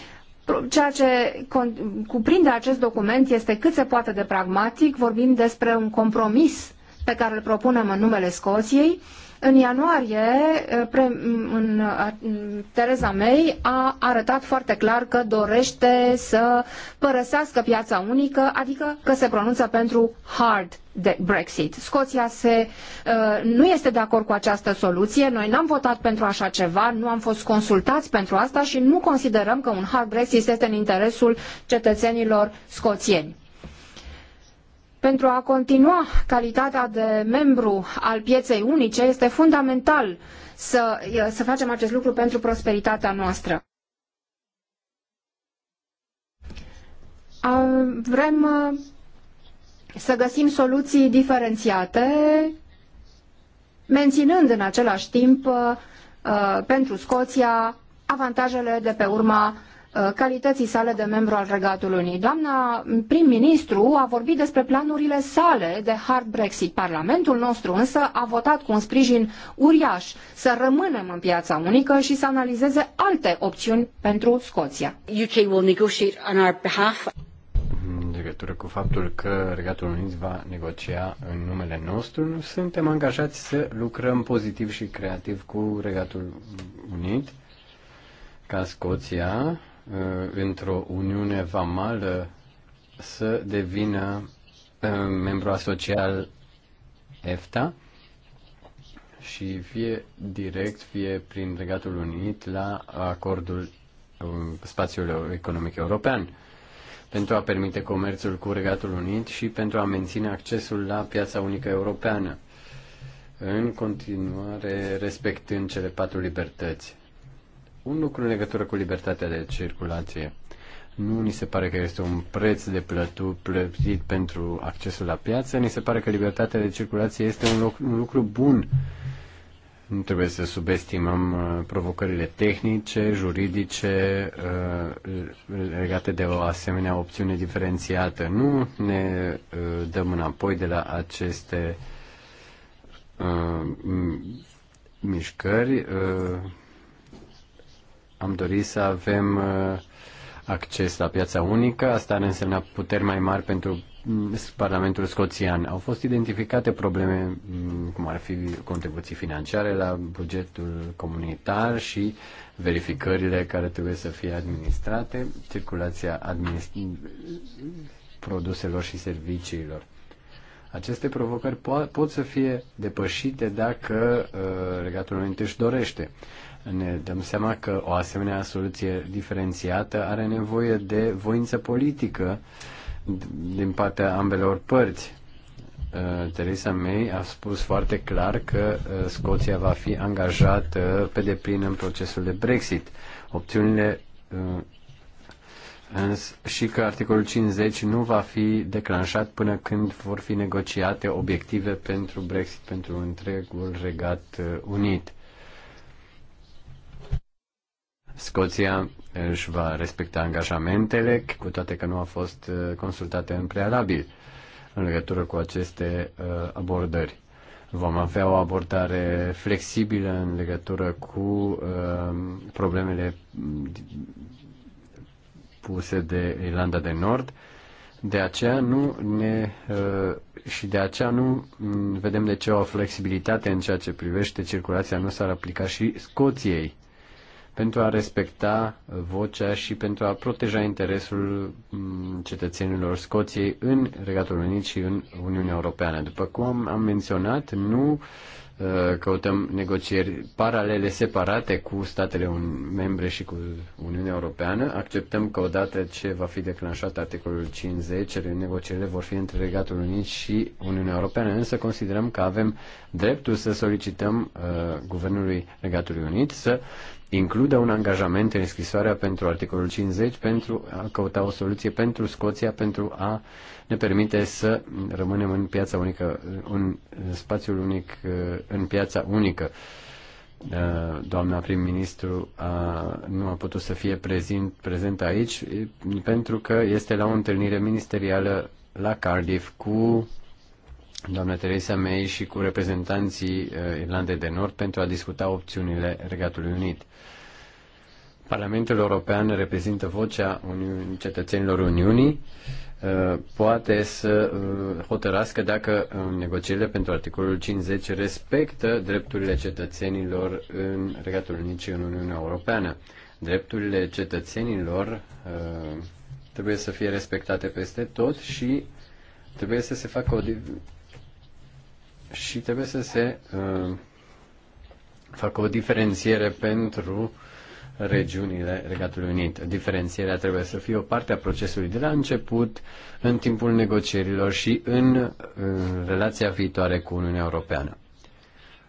Ceea ce cuprinde acest document este cât se poate de pragmatic, vorbim despre un compromis pe care îl propunem în numele Scoției, uh, în ianuarie, eh, pre, eh, în, Tereza May a arătat foarte clar că dorește să părăsească piața unică, adică că se pronunță pentru hard de Brexit. Scoția se, eh, nu este de acord cu această soluție, noi n-am votat pentru așa ceva, nu am fost consultați pentru asta și nu considerăm că un hard Brexit este în interesul cetățenilor scoțieni pentru a continua calitatea de membru al pieței unice, este fundamental să, să facem acest lucru pentru prosperitatea noastră. Vrem uh, să găsim soluții diferențiate, menținând în același timp uh, uh, pentru Scoția avantajele de pe urma Uh, calității sale de membru al Regatului Unit, Doamna prim-ministru a vorbit despre planurile sale de hard Brexit. Parlamentul nostru însă a votat cu un sprijin uriaș să rămânem în piața unică și să analizeze alte opțiuni pentru Scoția. UK will negotiate on our behalf. În legătură cu faptul că Regatul Unit va negocia în numele nostru, suntem angajați să lucrăm pozitiv și creativ cu Regatul Unit ca Scoția Uh, într-o uniune vamală să devină uh, membru asocial EFTA și fie direct, fie prin Regatul Unit la acordul uh, spațiului economic european pentru a permite comerțul cu Regatul Unit și pentru a menține accesul la piața unică europeană, în continuare respectând cele patru libertăți. Un lucru în legătură cu libertatea de circulație. Nu ni se pare că este un preț de plătut, plătit pentru accesul la piață, ni se pare că libertatea de circulație este un, loc, un lucru bun. Nu trebuie să subestimăm uh, provocările tehnice, juridice, uh, legate de o asemenea opțiune diferențiată. Nu ne uh, dăm înapoi de la aceste mișcări. Am dorit să avem uh, acces la piața unică, asta ar însemna puteri mai mari pentru mm, Parlamentul Scoțian. Au fost identificate probleme, mm, cum ar fi contribuții financiare la bugetul comunitar și verificările care trebuie să fie administrate, circulația administ- produselor și serviciilor. Aceste provocări po- pot să fie depășite dacă uh, Regatul Unit își dorește ne dăm seama că o asemenea soluție diferențiată are nevoie de voință politică din partea ambelor părți. Uh, Theresa May a spus foarte clar că uh, Scoția va fi angajată pe deplin în procesul de Brexit. Opțiunile uh, și că articolul 50 nu va fi declanșat până când vor fi negociate obiective pentru Brexit pentru întregul regat unit. Scoția își va respecta angajamentele, cu toate că nu a fost uh, consultate în prealabil în legătură cu aceste uh, abordări. Vom avea o abordare flexibilă în legătură cu uh, problemele puse de Irlanda de Nord. De aceea nu ne și de aceea nu mm, vedem de ce o flexibilitate în ceea ce privește circulația nu s-ar aplica și Scoției pentru a respecta vocea și pentru a proteja interesul mm, cetățenilor Scoției în Regatul Unit și în Uniunea Europeană. După cum am menționat, nu uh, căutăm negocieri paralele, separate cu statele membre și cu Uniunea Europeană. Acceptăm că odată ce va fi declanșat articolul 50, negocierile vor fi între Regatul Unit și Uniunea Europeană, însă considerăm că avem dreptul să solicităm uh, Guvernului Regatului Unit să includă un angajament în scrisoarea pentru articolul 50 pentru a căuta o soluție pentru Scoția pentru a ne permite să rămânem în piața unică, în spațiul unic, în piața unică. Uh, doamna prim-ministru a, uh, nu a putut să fie prezent, prezent aici pentru că este la o întâlnire ministerială la Cardiff cu doamna Teresa May și cu reprezentanții uh, Irlandei de Nord pentru a discuta opțiunile Regatului Unit. Parlamentul European reprezintă vocea Uniunii, cetățenilor Uniunii, uh, poate să uh, hotărască dacă uh, negocierile pentru articolul 50 respectă drepturile cetățenilor în Regatul Unit și în Uniunea Europeană. Drepturile cetățenilor trebuie să fie respectate peste tot și trebuie să se facă o și trebuie să se uh, facă o diferențiere pentru regiunile Regatului Unit. Diferențierea trebuie să fie o parte a procesului de la început, în timpul negocierilor și în, în relația viitoare cu Uniunea Europeană.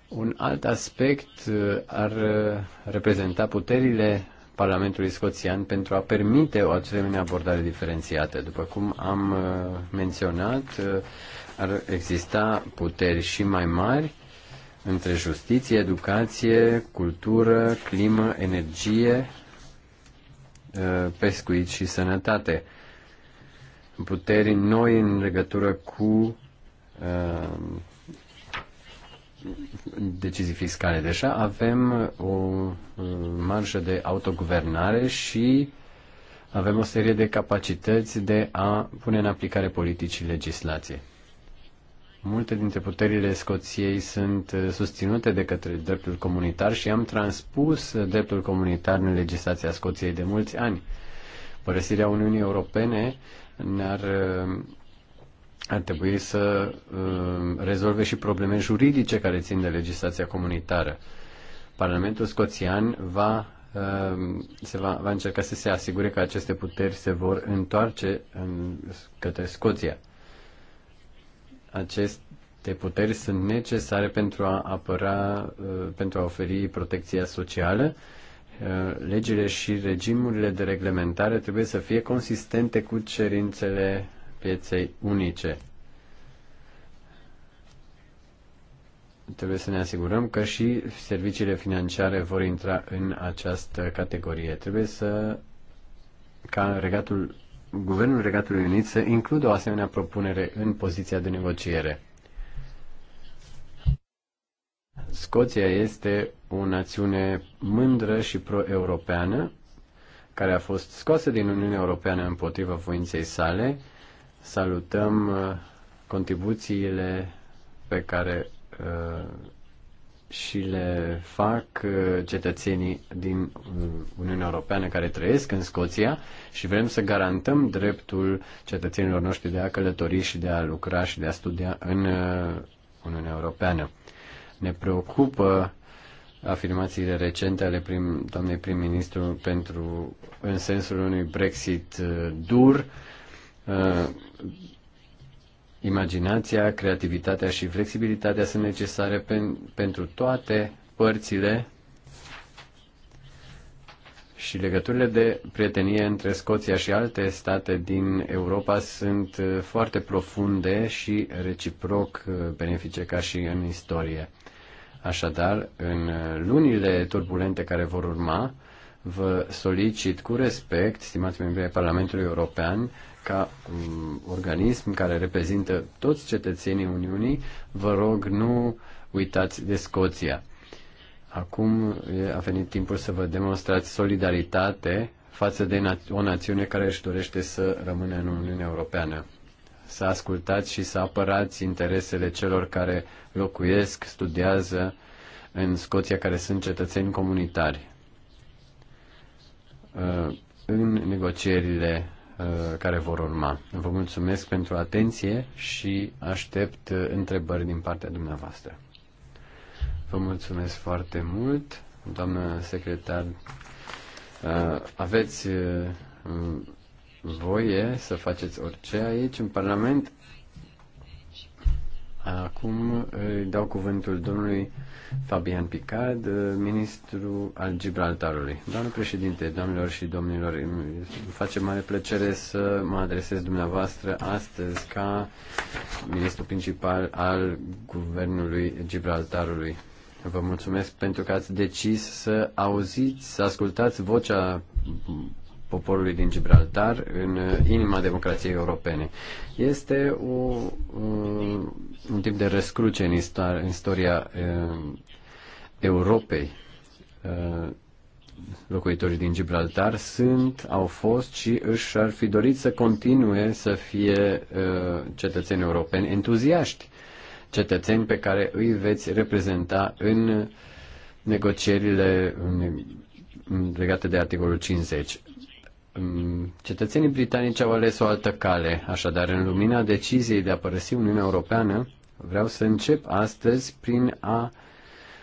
Un alt aspect uh, ar uh, reprezenta puterile Parlamentului Scoțian pentru a permite o asemenea abordare diferențiată. După cum am uh, menționat, ar exista puteri și mai mari între justiție, educație, cultură, climă, energie, uh, pescuit și sănătate. Puteri noi în legătură cu uh, decizii fiscale. Deja avem o uh, marjă de autoguvernare și avem o serie de capacități de a pune în aplicare politici și legislație. Multe dintre puterile Scoției sunt uh, susținute de către dreptul comunitar și am transpus uh, dreptul comunitar în legislația Scoției de mulți ani. Părăsirea Uniunii Europene ne-ar uh, ar trebui să rezolve și probleme juridice care țin de legislația comunitară. Parlamentul scoțian va, se va, va încerca să se asigure că aceste puteri se vor întoarce în, către Scoția aceste puteri sunt necesare pentru a apăra, uh, pentru a oferi protecția socială. Uh, legile și regimurile de reglementare trebuie să fie consistente cu cerințele pieței unice. Trebuie să ne asigurăm că și serviciile financiare vor intra în această categorie. Trebuie să ca Regatul Guvernul Regatului Unit să includă o asemenea propunere în poziția de negociere. Scoția este o națiune mândră și pro-europeană, care a fost scoasă din Uniunea Europeană împotriva voinței sale. Salutăm uh, contribuțiile pe care uh, și le fac uh, cetățenii din uh, Uniunea Europeană care trăiesc în Scoția și vrem să garantăm dreptul cetățenilor noștri de a călători și de a lucra și de a studia în uh, Uniunea Europeană. Ne preocupă afirmațiile recente ale prim, doamnei prim-ministru pentru în sensul unui Brexit dur Imaginația, creativitatea și flexibilitatea sunt necesare pen, pentru toate părțile și legăturile de prietenie între Scoția și alte state din Europa sunt uh, foarte profunde și reciproc uh, benefice ca și în istorie. Așadar, în uh, lunile turbulente care vor urma, vă solicit cu respect, stimați membri ai Parlamentului European, ca um, organism care reprezintă toți cetățenii Uniunii, vă rog nu uitați de Scoția. Acum a venit timpul să vă demonstrați solidaritate față de na- o națiune care își dorește să rămână în Uniunea Europeană. Să ascultați și să apărați interesele celor care locuiesc, studiază în Scoția, care sunt cetățeni comunitari. În negocierile Uh, care vor urma. Vă mulțumesc pentru atenție și aștept uh, întrebări din partea dumneavoastră. Vă mulțumesc foarte mult, doamnă secretar. Uh, aveți voie să faceți orice aici în Parlament, Acum îi dau cuvântul domnului Fabian Picard, ministru al Gibraltarului. Doamnă președinte, doamnelor și domnilor, îmi face mare plăcere să mă adresez dumneavoastră astăzi ca ministru principal al Guvernului Gibraltarului. Vă mulțumesc pentru că ați decis să auziți, să ascultați vocea poporului din Gibraltar în uh, inima democrației europene. Este o, uh, un tip de răscruce în, istor- în istoria uh, Europei. Locuitorii din Gibraltar sunt, au fost și își ar fi dorit să continue să fie cetățeni europeni entuziaști, cetățeni pe care îi veți reprezenta în negocierile legate de articolul 50. Cetățenii britanici au ales o altă cale, așadar, în lumina deciziei de a părăsi Uniunea Europeană, vreau să încep astăzi prin a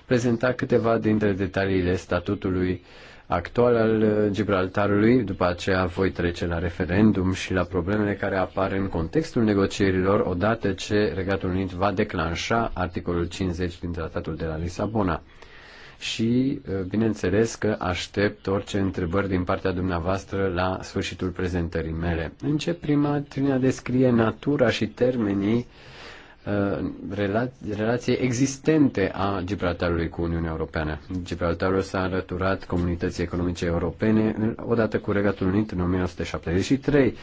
prezenta câteva dintre detaliile statutului actual al Gibraltarului, după aceea voi trece la referendum și la problemele care apar în contextul negocierilor odată ce Regatul Unit va declanșa articolul 50 din Tratatul de la Lisabona și, uh, bineînțeles, că aștept orice întrebări din partea dumneavoastră la sfârșitul prezentării mele. În ce prima trină descrie natura și termenii uh, relației existente a Gibraltarului cu Uniunea Europeană. Gibraltarul s-a alăturat comunității economice europene odată cu Regatul Unit în 1973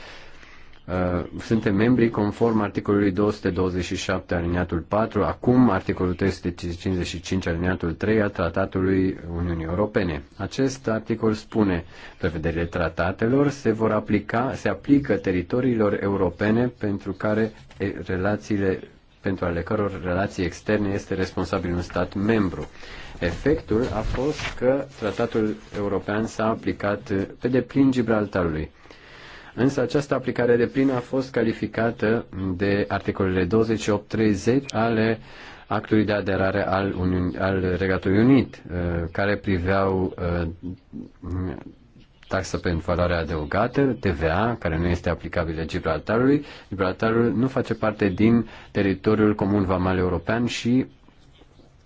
Uh, suntem membri conform articolului 227 aliniatul 4, acum articolul 355 aliniatul 3 a Tratatului Uniunii Europene. Acest articol spune vedere tratatelor se vor aplica, se aplică teritoriilor europene pentru care relațiile pentru ale căror relații externe este responsabil un stat membru. Efectul a fost că tratatul european s-a aplicat pe deplin Gibraltarului Însă această aplicare de plină a fost calificată de articolele 28-30 ale actului de aderare al, Uniunii al Regatului Unit, uh, care priveau uh, taxă pentru valoare adăugată, TVA, care nu este aplicabilă Gibraltarului. Gibraltarul nu face parte din teritoriul comun vamal european și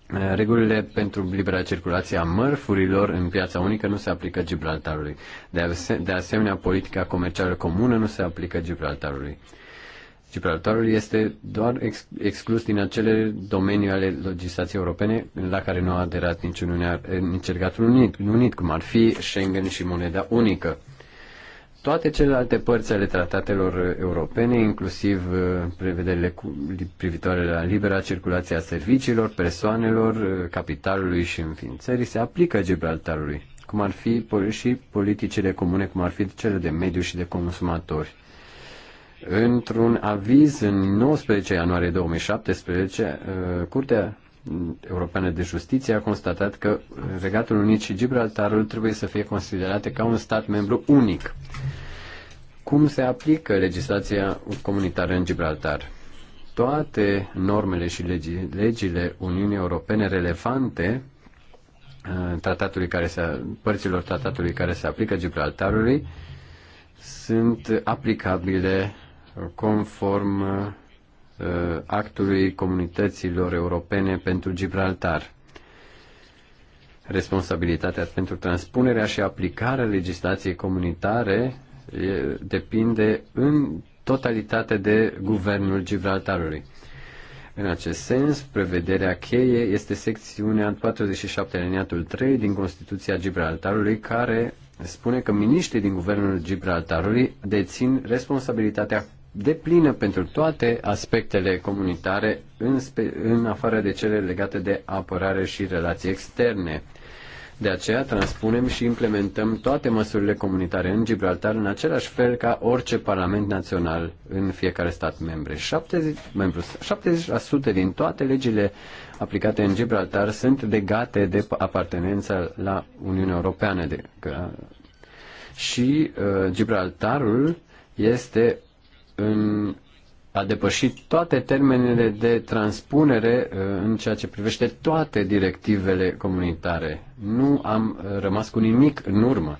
Regulile pentru libera circulație a mărfurilor în piața unică nu se aplică Gibraltarului. De, ase- de asemenea, politica comercială comună nu se aplică Gibraltarului. Gibraltarul este doar ex- exclus din acele domenii ale legislației europene la care nu a aderat nici, Uniunea, eh, nici Regatul Unit, Unit, cum ar fi Schengen și moneda unică toate celelalte părți ale tratatelor europene, inclusiv uh, prevederile privitoare la libera circulație a serviciilor, persoanelor, uh, capitalului și înființării, se aplică Gibraltarului, cum ar fi și politicile comune, cum ar fi cele de mediu și de consumatori. Într-un aviz în 19 ianuarie 2017, uh, Curtea Europeană de Justiție a constatat că Regatul Unit și Gibraltarul trebuie să fie considerate ca un stat membru unic. Cum se aplică legislația comunitară în Gibraltar? Toate normele și legile Uniunii Europene relevante uh, tratatului care se, părților tratatului care se aplică Gibraltarului sunt aplicabile conform uh, Uh, actului comunităților europene pentru Gibraltar. Responsabilitatea pentru transpunerea și aplicarea legislației comunitare depinde în totalitate de guvernul Gibraltarului. În acest sens, prevederea cheie este secțiunea 47 aliniatul 3 din Constituția Gibraltarului, care spune că miniștrii din guvernul Gibraltarului dețin responsabilitatea de plină pentru toate aspectele comunitare, în, în afară de cele legate de apărare și relații externe. De aceea transpunem și implementăm toate măsurile comunitare în Gibraltar în același fel ca orice parlament național în fiecare stat membre. 70%, membru, 70% din toate legile aplicate în Gibraltar sunt legate de apartenența la Uniunea Europeană. De, că, și uh, Gibraltarul este în a depășit toate termenele de transpunere uh, în ceea ce privește toate directivele comunitare. Nu am uh, rămas cu nimic în urmă.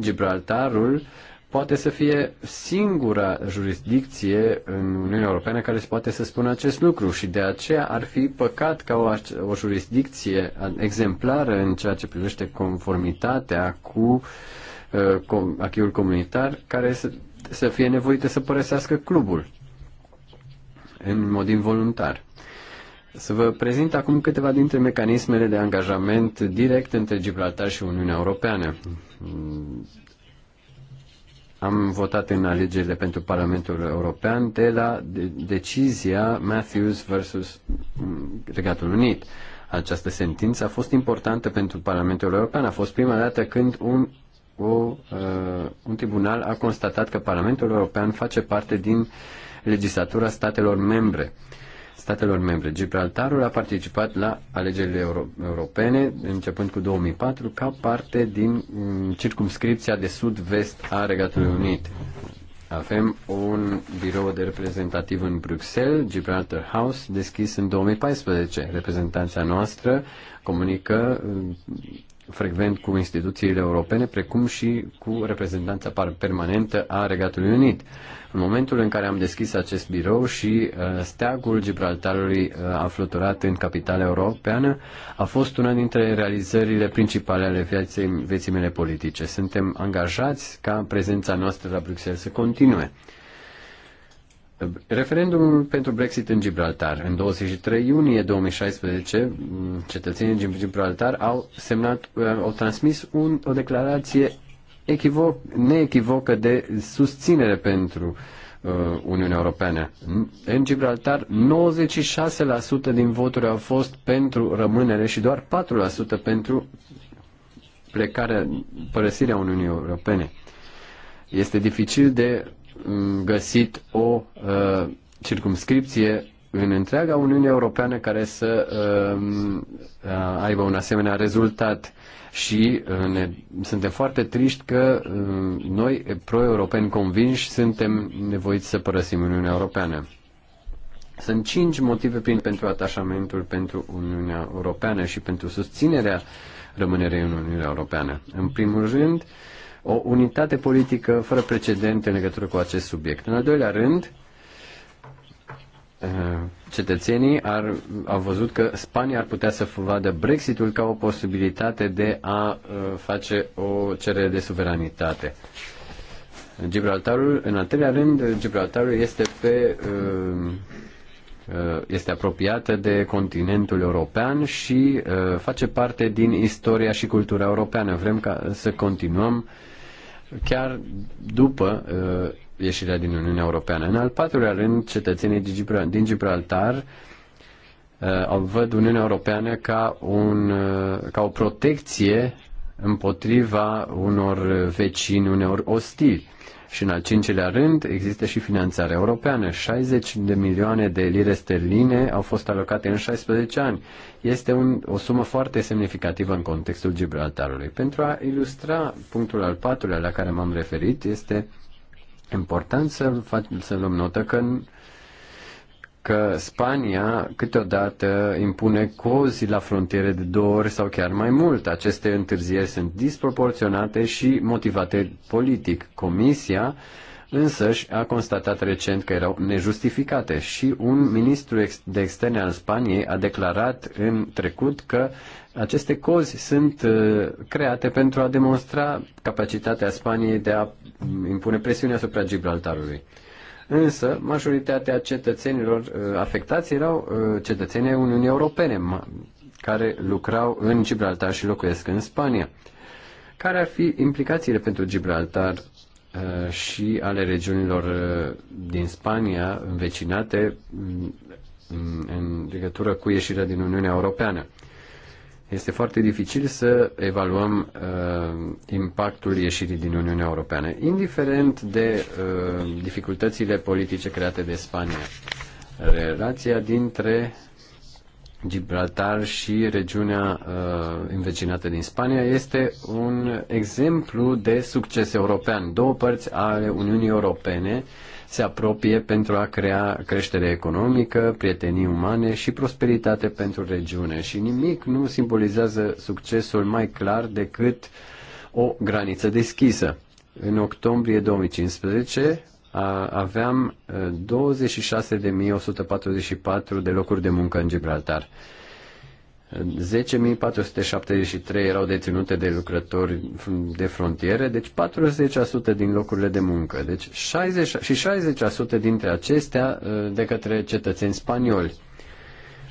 Gibraltarul poate să fie singura jurisdicție în Uniunea Europeană care se poate să spună acest lucru și de aceea ar fi păcat ca o, o jurisdicție exemplară în ceea ce privește conformitatea cu uh, achiul comunitar care să, să fie nevoită să părăsească clubul în mod involuntar. Să vă prezint acum câteva dintre mecanismele de angajament direct între Gibraltar și Uniunea Europeană. Am votat în alegerile pentru Parlamentul European de la decizia Matthews versus Regatul Unit. Această sentință a fost importantă pentru Parlamentul European. A fost prima dată când un o, uh, un tribunal a constatat că Parlamentul European face parte din legislatura statelor membre. Statelor membre. Gibraltarul a participat la alegerile euro- europene, începând cu 2004, ca parte din um, circumscripția de sud-vest a Regatului Unit. Avem un birou de reprezentativ în Bruxelles, Gibraltar House, deschis în 2014. Reprezentanța noastră comunică mm, frecvent cu instituțiile europene, precum și cu reprezentanța permanentă a Regatului Unit. În momentul în care am deschis acest birou și uh, steagul Gibraltarului uh, a fluturat în capitala europeană, a fost una dintre realizările principale ale vieții, vieții mele politice. Suntem angajați ca prezența noastră la Bruxelles să continue. Referendumul pentru Brexit în Gibraltar. În 23 iunie 2016, cetățenii din Gibraltar au semnat, uh, au transmis un, o declarație echivoc, neechivocă de susținere pentru uh, Uniunea Europeană. În Gibraltar, 96% din voturi au fost pentru rămânere și doar 4% pentru plecarea, părăsirea Uniunii Europene. Este dificil de găsit o uh, circumscripție în întreaga Uniune Europeană care să um, uh, aibă un asemenea rezultat și uh, ne, suntem foarte triști că uh, noi, pro-europeni convinși, suntem nevoiți să părăsim Uniunea Europeană. Sunt cinci motive prin, pentru atașamentul pentru Uniunea Europeană și pentru susținerea rămânerei în Uniunea Europeană. În primul rând, uh, o unitate politică fără precedent în legătură cu acest subiect. În al doilea rând, eh, cetățenii ar, au văzut că Spania ar putea să vadă Brexitul ca o posibilitate de a eh, face o cerere de suveranitate. Gibraltarul, în al treilea rând, Gibraltarul este pe eh, este apropiată de continentul european și face parte din istoria și cultura europeană. Vrem ca să continuăm uh, chiar după uh, ieșirea din Uniunea Europeană. În al patrulea rând, cetățenii din Gibraltar uh, văd Uniunea Europeană ca, un, uh, ca o protecție împotriva unor vecini uneori ostili. Și în al cincilea rând, există și finanțare europeană. 60 de milioane de lire sterline au fost alocate în 16 ani. Este un, o sumă foarte semnificativă în contextul Gibraltarului. Pentru a ilustra punctul al patrulea la care m-am referit, este important să, fac, să luăm notă că în că Spania câteodată impune cozi la frontiere de două ori sau chiar mai mult. Aceste întârzieri sunt disproporționate și motivate politic. Comisia însăși a constatat recent că erau nejustificate și un ministru de externe al Spaniei a declarat în trecut că aceste cozi sunt uh, create pentru a demonstra capacitatea Spaniei de a impune presiune asupra Gibraltarului. Însă, majoritatea cetățenilor uh, afectați erau uh, cetățenii Uniunii Europene care lucrau în Gibraltar și locuiesc în Spania. Care ar fi implicațiile pentru Gibraltar uh, și ale regiunilor din Spania învecinate mm, în legătură cu ieșirea din Uniunea Europeană? este foarte dificil să evaluăm uh, impactul ieșirii din Uniunea Europeană, indiferent de uh, dificultățile politice create de Spania. Relația dintre Gibraltar și regiunea uh, învecinată din Spania este un exemplu de succes european. Două părți ale Uniunii Europene uh, se apropie pentru a crea creștere economică, prietenii umane și prosperitate pentru regiune. Și nimic nu simbolizează succesul mai clar decât o graniță deschisă. În octombrie 2015 aveam 26.144 uh, de locuri de muncă în Gibraltar. 10.473 erau deținute de lucrători de frontiere, deci 40% din locurile de muncă, deci 60, și 60% dintre acestea uh, de către cetățeni spanioli.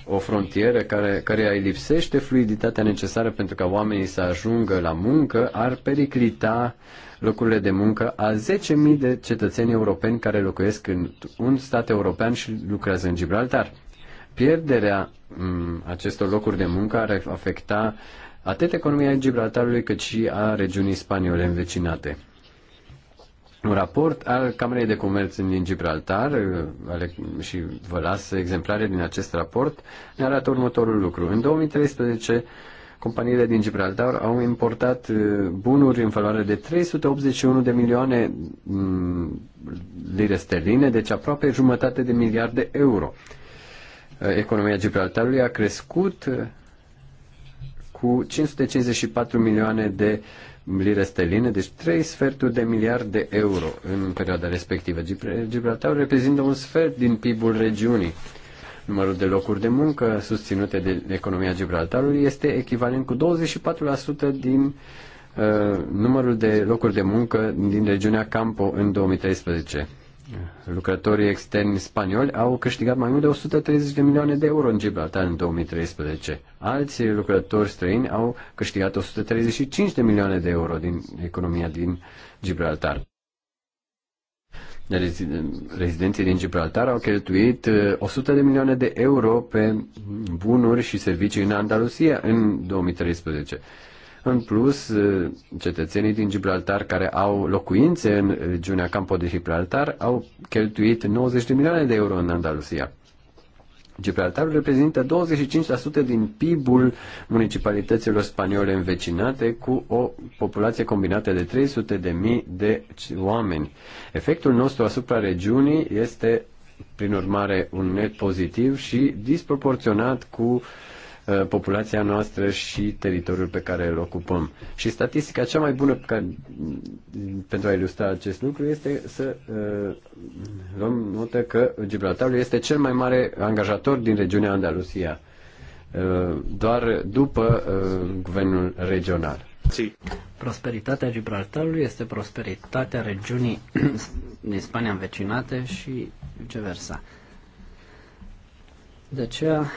O frontieră care, care îi lipsește fluiditatea necesară pentru ca oamenii să ajungă la muncă ar periclita locurile de muncă a 10.000 de cetățeni europeni care locuiesc în un stat european și lucrează în Gibraltar pierderea mm, acestor locuri de muncă ar afecta atât economia Gibraltarului cât și a regiunii spaniole învecinate. Un raport al Camerei de Comerț din Gibraltar, uh, și vă las exemplare din acest raport, ne arată următorul lucru. În 2013, companiile din Gibraltar au importat uh, bunuri în valoare de 381 de milioane mm, lire sterline, deci aproape jumătate de miliarde de euro. Uh, economia Gibraltarului a crescut uh, cu 554 milioane de lire sterline, deci 3 sferturi de miliard de euro în perioada respectivă. Gibraltarul reprezintă un sfert din PIB-ul regiunii. Numărul de locuri de muncă susținute de economia Gibraltarului este echivalent cu 24% din uh, numărul de locuri de muncă din regiunea Campo în 2013 lucrătorii externi spanioli au câștigat mai mult de 130 de milioane de euro în Gibraltar în 2013. Alții lucrători străini au câștigat 135 de milioane de euro din economia din Gibraltar. Rezidenții din Gibraltar au cheltuit 100 uh, de milioane de euro pe bunuri și servicii în Andalusia în 2013. În plus, cetățenii din Gibraltar care au locuințe în regiunea Campo de Gibraltar au cheltuit 90 de milioane de euro în Andalusia. Gibraltarul reprezintă 25% din PIB-ul municipalităților spaniole învecinate cu o populație combinată de 300 de mii de oameni. Efectul nostru asupra regiunii este, prin urmare, un net pozitiv și disproporționat cu uh, Uh, populația noastră și teritoriul pe care îl ocupăm. Și statistica cea mai bună care, mm, pentru a ilustra acest lucru este să uh, luăm notă că Gibraltarul este cel mai mare angajator din regiunea Andalusia, uh, doar după uh, guvernul regional. Prosperitatea Gibraltarului este prosperitatea regiunii din Spania învecinate și viceversa. De aceea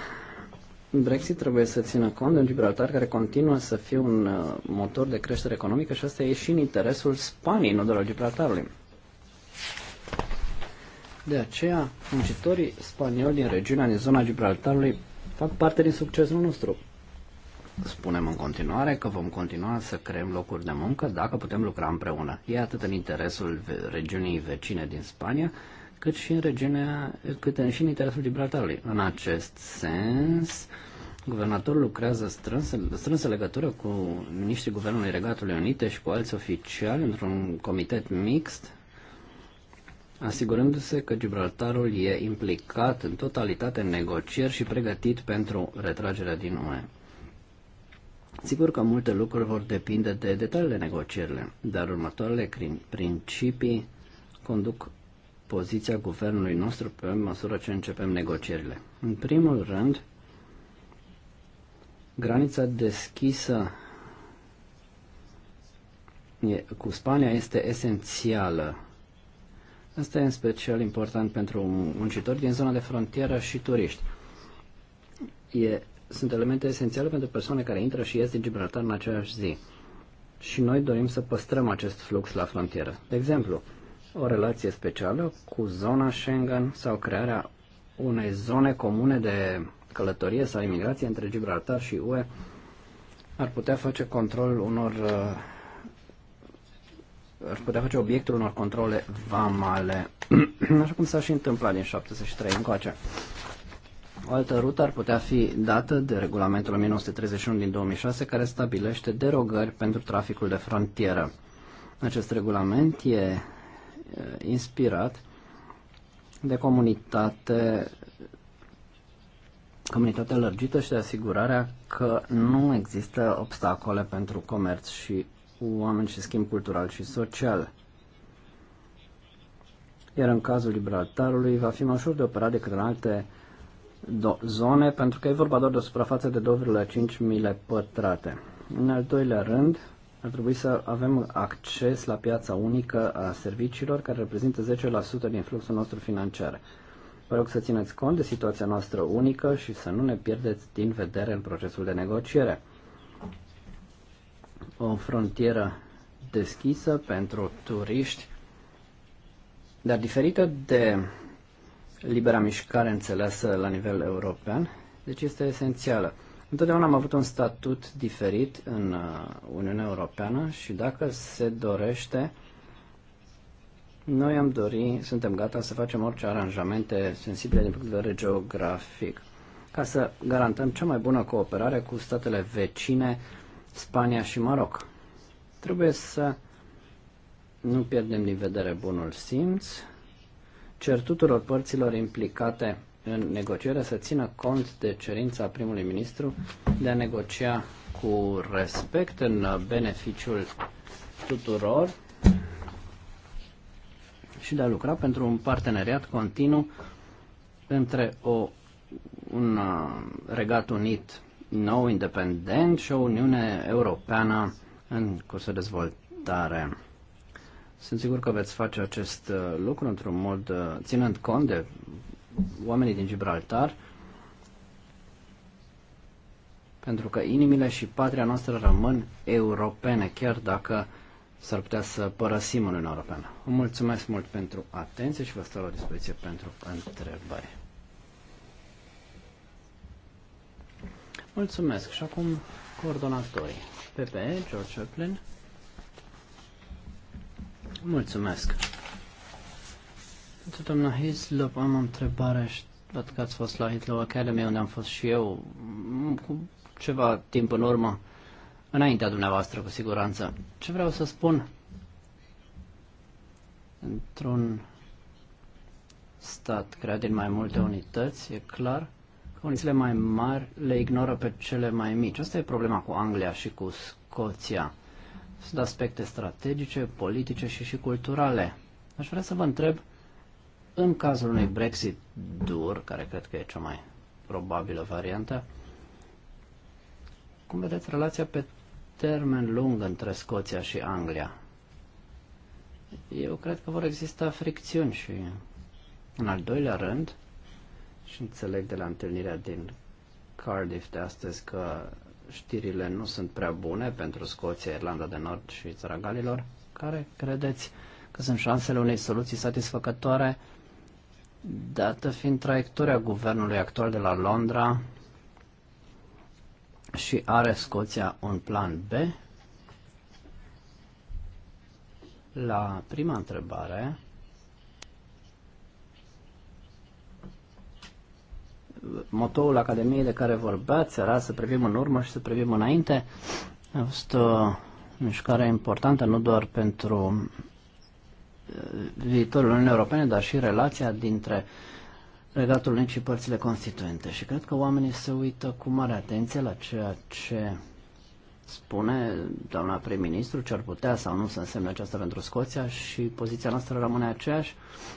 Brexit trebuie să țină cont de un Gibraltar care continuă să fie un uh, motor de creștere economică și asta e și în interesul Spaniei, nu doar al Gibraltarului. De aceea, muncitorii spanioli din regiunea, din zona Gibraltarului, fac parte din succesul nostru. Spunem în continuare că vom continua să creăm locuri de muncă dacă putem lucra împreună. E atât în interesul regiunii vecine din Spania, cât și în regiunea, cât și în interesul Gibraltarului. În acest sens, guvernatorul lucrează strâns, strânsă legătură cu ministrii Guvernului Regatului Unite și cu alți oficiali într-un comitet mixt, asigurându-se că Gibraltarul e implicat în totalitate în negocieri și pregătit pentru retragerea din UE. Sigur că multe lucruri vor depinde de detaliile negocierile, dar următoarele principii conduc poziția guvernului nostru pe măsură ce începem negocierile. În primul rând, granița deschisă cu Spania este esențială. Asta e în special important pentru muncitori din zona de frontieră și turiști. E, sunt elemente esențiale pentru persoane care intră și ies din Gibraltar în aceeași zi. Și noi dorim să păstrăm acest flux la frontieră. De exemplu, o relație specială cu zona Schengen sau crearea unei zone comune de călătorie sau imigrație între Gibraltar și UE ar putea face controlul unor uh, ar putea face obiectul unor controle vamale, așa cum s-a și întâmplat din 73 încoace. O altă rută ar putea fi dată de regulamentul 1931 din 2006 care stabilește derogări pentru traficul de frontieră. Acest regulament e Eh, inspirat de comunitate comunitatea lărgită și de asigurarea că nu există obstacole pentru comerț și oameni și schimb cultural și social. Iar în cazul Gibraltarului va fi mai ușor de operat decât în alte zone, pentru că e vorba doar de o suprafață de 2,5 mile pătrate. În al doilea rând, ar trebui să avem acces la piața unică a serviciilor, care reprezintă 10% din fluxul nostru financiar. Vă rog să țineți cont de situația noastră unică și să nu ne pierdeți din vedere în procesul de negociere. O frontieră deschisă pentru turiști, dar diferită de libera mișcare înțeleasă la nivel european, deci este esențială. Întotdeauna am avut un statut diferit în uh, Uniunea Europeană și dacă se dorește, noi am dori, suntem gata să facem orice aranjamente sensibile din punct de vedere geografic, ca să garantăm cea mai bună cooperare cu statele vecine, Spania și Maroc. Trebuie să nu pierdem din vedere bunul simț, cer tuturor părților implicate în negociere să țină cont de cerința primului ministru de a negocia cu respect în beneficiul tuturor și de a lucra pentru un parteneriat continuu între o, un uh, regat unit nou independent și o Uniune Europeană în curs de dezvoltare. Sunt sigur că veți face acest uh, lucru într-un mod uh, ținând cont de oamenii din Gibraltar, pentru că inimile și patria noastră rămân europene, chiar dacă s-ar putea să părăsim Uniunea Europeană. Vă mulțumesc mult pentru atenție și vă stau la dispoziție pentru întrebări. Mulțumesc. Și acum coordonatorii. PPE, George Chaplin. Mulțumesc. Doamna Hislop, am o întrebare și văd că ați fost la Hitler Academy, unde am fost și eu, mm, cu ceva timp în urmă, înaintea dumneavoastră, cu siguranță. Ce vreau să spun? Într-un stat creat din mai multe unități, e clar că unitățile mai mari le ignoră pe cele mai mici. Asta e problema cu Anglia și cu Scoția. Sunt aspecte strategice, politice și și culturale. Aș vrea să vă întreb în cazul unui Brexit dur, care cred că e cea mai probabilă variantă, cum vedeți relația pe termen lung între Scoția și Anglia? Eu cred că vor exista fricțiuni și în al doilea rând, și înțeleg de la întâlnirea din Cardiff de astăzi că știrile nu sunt prea bune pentru Scoția, Irlanda de Nord și țara Galilor, care credeți că sunt șansele unei soluții satisfăcătoare dată fiind traiectoria guvernului actual de la Londra și are Scoția un plan B? La prima întrebare, motoul Academiei de care vorbeați era să privim în urmă și să privim înainte. A fost o mișcare importantă nu doar pentru viitorul Uniunii Europene, dar și relația dintre Regatul Unit și părțile constituente. Și cred că oamenii se uită cu mare atenție la ceea ce spune doamna prim-ministru ce ar putea sau nu să însemne aceasta pentru Scoția și poziția noastră rămâne aceeași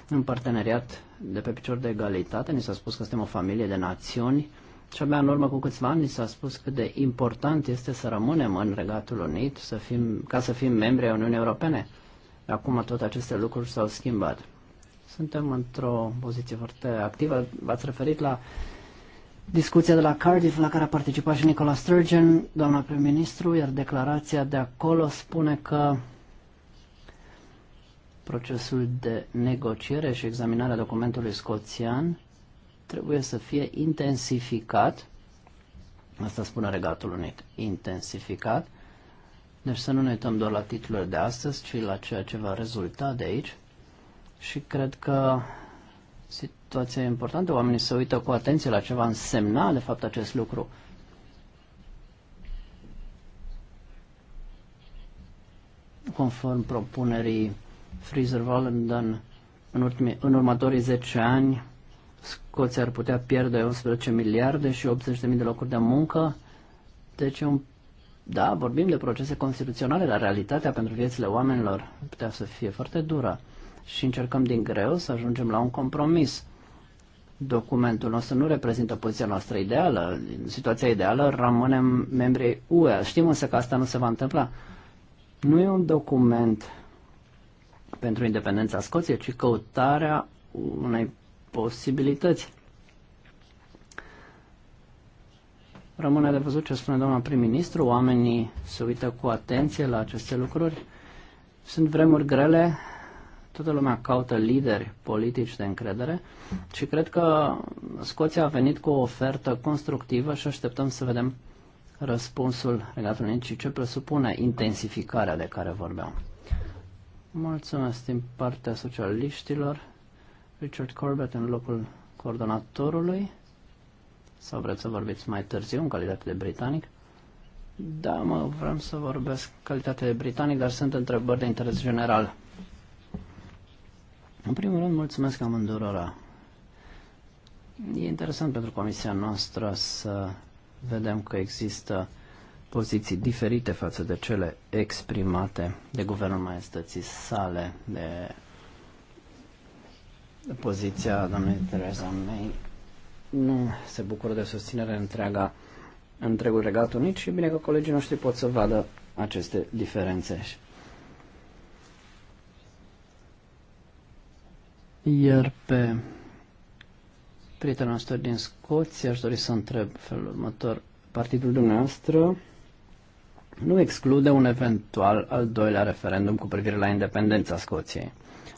în parteneriat de pe picior de egalitate. Ni s-a spus că suntem o familie de națiuni și abia în urmă cu câțiva ani ni s-a spus cât de important este să rămânem în Regatul Unit să fim, ca să fim membri ai Uniunii Europene. Acum toate aceste lucruri s-au schimbat. Suntem într-o poziție foarte activă. V-ați referit la discuția de la Cardiff, la care a participat și Nicola Sturgeon, doamna prim-ministru, iar declarația de acolo spune că procesul de negociere și examinarea documentului scoțian trebuie să fie intensificat, asta spune Regatul Unit, intensificat, deci să nu ne uităm doar la titlul de astăzi, ci la ceea ce va rezulta de aici. Și cred că situația e importantă. Oamenii se uită cu atenție la ce va însemna, de fapt, acest lucru. Conform propunerii Freezer Wallenden, în, ultimii, în următorii 10 ani, Scoția ar putea pierde 11 miliarde și 80.000 de locuri de muncă. Deci e un da, vorbim de procese constituționale, dar realitatea pentru viețile oamenilor putea să fie foarte dură și încercăm din greu să ajungem la un compromis. Documentul nostru nu reprezintă poziția noastră ideală. În situația ideală rămânem membrii UE. Știm însă că asta nu se va întâmpla. Nu e un document pentru independența Scoției, ci căutarea unei posibilități. Rămâne de văzut ce spune doamna prim-ministru. Oamenii se uită cu atenție la aceste lucruri. Sunt vremuri grele, toată lumea caută lideri politici de încredere și cred că Scoția a venit cu o ofertă constructivă și așteptăm să vedem răspunsul legat Unit și ce presupune intensificarea de care vorbeam. Mulțumesc din partea socialiștilor. Richard Corbett în locul coordonatorului. Sau vreți să vorbiți mai târziu în calitate de britanic? Da, mă, vreau să vorbesc în calitate de britanic, dar sunt întrebări de interes general. În primul rând, mulțumesc amândurora. E interesant pentru comisia noastră să vedem că există poziții diferite față de cele exprimate de guvernul maestății sale, de poziția doamnei Theresa May nu se bucură de susținere întreaga, întregul regat unit și bine că colegii noștri pot să vadă aceste diferențe. Iar pe prietenul nostru din Scoția aș dori să întreb felul următor. Partidul dumneavoastră nu exclude un eventual al doilea referendum cu privire la independența Scoției.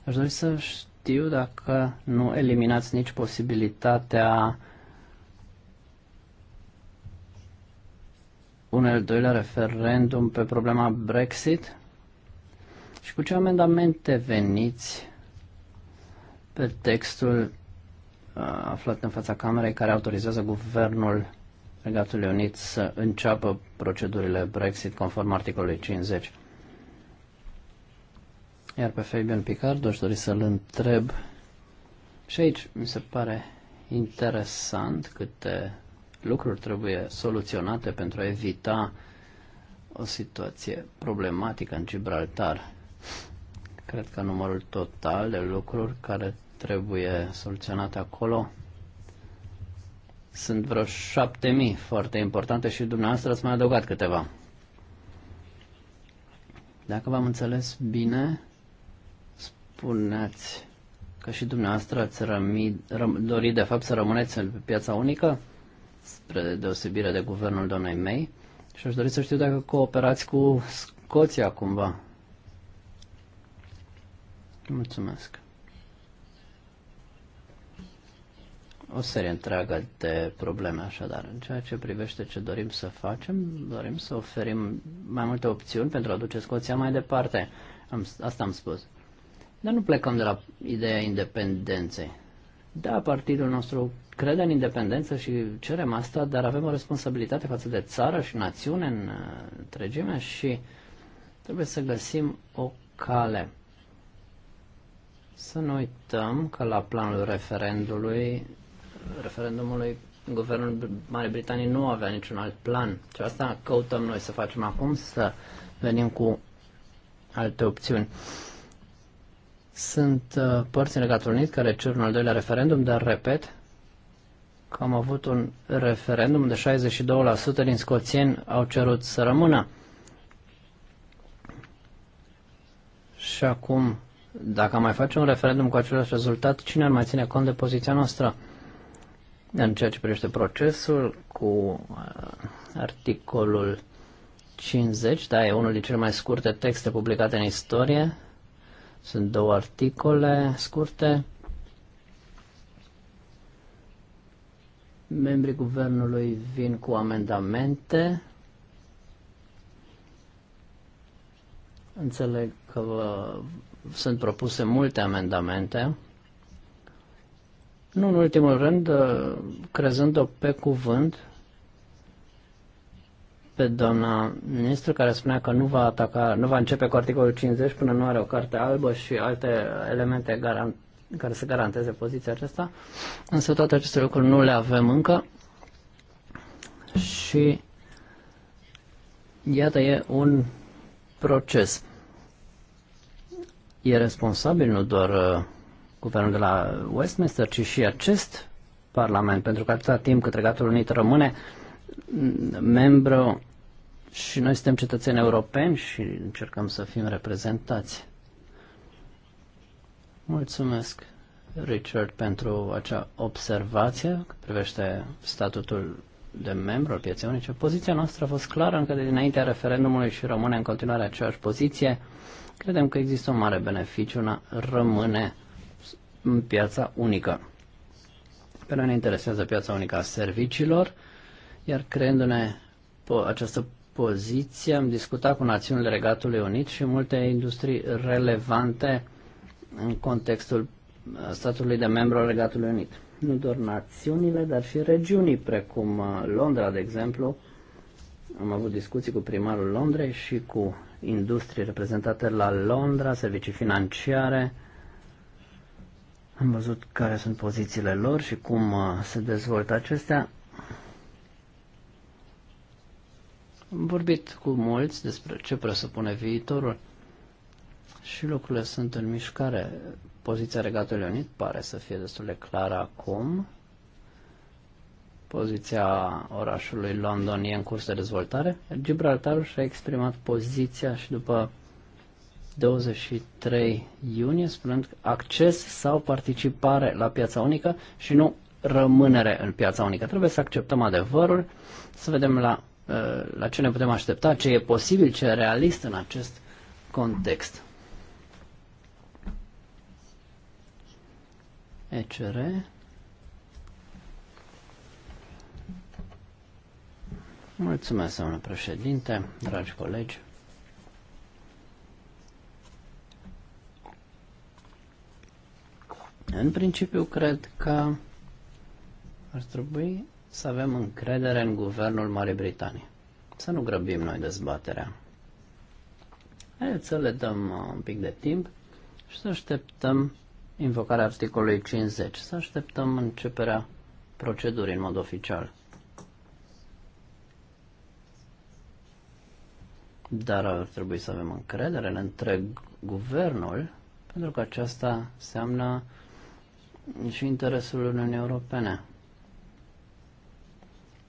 Aș dori să știu știu dacă nu eliminați nici posibilitatea un al doilea referendum pe problema Brexit și cu ce amendamente veniți pe textul uh, aflat în fața Camerei care autorizează guvernul Regatului Unit să înceapă procedurile Brexit conform articolului 50. Iar pe Fabian Picard aș dori să-l întreb și aici mi se pare interesant câte lucruri trebuie soluționate pentru a evita o situație problematică în Gibraltar. Cred că numărul total de lucruri care trebuie soluționate acolo sunt vreo șapte mii foarte importante și dumneavoastră ați mai adăugat câteva. Dacă v-am înțeles bine, spuneați că și dumneavoastră ați dorit de fapt să rămâneți pe piața unică, spre deosebire de guvernul doamnei May, și aș dori să știu dacă cooperați cu Scoția cumva. Mulțumesc. O serie întreagă de probleme așadar. În ceea ce privește ce dorim să facem, dorim să oferim mai multe opțiuni pentru a duce Scoția mai departe. Am, asta am spus. Dar nu plecăm de la ideea independenței. Da, partidul nostru crede în independență și cerem asta, dar avem o responsabilitate față de țară și națiune în uh, întregime și trebuie să găsim o cale. Să nu uităm că la planul referendului, referendumului, guvernul Marii Britanii nu avea niciun alt plan. Și asta căutăm noi să facem acum, să venim cu alte opțiuni. Sunt uh, părți în Regatul Unit care cer un al doilea referendum, dar repet că am avut un referendum de 62% din scoțieni au cerut să rămână. Și acum, dacă mai face un referendum cu același rezultat, cine ar mai ține cont de poziția noastră? În ceea ce privește procesul cu uh, articolul 50, da, e unul din cele mai scurte texte publicate în istorie, sunt două articole scurte. Membrii guvernului vin cu amendamente. Înțeleg că sunt propuse multe amendamente. Nu în ultimul rând, crezând-o pe cuvânt, pe doamna ministru care spunea că nu va ataca, nu va începe cu articolul 50 până nu are o carte albă și alte elemente garant, care să garanteze poziția aceasta, însă toate aceste lucruri nu le avem încă și iată e un proces. E responsabil nu doar uh, guvernul de la Westminster, ci și acest parlament, pentru că atâta timp cât Regatul Unit rămâne uh, membru și noi suntem cetățeni europeni și încercăm să fim reprezentați. Mulțumesc, Richard, pentru acea observație că privește statutul de membru al pieței unice. Poziția noastră a fost clară încă de dinaintea referendumului și rămâne în continuare aceeași poziție. Credem că există un mare beneficiu în a rămâne în piața unică. Pe noi ne interesează piața unică a serviciilor, iar creându-ne această poziție, am discutat cu Națiunile Regatului Unit și multe industrii relevante în contextul uh, statului de membru al Regatului Unit. Nu doar națiunile, dar și regiunii, precum uh, Londra, de exemplu. Am avut discuții cu primarul Londrei și cu industrii reprezentate la Londra, servicii financiare. Am văzut care sunt pozițiile lor și cum uh, se dezvoltă acestea. Am vorbit cu mulți despre ce presupune viitorul și lucrurile sunt în mișcare. Poziția Regatului Unit pare să fie destul de clară acum. Poziția orașului London e în curs de dezvoltare. Gibraltarul și-a exprimat poziția și după 23 iunie, spunând acces sau participare la piața unică și nu rămânere în piața unică. Trebuie să acceptăm adevărul, să vedem la Uh, la ce ne putem aștepta, ce e posibil, ce e realist în acest context. ECR. Mulțumesc, domnule președinte, dragi colegi. În principiu, cred că ar trebui să avem încredere în guvernul Marii Britanii. Să nu grăbim noi dezbaterea. Haideți să le dăm uh, un pic de timp și să așteptăm invocarea articolului 50, să așteptăm începerea procedurii în mod oficial. Dar ar trebui să avem încredere în întreg guvernul, pentru că aceasta înseamnă și interesul Uniunii Europene.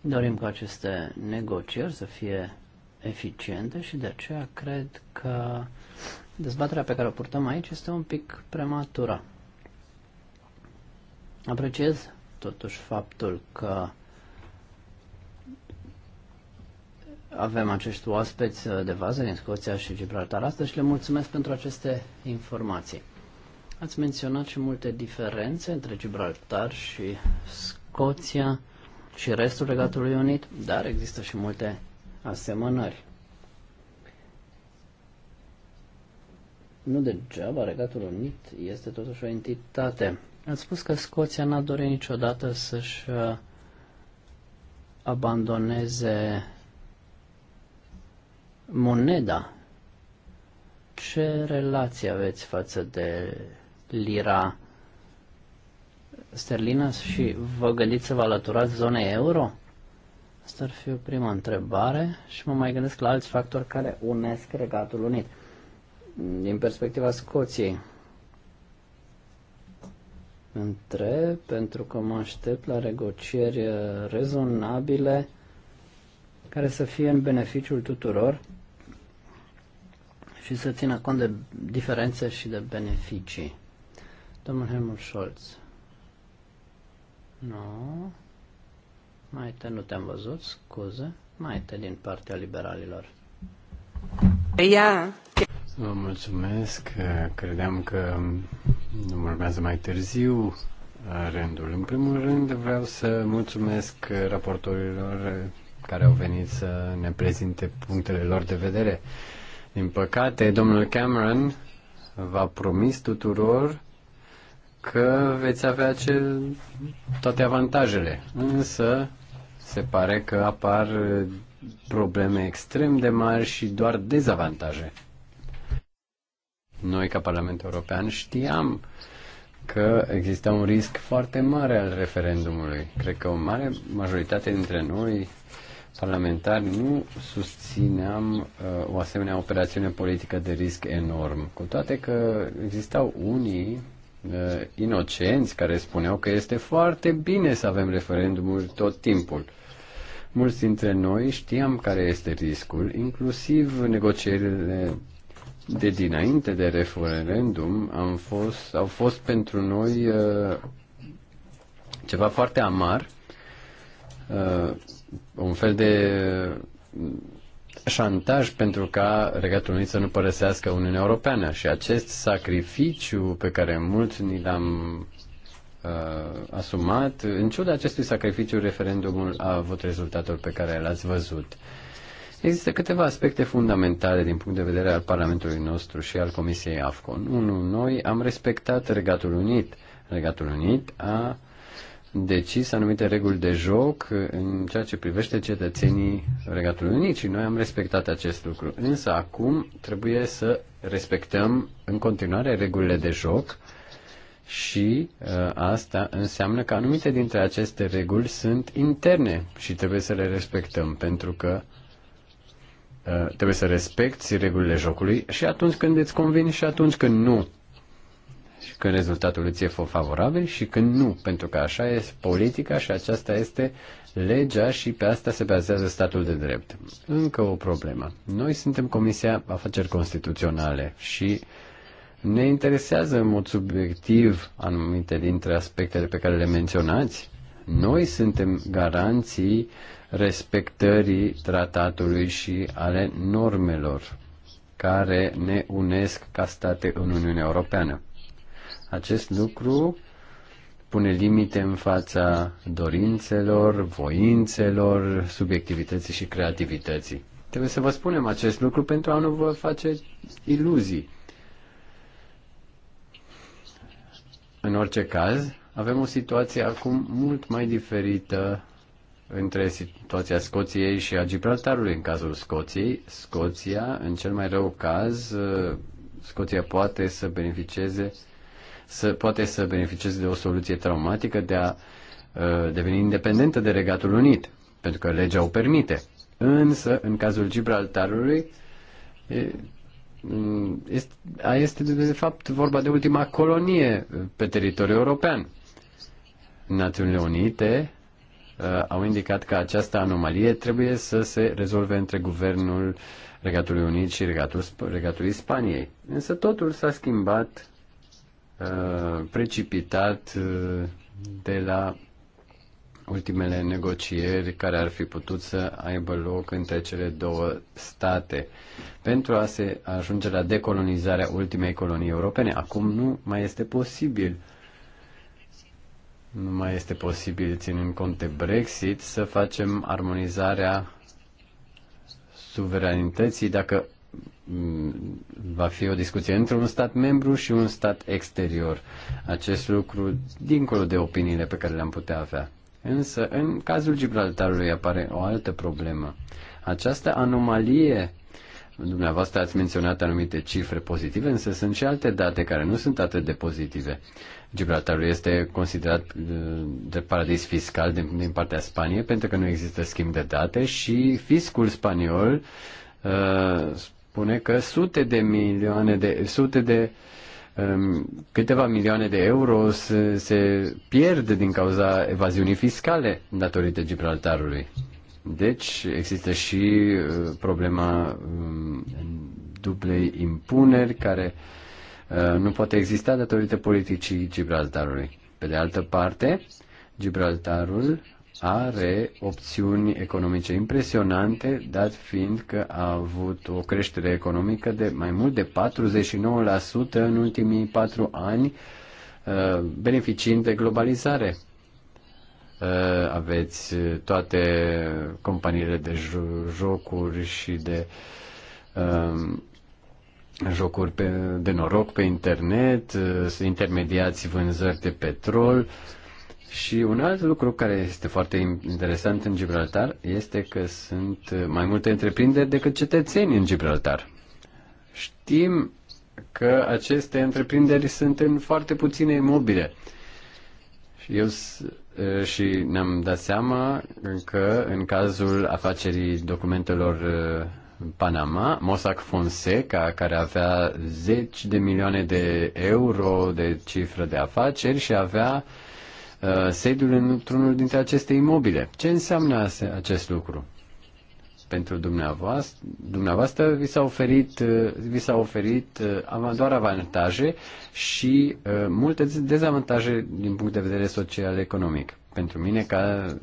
Dorim ca aceste negocieri să fie eficiente și de aceea cred că dezbaterea pe care o purtăm aici este un pic prematură. Apreciez totuși faptul că avem acești oaspeți de vază din Scoția și Gibraltar astăzi și le mulțumesc pentru aceste informații. Ați menționat și multe diferențe între Gibraltar și Scoția și restul Regatului Unit, dar există și multe asemănări. Nu degeaba Regatul Unit este totuși o entitate. Ați spus că Scoția n-a dorit niciodată să-și uh, abandoneze moneda. Ce relație aveți față de lira sterlină și vă gândiți să vă alăturați zonei euro? Asta ar fi o prima întrebare și mă mai gândesc la alți factori care unesc Regatul Unit. Din perspectiva Scoției, întreb pentru că mă aștept la negocieri eh, rezonabile care să fie în beneficiul tuturor și să țină cont de diferențe și de beneficii. Domnul Helmut Scholz. Nu. te nu te-am văzut, scuze. te din partea liberalilor. Ia. Vă mulțumesc. Credeam că nu urmează mai târziu rândul. În primul rând vreau să mulțumesc raportorilor care au venit să ne prezinte punctele lor de vedere. Din păcate, domnul Cameron v-a promis tuturor că veți avea cel, toate avantajele. Însă se pare că apar uh, probleme extrem de mari și doar dezavantaje. Noi, ca Parlamentul European, știam că exista un risc foarte mare al referendumului. Cred că o mare majoritate dintre noi, parlamentari, nu susțineam uh, o asemenea operațiune politică de risc enorm. Cu toate că existau unii Uh, inocenți care spuneau că este foarte bine să avem referendumuri tot timpul. Mulți dintre noi știam care este riscul, inclusiv negocierile de dinainte de referendum am fost, au fost pentru noi uh, ceva foarte amar, uh, un fel de șantaj pentru ca Regatul Unit să nu părăsească Uniunea Europeană și acest sacrificiu pe care mulți ni l-am uh, asumat, în ciuda acestui sacrificiu, referendumul a avut rezultatul pe care l-ați văzut. Există câteva aspecte fundamentale din punct de vedere al Parlamentului nostru și al Comisiei AFCON. Unul, noi am respectat Regatul Unit. Regatul Unit a decis anumite reguli de joc în ceea ce privește cetățenii Regatului Unit și noi am respectat acest lucru. Însă acum trebuie să respectăm în continuare regulile de joc și uh, asta înseamnă că anumite dintre aceste reguli sunt interne și trebuie să le respectăm pentru că uh, trebuie să respecti regulile jocului și atunci când îți convine și atunci când nu și când rezultatul îți e favorabil și când nu, pentru că așa e politica și aceasta este legea și pe asta se bazează statul de drept. Încă o problemă. Noi suntem Comisia Afaceri Constituționale și ne interesează în mod subiectiv anumite dintre aspectele pe care le menționați. Noi suntem garanții respectării tratatului și ale normelor care ne unesc ca state în Uniunea Europeană. Acest lucru pune limite în fața dorințelor, voințelor, subiectivității și creativității. Trebuie să vă spunem acest lucru pentru a nu vă face iluzii. În orice caz, avem o situație acum mult mai diferită între situația Scoției și a Gibraltarului în cazul Scoției. Scoția, în cel mai rău caz, Scoția poate să beneficieze să poate să beneficieze de o soluție traumatică de a ă, deveni independentă de Regatul Unit, pentru că legea o permite. Însă, în cazul Gibraltarului, este, este de fapt vorba de ultima colonie pe teritoriul european. Națiunile Unite ă, au indicat că această anomalie trebuie să se rezolve între guvernul Regatului Unit și Regatul, Regatul Spaniei. Însă totul s-a schimbat Uh, precipitat uh, de la ultimele negocieri care ar fi putut să aibă loc între cele două state pentru a se ajunge la decolonizarea ultimei colonii europene. Acum nu mai este posibil. Nu mai este posibil, ținând cont de Brexit, să facem armonizarea suveranității dacă Mm, va fi o discuție între un stat membru și un stat exterior. Acest lucru dincolo de opiniile pe care le-am putea avea. Însă, în cazul Gibraltarului apare o altă problemă. Această anomalie, dumneavoastră ați menționat anumite cifre pozitive, însă sunt și alte date care nu sunt atât de pozitive. Gibraltarul este considerat uh, de paradis fiscal din, din partea Spaniei pentru că nu există schimb de date și fiscul spaniol uh, spune că sute de milioane de sute de um, câteva milioane de euro se, se pierd din cauza evaziunii fiscale datorită Gibraltarului. Deci există și uh, problema um, dublei impuneri care uh, nu poate exista datorită politicii Gibraltarului. Pe de altă parte, Gibraltarul are opțiuni economice impresionante, dat fiind că a avut o creștere economică de mai mult de 49% în ultimii patru ani, uh, beneficiind de globalizare. Uh, aveți toate companiile de jocuri și de um, jocuri pe, de noroc pe internet, uh, intermediați vânzări de petrol, și un alt lucru care este foarte interesant în Gibraltar este că sunt mai multe întreprinderi decât cetățeni în Gibraltar. Știm că aceste întreprinderi sunt în foarte puține imobile. eu și ne-am dat seama că în cazul afacerii documentelor Panama, Mossack Fonseca, care avea zeci de milioane de euro de cifră de afaceri și avea uh, Uh, sediul într-unul dintre aceste imobile. Ce înseamnă acest lucru? Pentru dumneavoastră, dumneavoastră vi s-a oferit, uh, vi s-a oferit uh, doar avantaje și multe dezavantaje din punct de vedere social-economic. Pentru mine, ca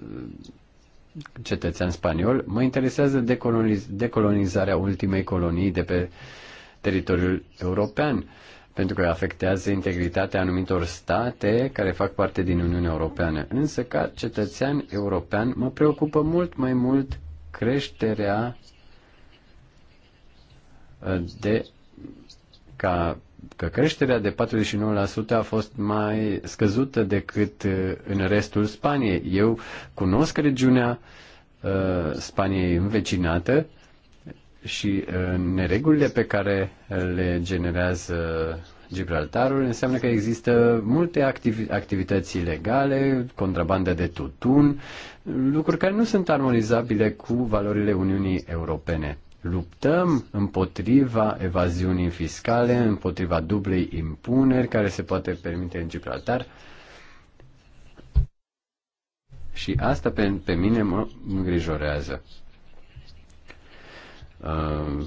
cetățean spaniol, mă interesează decoloniz- decolonizarea ultimei colonii de pe teritoriul european. Uh, pentru că afectează integritatea anumitor state care fac parte din Uniunea Europeană. Însă, ca cetățean european, mă preocupă mult mai mult creșterea uh, de ca că creșterea de 49% a fost mai scăzută decât uh, în restul Spaniei. Eu cunosc regiunea uh, Spaniei învecinată și uh, neregulile pe care le generează Gibraltarul înseamnă că există multe activi- activități ilegale, contrabandă de tutun, lucruri care nu sunt armonizabile cu valorile Uniunii Europene. Luptăm împotriva evaziunii fiscale, împotriva dublei impuneri care se poate permite în Gibraltar. Și asta pe, pe mine mă îngrijorează. Uh,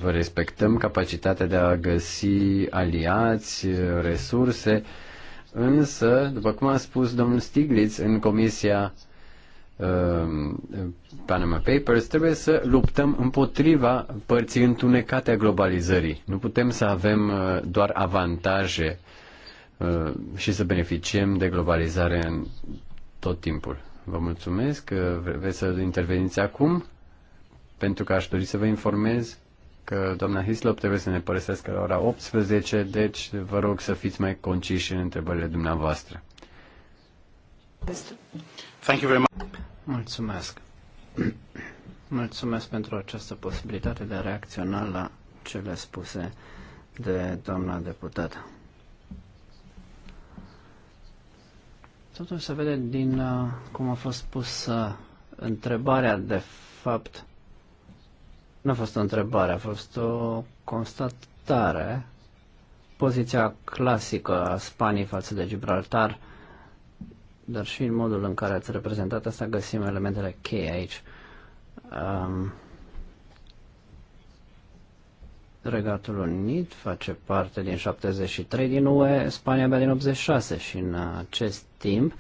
vă respectăm capacitatea de a găsi aliați, uh, resurse, însă, după cum a spus domnul Stiglitz în comisia uh, Panama Papers, trebuie să luptăm împotriva părții întunecate a globalizării. Nu putem să avem doar avantaje și să beneficiem de globalizare în tot timpul. Vă mulțumesc. Vreți să interveniți acum? pentru că aș dori să vă informez că doamna Hislop trebuie să ne părăsească la ora 18, deci vă rog să fiți mai conciși în întrebările dumneavoastră. Thank you very much. Mulțumesc. Mulțumesc pentru această posibilitate de a reacționa la cele spuse de doamna deputată. Totul se vede din uh, cum a fost pusă întrebarea de fapt nu a fost o întrebare, a fost o constatare. Poziția clasică a Spaniei față de Gibraltar, dar și în modul în care ați reprezentat asta, găsim elementele cheie aici. Um, Regatul Unit face parte din 73 din UE, Spania abia din 86 și în acest timp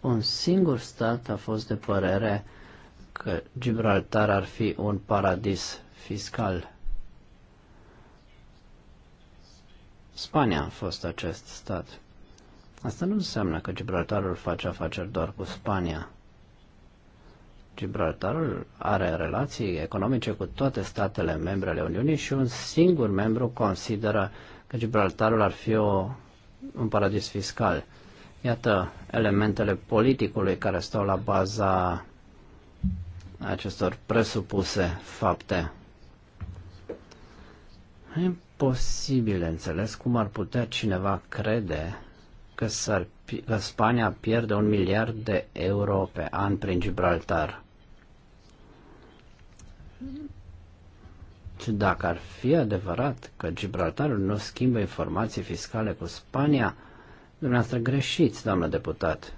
un singur stat a fost de părere uh, că Gibraltar ar fi un paradis fiscal. Spania a fost acest stat. Asta nu înseamnă că Gibraltarul face afaceri doar cu Spania. Gibraltarul are relații economice cu toate statele membre ale Uniunii și un singur membru consideră că Gibraltarul ar fi o, un paradis fiscal. Iată elementele politicului care stau la baza acestor presupuse fapte. E imposibil înțeles cum ar putea cineva crede că, că Spania pierde un miliard de euro pe an prin Gibraltar. Și dacă ar fi adevărat că Gibraltarul nu schimbă informații fiscale cu Spania, dumneavoastră greșiți, doamnă deputat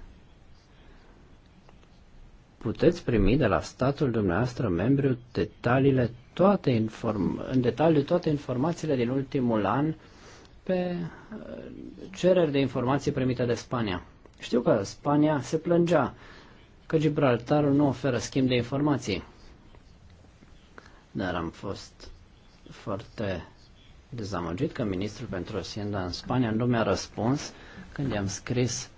puteți primi de la statul dumneavoastră membru detaliile toate inform- în detaliu toate informațiile din ultimul an pe uh, cereri de informații primite de Spania. Știu că Spania se plângea că Gibraltarul nu oferă schimb de informații. Dar am fost foarte dezamăgit că ministrul pentru Sienda în Spania nu mi-a răspuns când i-am scris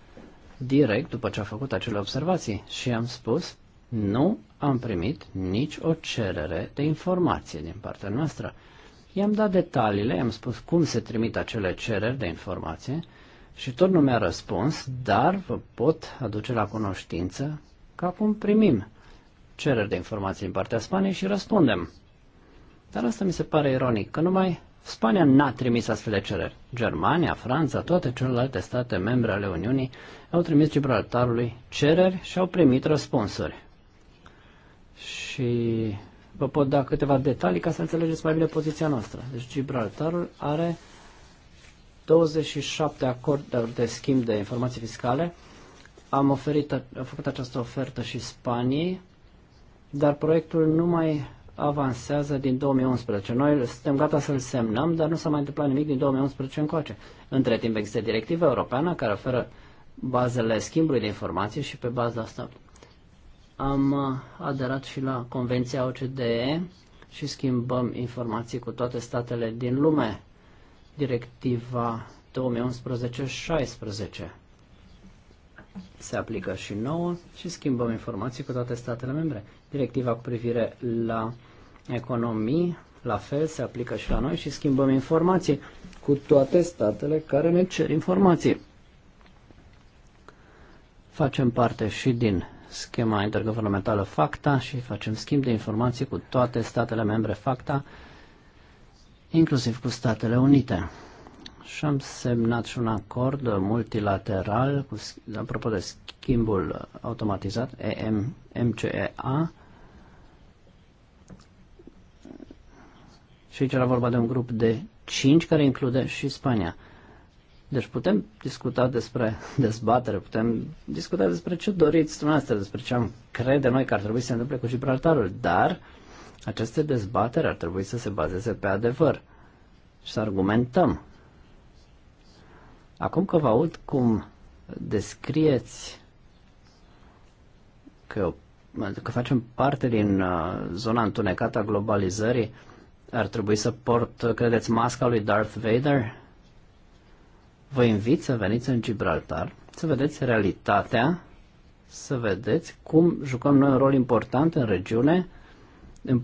direct după ce a făcut acele observații și am spus nu am primit nici o cerere de informație din partea noastră. I-am dat detaliile, i-am spus cum se trimit acele cereri de informație și tot nu mi-a răspuns, dar vă pot aduce la cunoștință că acum primim cereri de informații din partea Spaniei și răspundem. Dar asta mi se pare ironic, că numai Spania n-a trimis astfel de cereri. Germania, Franța, toate celelalte state membre ale Uniunii au trimis Gibraltarului cereri și au primit răspunsuri. Și vă pot da câteva detalii ca să înțelegeți mai bine poziția noastră. Deci Gibraltarul are 27 acorduri de schimb de informații fiscale. Am, oferit, am făcut această ofertă și Spaniei, dar proiectul nu mai avansează din 2011. Noi suntem gata să-l semnăm, dar nu s-a mai întâmplat nimic din 2011 încoace. Între timp există directiva europeană care oferă bazele schimbului de informații și pe baza asta am uh, aderat și la Convenția OCDE și schimbăm informații cu toate statele din lume. Directiva 2011-16 se aplică și nouă și schimbăm informații cu toate statele membre. Directiva cu privire la economii, la fel, se aplică și la noi și schimbăm informații cu toate statele care ne cer informații. Facem parte și din schema interguvernamentală FACTA și facem schimb de informații cu toate statele membre FACTA, inclusiv cu Statele Unite. Și am semnat și un acord multilateral cu, apropo de schimbul automatizat EMCEA Și aici era vorba de un grup de 5 care include și Spania. Deci putem discuta despre dezbatere, putem discuta despre ce doriți dumneavoastră, despre ce am crede noi că ar trebui să se întâmple cu Gibraltarul, dar aceste dezbatere ar trebui să se bazeze pe adevăr și să argumentăm. Acum că vă aud cum descrieți că, că facem parte din uh, zona întunecată a globalizării, ar trebui să port, credeți, masca lui Darth Vader? Vă invit să veniți în Gibraltar, să vedeți realitatea, să vedeți cum jucăm noi un rol important în regiune din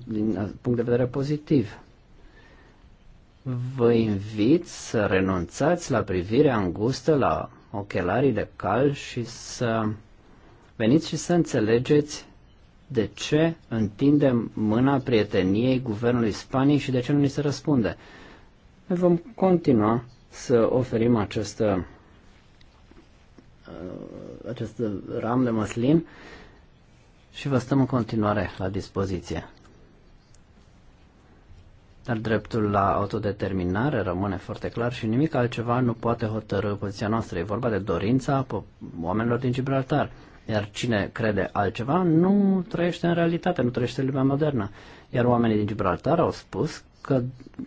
punct de vedere pozitiv. Vă invit să renunțați la privirea îngustă, la ochelarii de cal și să veniți și să înțelegeți de ce întindem mâna prieteniei guvernului Spaniei și de ce nu ni se răspunde. Ne vom continua să oferim această, uh, acest ram de măslin și vă stăm în continuare la dispoziție. Dar dreptul la autodeterminare rămâne foarte clar și nimic altceva nu poate hotărâ poziția noastră. E vorba de dorința oamenilor din Gibraltar. Iar cine crede altceva nu trăiește în realitate, nu trăiește în lumea modernă. Iar oamenii din Gibraltar au spus că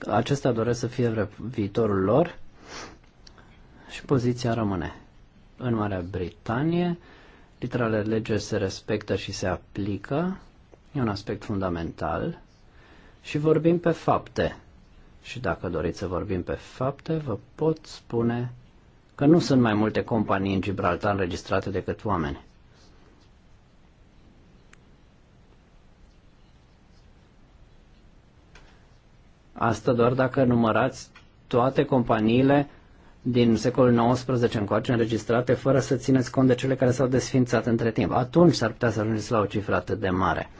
acestea doresc să fie viitorul lor și poziția rămâne. În Marea Britanie, literele lege se respectă și se aplică, e un aspect fundamental, și vorbim pe fapte. Și dacă doriți să vorbim pe fapte, vă pot spune că nu sunt mai multe companii în Gibraltar înregistrate decât oameni. Asta doar dacă numărați toate companiile din secolul XIX încoace înregistrate fără să țineți cont de cele care s-au desfințat între timp. Atunci s-ar putea să ajungeți la o cifră atât de mare.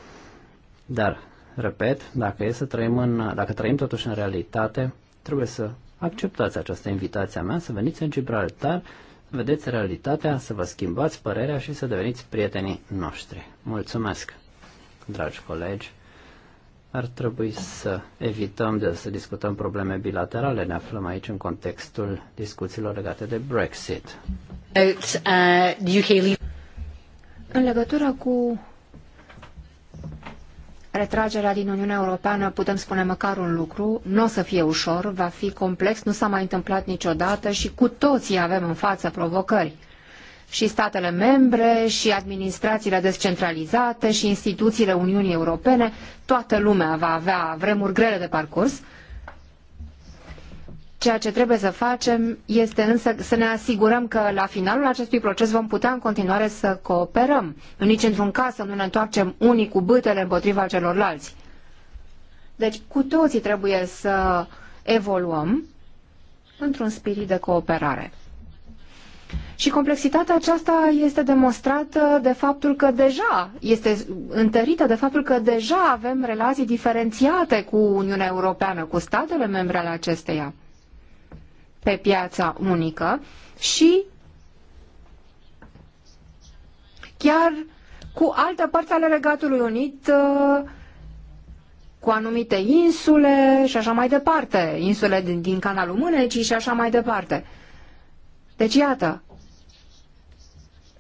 Dar, repet, dacă, e să trăim în, dacă trăim totuși în realitate, trebuie să acceptați această invitație a mea, să veniți în Gibraltar, să vedeți realitatea, să vă schimbați părerea și să deveniți prietenii noștri. Mulțumesc, dragi colegi! ar trebui să evităm de să discutăm probleme bilaterale. Ne aflăm aici în contextul discuțiilor legate de Brexit. Uh, în legătură cu retragerea din Uniunea Europeană, putem spune măcar un lucru, nu o să fie ușor, va fi complex, nu s-a mai întâmplat niciodată și cu toții avem în față provocări și statele membre și administrațiile descentralizate și instituțiile Uniunii Europene, toată lumea va avea vremuri grele de parcurs. Ceea ce trebuie să facem este însă să ne asigurăm că la finalul acestui proces vom putea în continuare să cooperăm. Nici într-un caz să nu ne întoarcem unii cu bâtele împotriva celorlalți. Deci cu toții trebuie să evoluăm într-un spirit de cooperare. Și complexitatea aceasta este demonstrată de faptul că deja, este întărită de faptul că deja avem relații diferențiate cu Uniunea Europeană, cu statele membre ale acesteia pe piața unică și chiar cu alte părți ale Regatului Unit, uh, cu anumite insule și așa mai departe, insule din, din Canalul Mânecii și așa mai departe. Deci, iată,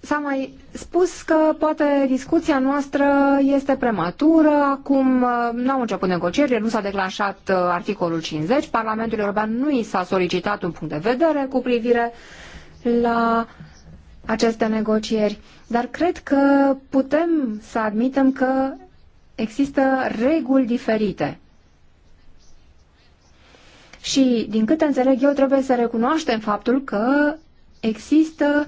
s-a mai spus că poate discuția noastră este prematură, acum uh, Nu au început negocierile, nu s-a declanșat uh, articolul 50, Parlamentul European nu i s-a solicitat un punct de vedere cu privire la aceste negocieri, dar cred că putem să admitem că există reguli diferite. Și, din câte înțeleg eu, trebuie să recunoaștem faptul că există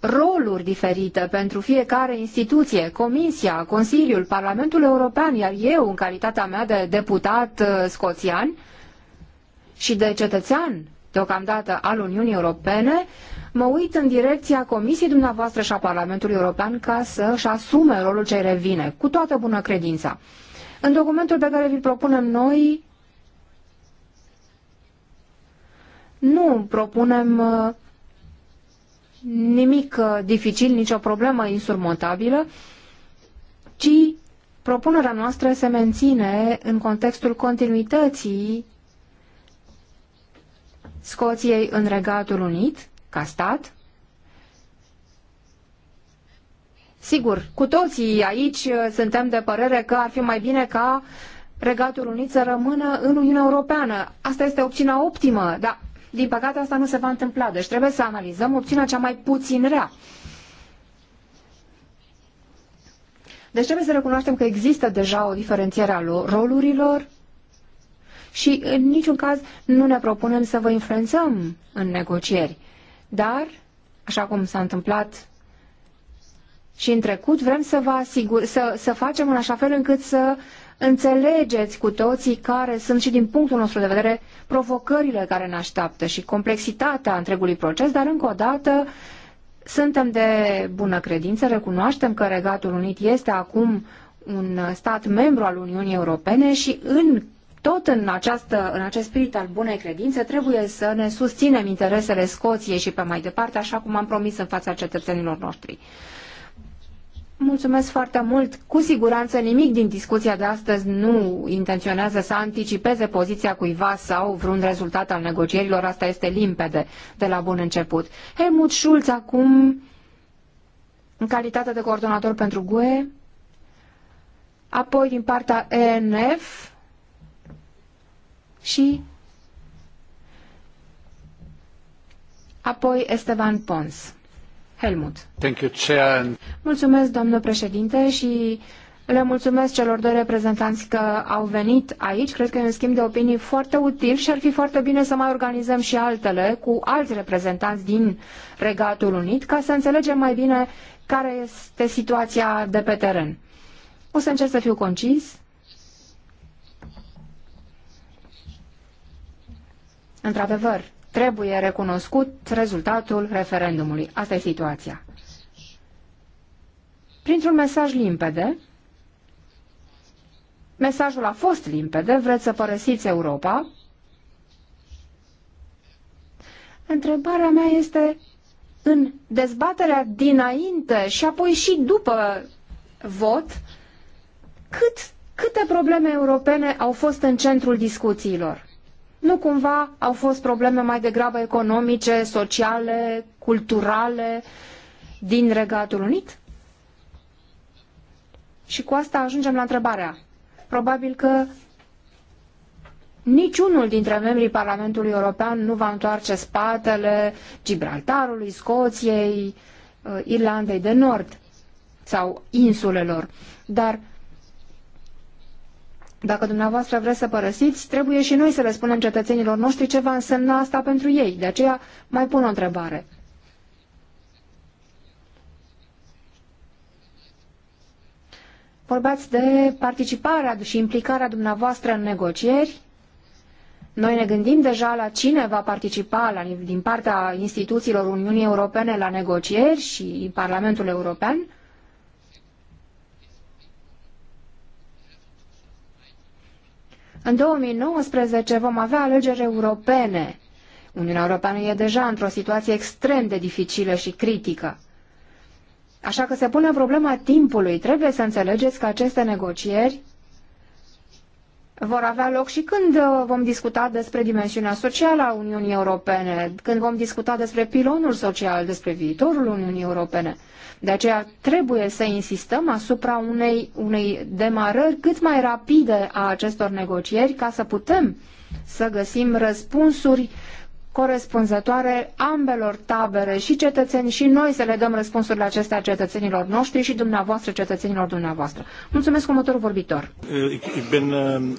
roluri diferite pentru fiecare instituție, Comisia, Consiliul, Parlamentul European, iar eu, în calitatea mea de deputat uh, scoțian și de cetățean deocamdată al Uniunii Europene, mă uit în direcția Comisiei dumneavoastră și a Parlamentului European ca să-și asume rolul ce revine, cu toată bună credința. În documentul pe care vi-l propunem noi, Nu propunem uh, nimic uh, dificil, nicio problemă insurmontabilă, ci propunerea noastră se menține în contextul continuității Scoției în Regatul Unit, ca stat, Sigur, cu toții aici uh, suntem de părere că ar fi mai bine ca Regatul Unit să rămână în Uniunea Europeană. Asta este opțiunea optimă, dar din păcate, asta nu se va întâmpla, deci trebuie să analizăm opțiunea cea mai puțin rea. Deci trebuie să recunoaștem că există deja o diferențiere a rolurilor și în niciun caz nu ne propunem să vă influențăm în negocieri. Dar, așa cum s-a întâmplat și în trecut, vrem să vă asigur, să, să facem în așa fel încât să înțelegeți cu toții care sunt și din punctul nostru de vedere provocările care ne așteaptă și complexitatea întregului proces, dar încă o dată suntem de bună credință, recunoaștem că Regatul Unit este acum un stat membru al Uniunii Europene și în tot în, această, în acest spirit al bunei credințe trebuie să ne susținem interesele Scoției și pe mai departe, așa cum am promis în fața cetățenilor noștri. Mulțumesc foarte mult. Cu siguranță nimic din discuția de astăzi nu intenționează să anticipeze poziția cuiva sau vreun rezultat al negocierilor. Asta este limpede de la bun început. Helmut Schulz acum, în calitate de coordonator pentru GUE, apoi din partea ENF și apoi Esteban Pons. Helmut. Thank you, Chair. Mulțumesc, domnule președinte, și le mulțumesc celor doi reprezentanți că au venit aici. Cred că e un schimb de opinii foarte util și ar fi foarte bine să mai organizăm și altele cu alți reprezentanți din Regatul Unit ca să înțelegem mai bine care este situația de pe teren. O să încerc să fiu concis. Într-adevăr, trebuie recunoscut rezultatul referendumului. Asta e situația. Printr-un mesaj limpede, mesajul a fost limpede, vreți să părăsiți Europa, Întrebarea mea este în dezbaterea dinainte și apoi și după vot, cât, câte probleme europene au fost în centrul discuțiilor? Nu cumva au fost probleme mai degrabă economice, sociale, culturale din Regatul Unit? Și cu asta ajungem la întrebarea. Probabil că niciunul dintre membrii Parlamentului European nu va întoarce spatele Gibraltarului, Scoției, uh, Irlandei de Nord sau insulelor. Dar dacă dumneavoastră vreți să părăsiți, trebuie și noi să le spunem cetățenilor noștri ce va însemna asta pentru ei. De aceea mai pun o întrebare. Vorbeați de participarea și implicarea dumneavoastră în negocieri. Noi ne gândim deja la cine va participa la, din partea instituțiilor Uniunii Europene la negocieri și Parlamentul European. În 2019 vom avea alegeri europene. Uniunea Europeană e deja într-o situație extrem de dificilă și critică. Așa că se pune problema timpului. Trebuie să înțelegeți că aceste negocieri vor avea loc și când uh, vom discuta despre dimensiunea socială a Uniunii Europene, când vom discuta despre pilonul social, despre viitorul Uniunii Europene. De aceea trebuie să insistăm asupra unei, unei demarări cât mai rapide a acestor negocieri ca să putem să găsim răspunsuri corespunzătoare ambelor tabere și cetățeni și noi să le dăm răspunsurile acestea cetățenilor noștri și dumneavoastră cetățenilor dumneavoastră. Mulțumesc următorul vorbitor. Eh, eh,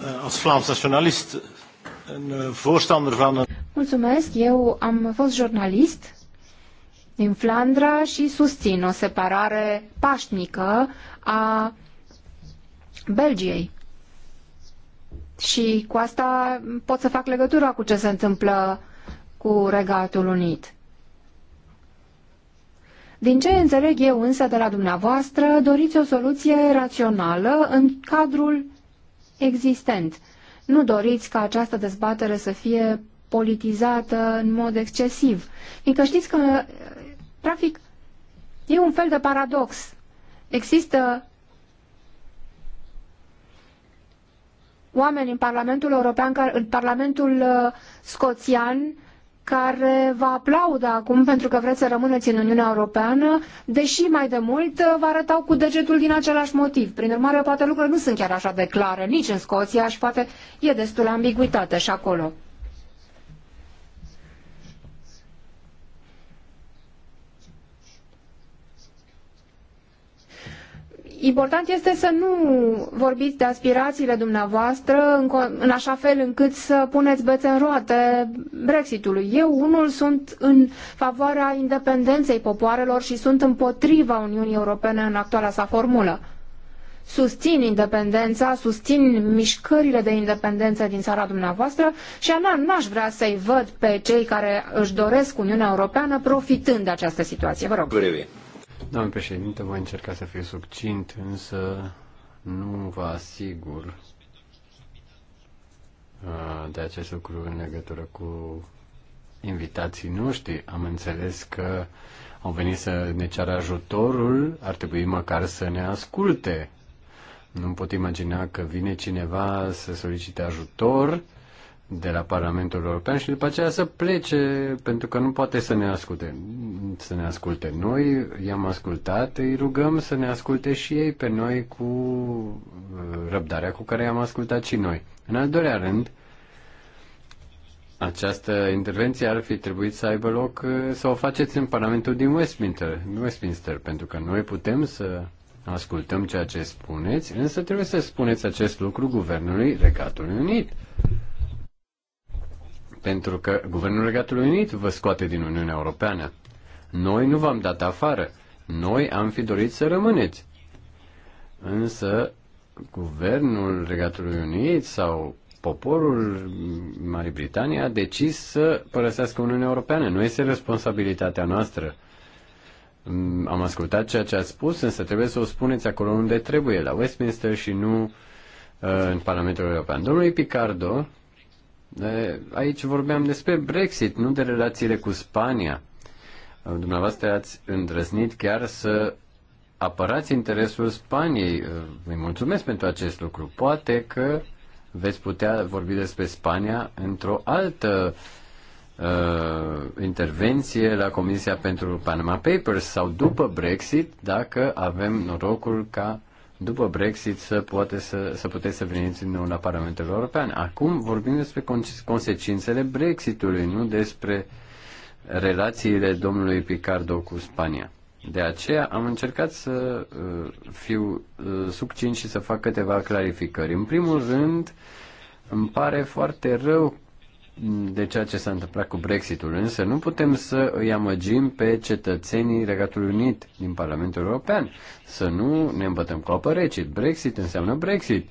eh, Mulțumesc, eu am fost jurnalist din Flandra și susțin o separare pașnică a Belgiei. Și cu asta pot să fac legătura cu ce se întâmplă cu Regatul Unit. Din ce înțeleg eu însă de la dumneavoastră, doriți o soluție rațională în cadrul existent. Nu doriți ca această dezbatere să fie politizată în mod excesiv. Fiindcă știți că, practic, e un fel de paradox. Există oameni în Parlamentul European, în Parlamentul uh, Scoțian, care vă aplaudă acum pentru că vreți să rămâneți în Uniunea Europeană, deși mai de mult uh, vă arătau cu degetul din același motiv. Prin urmare, poate lucrurile nu sunt chiar așa de clare nici în Scoția și poate e destul ambiguitate și acolo. Important este să nu vorbiți de aspirațiile dumneavoastră în, în așa fel încât să puneți bețe în roate Brexitului. Eu unul sunt în favoarea independenței popoarelor și sunt împotriva Uniunii Europene în actuala sa formulă. Susțin independența, susțin mișcările de independență din țara dumneavoastră și n-aș vrea să-i văd pe cei care își doresc Uniunea Europeană profitând de această situație. Vă rog. Domnul președinte, voi încerca să fiu succint, însă nu vă asigur uh, de acest lucru în legătură cu invitații noștri. Am înțeles că au venit să ne ceară ajutorul, ar trebui măcar să ne asculte. Nu pot imagina că vine cineva să solicite ajutor de la Parlamentul European și după aceea să plece, pentru că nu poate să ne asculte. Să ne asculte. Noi i-am ascultat, îi rugăm să ne asculte și ei pe noi cu uh, răbdarea cu care i-am ascultat și noi. În al doilea rând, această intervenție ar fi trebuit să aibă loc uh, să o faceți în Parlamentul din Westminster, Westminster pentru că noi putem să ascultăm ceea ce spuneți, însă trebuie să spuneți acest lucru Guvernului Regatului Unit pentru că Guvernul Regatului Unit vă scoate din Uniunea Europeană. Noi nu v-am dat afară. Noi am fi dorit să rămâneți. Însă, Guvernul Regatului Unit sau poporul Marii Britanii a decis să părăsească Uniunea Europeană. Nu este responsabilitatea noastră. Mm, am ascultat ceea ce a spus, însă trebuie să o spuneți acolo unde trebuie, la Westminster și nu uh, în Parlamentul European. Domnului Picardo, Aici vorbeam despre Brexit, nu de relațiile cu Spania. Dumneavoastră ați îndrăznit chiar să apărați interesul Spaniei. Îi mulțumesc pentru acest lucru. Poate că veți putea vorbi despre Spania într-o altă uh, intervenție la Comisia pentru Panama Papers sau după Brexit, dacă avem norocul ca după Brexit să, poate să, să puteți să veniți în nou la Parlamentul European. Acum vorbim despre consecințele Brexitului, nu despre relațiile domnului Picardo cu Spania. De aceea am încercat să uh, fiu uh, succint și să fac câteva clarificări. În primul rând, îmi pare foarte rău de ceea ce s-a întâmplat cu Brexitul, însă nu putem să îi amăgim pe cetățenii Regatului Unit din Parlamentul European. Să nu ne îmbătăm cu apă rece. Brexit înseamnă Brexit.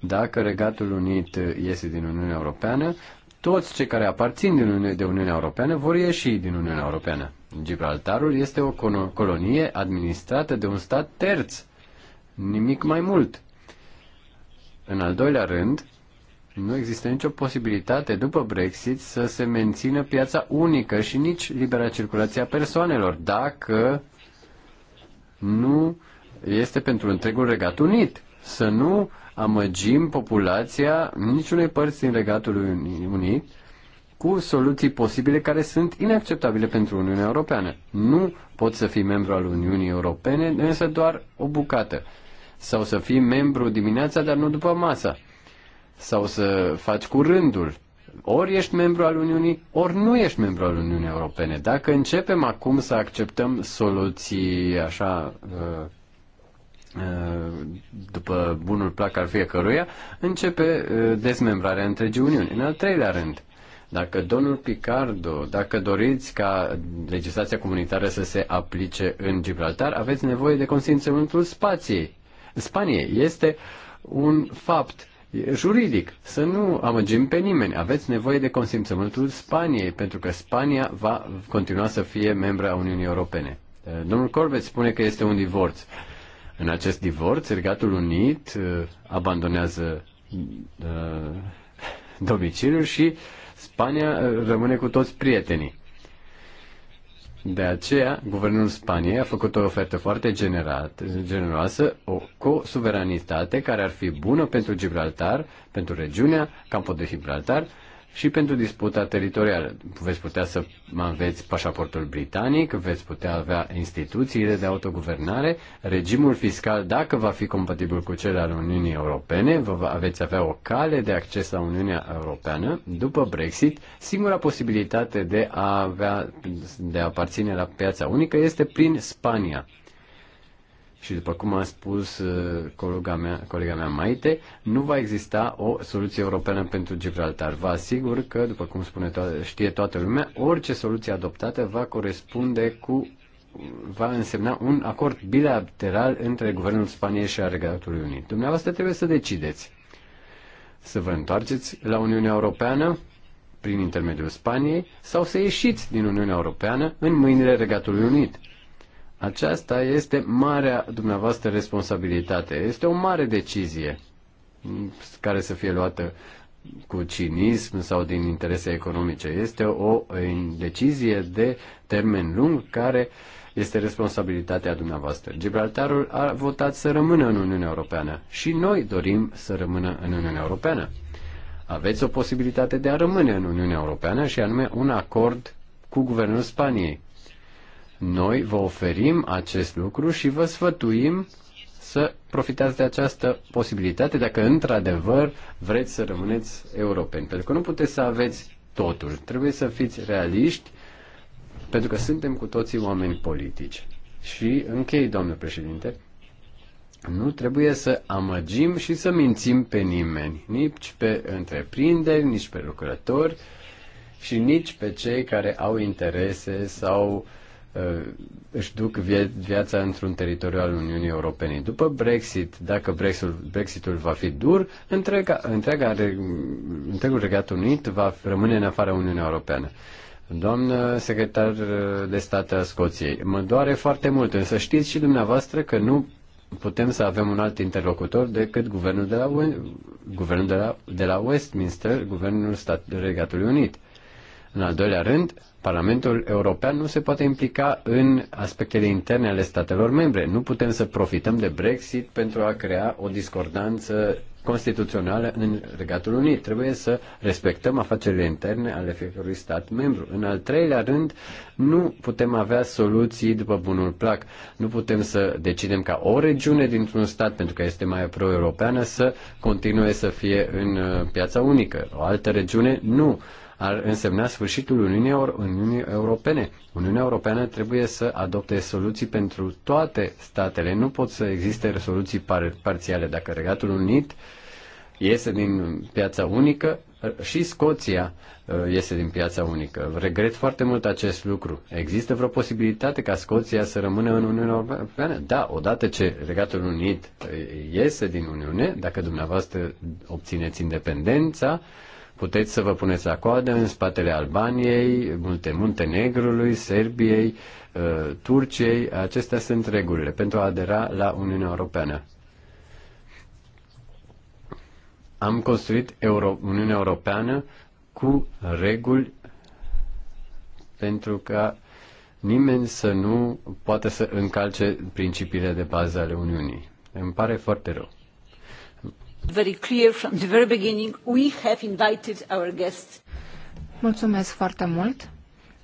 Dacă Regatul Unit iese din Uniunea Europeană, toți cei care aparțin din Uni- de Uniunea Europeană vor ieși din Uniunea Europeană. Gibraltarul este o colonie administrată de un stat terț. Nimic mai mult. În al doilea rând, nu există nicio posibilitate după Brexit să se mențină piața unică și nici libera circulație a persoanelor, dacă nu este pentru întregul Regat Unit. Să nu amăgim populația niciunei părți din Regatul Unit cu soluții posibile care sunt inacceptabile pentru Uniunea Europeană. Nu pot să fii membru al Uniunii Europene, însă doar o bucată. Sau să fii membru dimineața, dar nu după masa sau să faci cu rândul. Ori ești membru al Uniunii, ori nu ești membru al Uniunii Europene. Dacă începem acum să acceptăm soluții așa uh, uh, după bunul plac al fiecăruia, începe uh, dezmembrarea întregii Uniuni. În al treilea rând, dacă domnul Picardo, dacă doriți ca legislația comunitară să se aplice în Gibraltar, aveți nevoie de consimțământul spației. Spaniei este un fapt juridic, să nu amăgim pe nimeni. Aveți nevoie de consimțământul Spaniei, pentru că Spania va continua să fie membra a Uniunii Europene. Eh, domnul Corbett spune că este un divorț. În acest divorț, Regatul Unit eh, abandonează eh, domiciliul și Spania rămâne cu toți prietenii. De aceea, guvernul Spaniei a făcut o ofertă foarte generat, generoasă, o co-suveranitate care ar fi bună pentru Gibraltar, pentru regiunea, campul de Gibraltar și pentru disputa teritorială. Veți putea să aveți pașaportul britanic, veți putea avea instituțiile de autoguvernare, regimul fiscal, dacă va fi compatibil cu cel al Uniunii Europene, vă veți avea o cale de acces la Uniunea Europeană. După Brexit, singura posibilitate de a, avea, de a aparține la piața unică este prin Spania. Și după cum a spus uh, colega mea, colega mea Maite, nu va exista o soluție europeană pentru Gibraltar. Vă asigur că, după cum spune to- știe toată lumea, orice soluție adoptată va corespunde cu va însemna un acord bilateral între Guvernul Spaniei și Regatului Unit. Dumneavoastră trebuie să decideți să vă întoarceți la Uniunea Europeană prin intermediul Spaniei sau să ieșiți din Uniunea Europeană în mâinile Regatului Unit. Aceasta este marea dumneavoastră responsabilitate. Este o mare decizie care să fie luată cu cinism sau din interese economice. Este o decizie de termen lung care este responsabilitatea dumneavoastră. Gibraltarul a votat să rămână în Uniunea Europeană și noi dorim să rămână în Uniunea Europeană. Aveți o posibilitate de a rămâne în Uniunea Europeană și anume un acord cu guvernul Spaniei. Noi vă oferim acest lucru și vă sfătuim să profitați de această posibilitate dacă într-adevăr vreți să rămâneți europeni. Pentru că nu puteți să aveți totul. Trebuie să fiți realiști pentru că suntem cu toții oameni politici. Și închei, domnule președinte, nu trebuie să amăgim și să mințim pe nimeni, nici pe întreprinderi, nici pe lucrători și nici pe cei care au interese sau Uh, își duc viața într-un teritoriu al Uniunii Europene. După Brexit, dacă Brexitul, Brexitul va fi dur, întreaga, întreaga, întregul Regat Unit va rămâne în afara Uniunii Europene. Doamnă secretar de stat a Scoției, mă doare foarte mult, însă știți și dumneavoastră că nu putem să avem un alt interlocutor decât guvernul de la, guvernul de la, de la Westminster, guvernul stat, Regatului Unit. În al doilea rând, Parlamentul European nu se poate implica în aspectele interne ale statelor membre. Nu putem să profităm de Brexit pentru a crea o discordanță constituțională în Regatul Unit. Trebuie să respectăm afacerile interne ale fiecărui stat membru. În al treilea rând, nu putem avea soluții după bunul plac. Nu putem să decidem ca o regiune dintr-un stat, pentru că este mai pro-europeană, să continue să fie în uh, piața unică. O altă regiune nu ar însemna sfârșitul Uniunii, Euro- Uniunii Europene. Uniunea Europeană trebuie să adopte soluții pentru toate statele. Nu pot să existe soluții par- parțiale. Dacă Regatul Unit iese din piața unică, și Scoția uh, iese din piața unică. Regret foarte mult acest lucru. Există vreo posibilitate ca Scoția să rămână în Uniunea Europeană? Da, odată ce Regatul Unit uh, iese din Uniune, dacă dumneavoastră obțineți independența, puteți să vă puneți la coadă în spatele Albaniei, multe Muntenegrului, Serbiei, uh, Turciei. Acestea sunt regulile pentru a adera la Uniunea Europeană. Am construit Euro- Uniunea Europeană cu reguli pentru ca nimeni să nu poată să încalce principiile de bază ale Uniunii. Îmi pare foarte rău. Very clear from the very beginning, we have invited our guests. Mulțumesc foarte mult.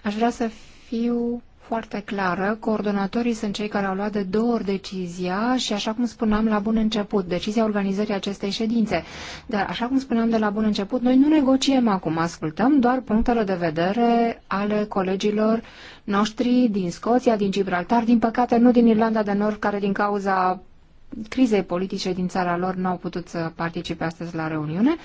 Aș vrea să fiu foarte clară, coordonatorii sunt cei care au luat de două ori decizia și, așa cum spuneam la bun început, decizia organizării acestei ședințe. Dar, așa cum spuneam de la bun început, noi nu negociem acum, ascultăm doar punctele de vedere ale colegilor noștri din Scoția, din Gibraltar, din păcate nu din Irlanda de Nord, care din cauza crizei politice din țara lor nu au putut să participe astăzi la reuniune,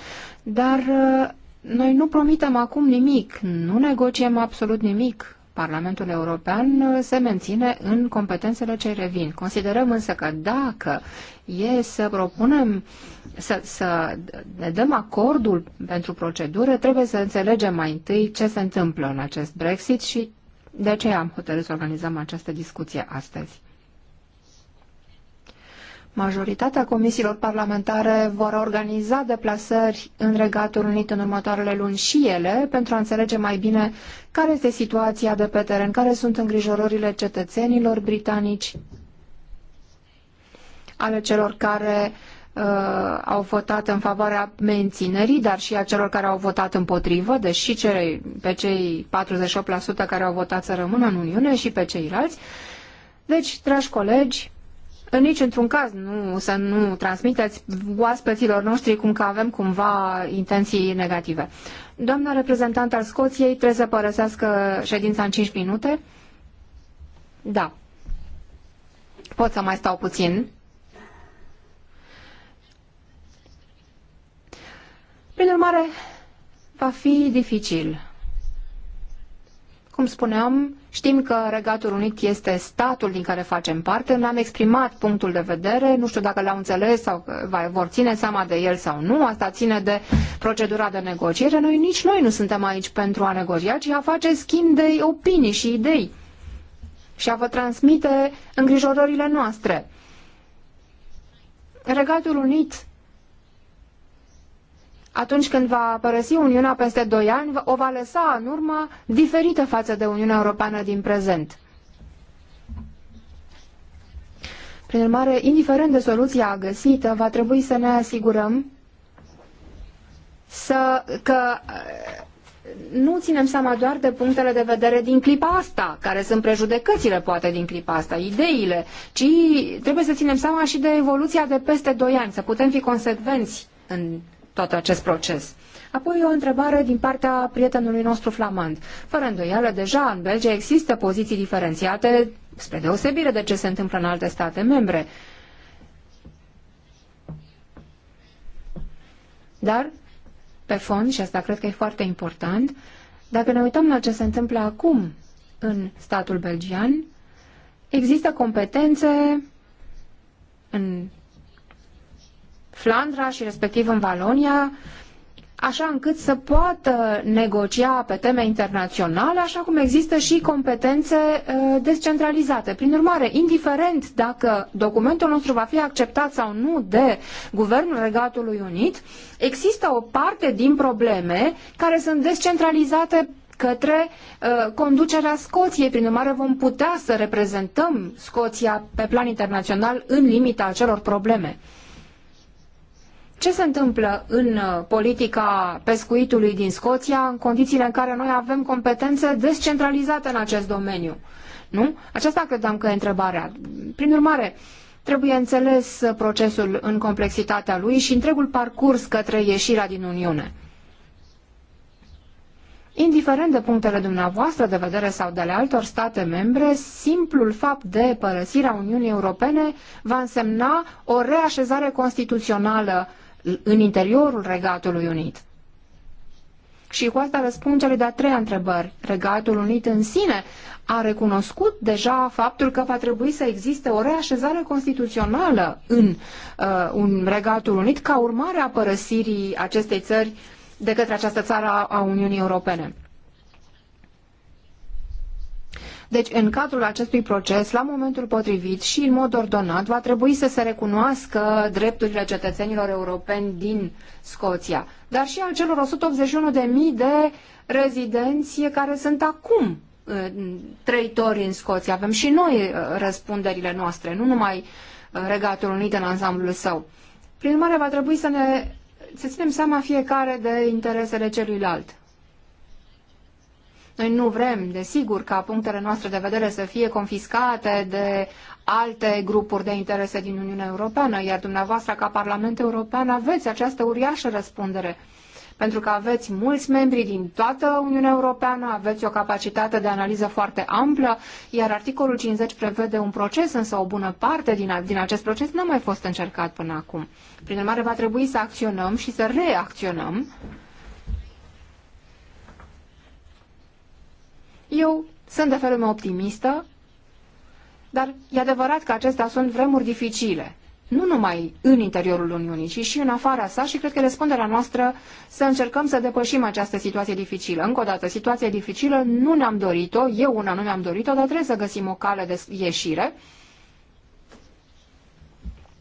dar uh, noi nu promitem acum nimic, nu negociem absolut nimic. Parlamentul European uh, se menține în competențele ce revin. Considerăm însă că dacă e să propunem, să, să ne dăm acordul pentru procedură, trebuie să înțelegem mai întâi ce se întâmplă în acest Brexit și de aceea am hotărât să organizăm această discuție astăzi. Majoritatea comisiilor parlamentare vor organiza deplasări în Regatul Unit în următoarele luni și ele pentru a înțelege mai bine care este situația de pe teren, care sunt îngrijorările cetățenilor britanici, ale celor care uh, au votat în favoarea menținerii, dar și a celor care au votat împotrivă, deși cei, pe cei 48% care au votat să rămână în Uniune și pe ceilalți. Deci, dragi colegi, în niciun caz nu, să nu transmiteți oaspeților noștri cum că avem cumva intenții negative. Doamna reprezentant al Scoției trebuie să părăsească ședința în 5 minute. Da. Pot să mai stau puțin. Prin urmare, va fi dificil. Cum spuneam, Știm că Regatul Unit este statul din care facem parte, ne-am exprimat punctul de vedere, nu știu dacă l-au înțeles sau uh, vor ține seama de el sau nu, asta ține de procedura de negociere. Noi nici noi nu suntem aici pentru a negocia, ci a face schimb de opinii și idei și a vă transmite îngrijorările noastre. Regatul Unit atunci când va părăsi Uniunea peste doi ani, o va lăsa în urmă diferită față de Uniunea Europeană din prezent. Prin urmare, indiferent de soluția găsită, va trebui să ne asigurăm să, că uh, nu ținem seama doar de punctele de vedere din clipa asta, care sunt prejudecățile, poate, din clipa asta, ideile, ci trebuie să ținem seama și de evoluția de peste doi ani, să putem fi consecvenți în tot acest proces. Apoi o întrebare din partea prietenului nostru flamand. Fără îndoială, deja în Belgia există poziții diferențiate, spre deosebire de ce se întâmplă în alte state membre. Dar, pe fond, și asta cred că e foarte important, dacă ne uităm la ce se întâmplă acum în statul belgian, există competențe în Flandra și respectiv în Valonia, așa încât să poată negocia pe teme internaționale, așa cum există și competențe uh, descentralizate. Prin urmare, indiferent dacă documentul nostru va fi acceptat sau nu de Guvernul Regatului Unit, există o parte din probleme care sunt descentralizate către uh, conducerea Scoției. Prin urmare, vom putea să reprezentăm Scoția pe plan internațional în limita acelor probleme ce se întâmplă în uh, politica pescuitului din Scoția în condițiile în care noi avem competențe descentralizate în acest domeniu? Nu? Aceasta credeam că e întrebarea. Prin urmare, trebuie înțeles uh, procesul în complexitatea lui și întregul parcurs către ieșirea din Uniune. Indiferent de punctele dumneavoastră de vedere sau de ale altor state membre, simplul fapt de părăsirea Uniunii Europene va însemna o reașezare constituțională în interiorul Regatului Unit. Și cu asta răspund cele de-a treia întrebări. Regatul Unit în sine a recunoscut deja faptul că va trebui să existe o reașezare constituțională în uh, un Regatul Unit ca urmare a părăsirii acestei țări de către această țară a Uniunii Europene. Deci, în cadrul acestui proces, la momentul potrivit și în mod ordonat, va trebui să se recunoască drepturile cetățenilor europeni din Scoția, dar și al celor 181.000 de rezidenți care sunt acum uh, trăitori în Scoția. Avem și noi uh, răspunderile noastre, nu numai uh, Regatul Unit în ansamblul său. Prin urmare, va trebui să ne să ținem seama fiecare de interesele celuilalt. Noi nu vrem, desigur, ca punctele noastre de vedere să fie confiscate de alte grupuri de interese din Uniunea Europeană, iar dumneavoastră, ca Parlament European, aveți această uriașă răspundere pentru că aveți mulți membri din toată Uniunea Europeană, aveți o capacitate de analiză foarte amplă, iar articolul 50 prevede un proces, însă o bună parte din, din acest proces n-a mai fost încercat până acum. Prin urmare, va trebui să acționăm și să reacționăm Eu sunt de felul meu optimistă, dar e adevărat că acestea sunt vremuri dificile, nu numai în interiorul Uniunii, ci și în afara sa și cred că răspunderea noastră să încercăm să depășim această situație dificilă. Încă o dată, situație dificilă nu ne-am dorit-o, eu una nu mi-am dorit-o, dar trebuie să găsim o cale de ieșire.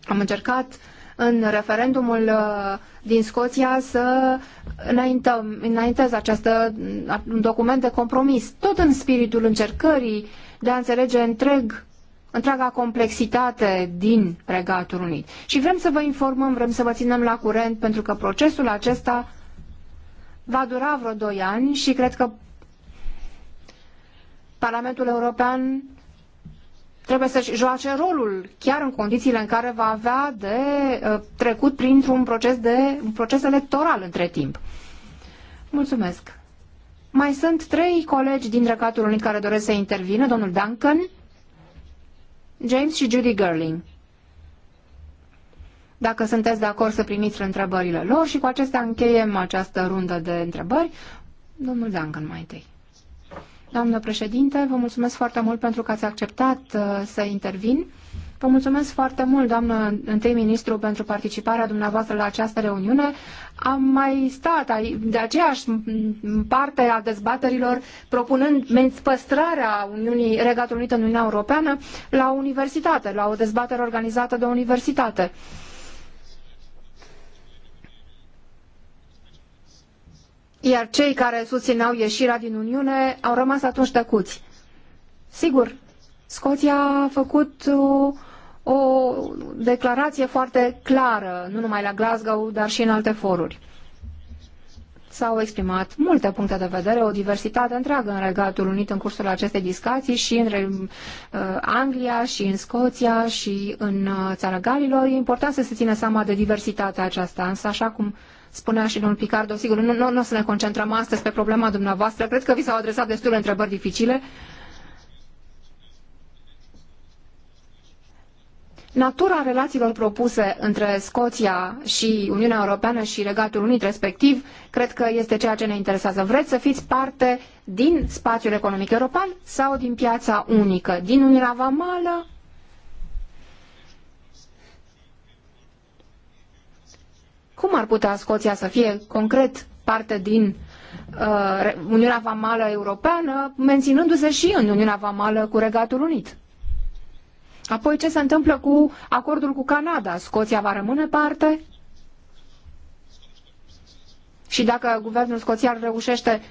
Am încercat în referendumul uh, din Scoția să înaintăm, înaintez această, un uh, document de compromis, tot în spiritul încercării de a înțelege întreg întreaga complexitate din Regatul Unit. Și vrem să vă informăm, vrem să vă ținem la curent, pentru că procesul acesta va dura vreo doi ani și cred că Parlamentul European trebuie să-și joace rolul, chiar în condițiile în care va avea de uh, trecut printr-un proces, de, un proces electoral între timp. Mulțumesc. Mai sunt trei colegi din Regatul Unit care doresc să intervină, domnul Duncan, James și Judy Gerling. Dacă sunteți de acord să primiți întrebările lor și cu acestea încheiem această rundă de întrebări, domnul Duncan mai întâi. Doamnă președinte, vă mulțumesc foarte mult pentru că ați acceptat uh, să intervin. Vă mulțumesc foarte mult, doamnă întâi ministru, pentru participarea dumneavoastră la această reuniune. Am mai stat de aceeași parte a dezbaterilor, propunând păstrarea Uniunii, Regatului Unit în Uniunea Europeană la universitate, la o dezbatere organizată de o universitate. iar cei care susțineau ieșirea din Uniune au rămas atunci tăcuți. Sigur, Scoția a făcut o, declarație foarte clară, nu numai la Glasgow, dar și în alte foruri. S-au exprimat multe puncte de vedere, o diversitate întreagă în Regatul Unit în cursul acestei discuții și în uh, Anglia, și în Scoția, și în uh, Țara Galilor. E important să se țină seama de diversitatea aceasta, însă așa cum spunea și domnul Picardo, sigur, nu, nu, nu o să ne concentrăm astăzi pe problema dumneavoastră, cred că vi s-au adresat destule întrebări dificile. Natura relațiilor propuse între Scoția și Uniunea Europeană și Regatul Unit respectiv, cred că este ceea ce ne interesează. Vreți să fiți parte din spațiul economic european sau din piața unică, din Uniunea Vamală Cum ar putea Scoția să fie concret parte din uh, Uniunea Vamală Europeană, menținându-se și în Uniunea Vamală cu Regatul Unit? Apoi ce se întâmplă cu acordul cu Canada? Scoția va rămâne parte? Și dacă guvernul scoțial reușește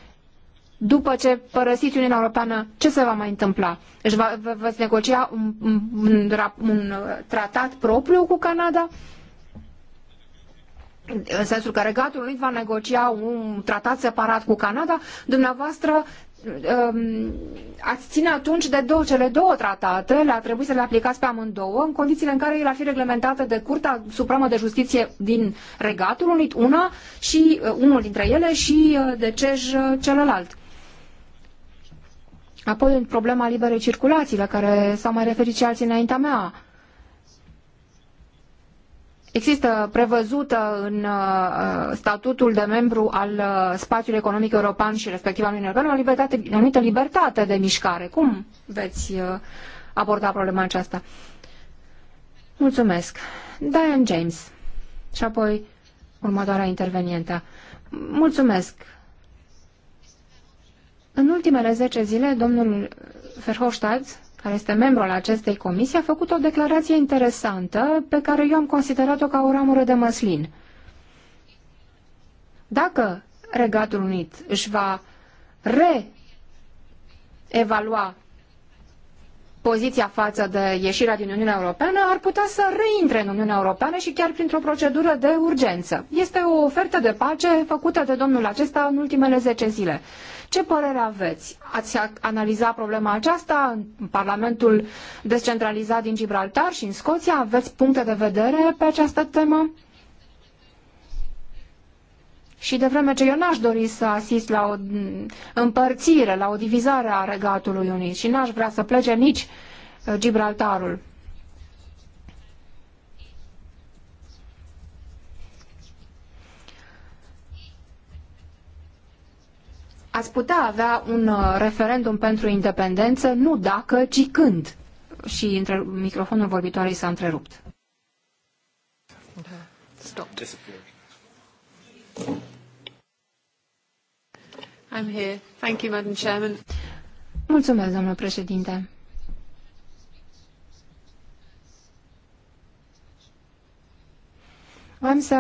după ce părăsiți Uniunea Europeană, ce se va mai întâmpla? Își va, veți negocia un, un, un, un uh, tratat propriu cu Canada? în sensul că Regatul Unit va negocia un tratat separat cu Canada, dumneavoastră um, ați ține atunci de două, cele două tratate, le-a trebuit să le aplicați pe amândouă, în condițiile în care ele ar fi reglementate de Curtea Supremă de Justiție din Regatul Unit, una și uh, unul dintre ele și uh, de CEJ uh, celălalt. Apoi problema liberei circulații, la care s-au mai referit și alții înaintea mea. Uh, există prevăzută în uh, uh, statutul de membru al uh, spațiului economic european și respectiv al Uniunii Europene o libertate, anumită libertate de mișcare. Cum veți aborda problema aceasta? Mulțumesc. Diane James. Și apoi următoarea intervenientă. Mulțumesc. În ultimele zece zile, domnul Verhofstadt care este membru al acestei comisii, a făcut o declarație interesantă pe care eu am considerat-o ca o ramură de măslin. Dacă Regatul Unit își va re re-evalua poziția față de ieșirea din Uniunea Europeană, ar putea să reintre în Uniunea Europeană și chiar printr-o procedură de urgență. Este o ofertă de pace făcută de domnul acesta în ultimele zece zile. Ce părere aveți? Ați analiza problema aceasta în Parlamentul descentralizat din Gibraltar și în Scoția? Aveți puncte de vedere pe această temă? Și de vreme ce eu n-aș dori să asist la o împărțire, la o divizare a Regatului Unit și n-aș vrea să plece nici uh, Gibraltarul. Ați putea avea un uh, referendum pentru independență, nu dacă, ci când. Și între... microfonul vorbitoarei s-a întrerupt. Stop. I'm Mulțumesc, președinte. Am să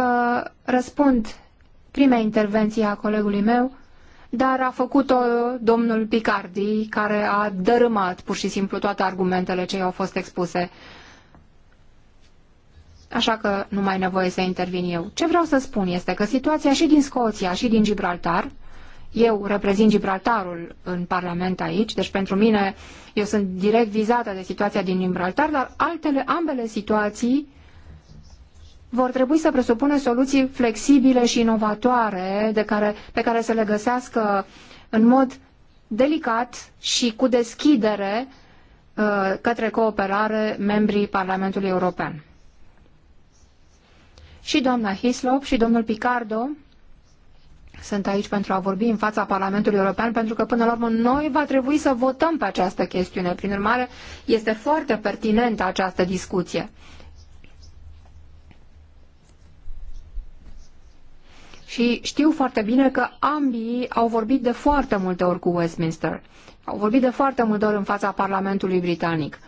răspund primei intervenție a colegului meu, dar a făcut-o domnul Picardi, care a dărâmat pur și simplu toate argumentele ce i-au fost expuse. Așa că nu mai nevoie să intervin eu. Ce vreau să spun este că situația și din Scoția și din Gibraltar eu reprezint Gibraltarul în Parlament aici, deci pentru mine eu sunt direct vizată de situația din Gibraltar, dar altele, ambele situații vor trebui să presupună soluții flexibile și inovatoare de care, pe care să le găsească în mod delicat și cu deschidere uh, către cooperare membrii Parlamentului European. Și doamna Hislop și domnul Picardo sunt aici pentru a vorbi în fața Parlamentului European, pentru că până la urmă noi va trebui să votăm pe această chestiune. Prin urmare, este foarte pertinentă această discuție. Și știu foarte bine că ambii au vorbit de foarte multe ori cu Westminster. Au vorbit de foarte multe ori în fața Parlamentului Britanic.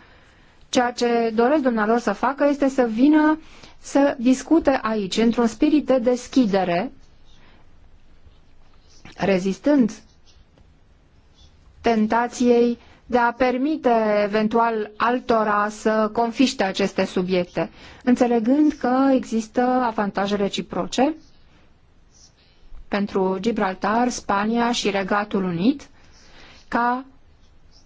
Ceea ce doresc dumnealor să facă este să vină să discute aici, într-un spirit de deschidere, rezistând tentației de a permite eventual altora să confiște aceste subiecte, înțelegând că există avantaje reciproce pentru Gibraltar, Spania și Regatul Unit, ca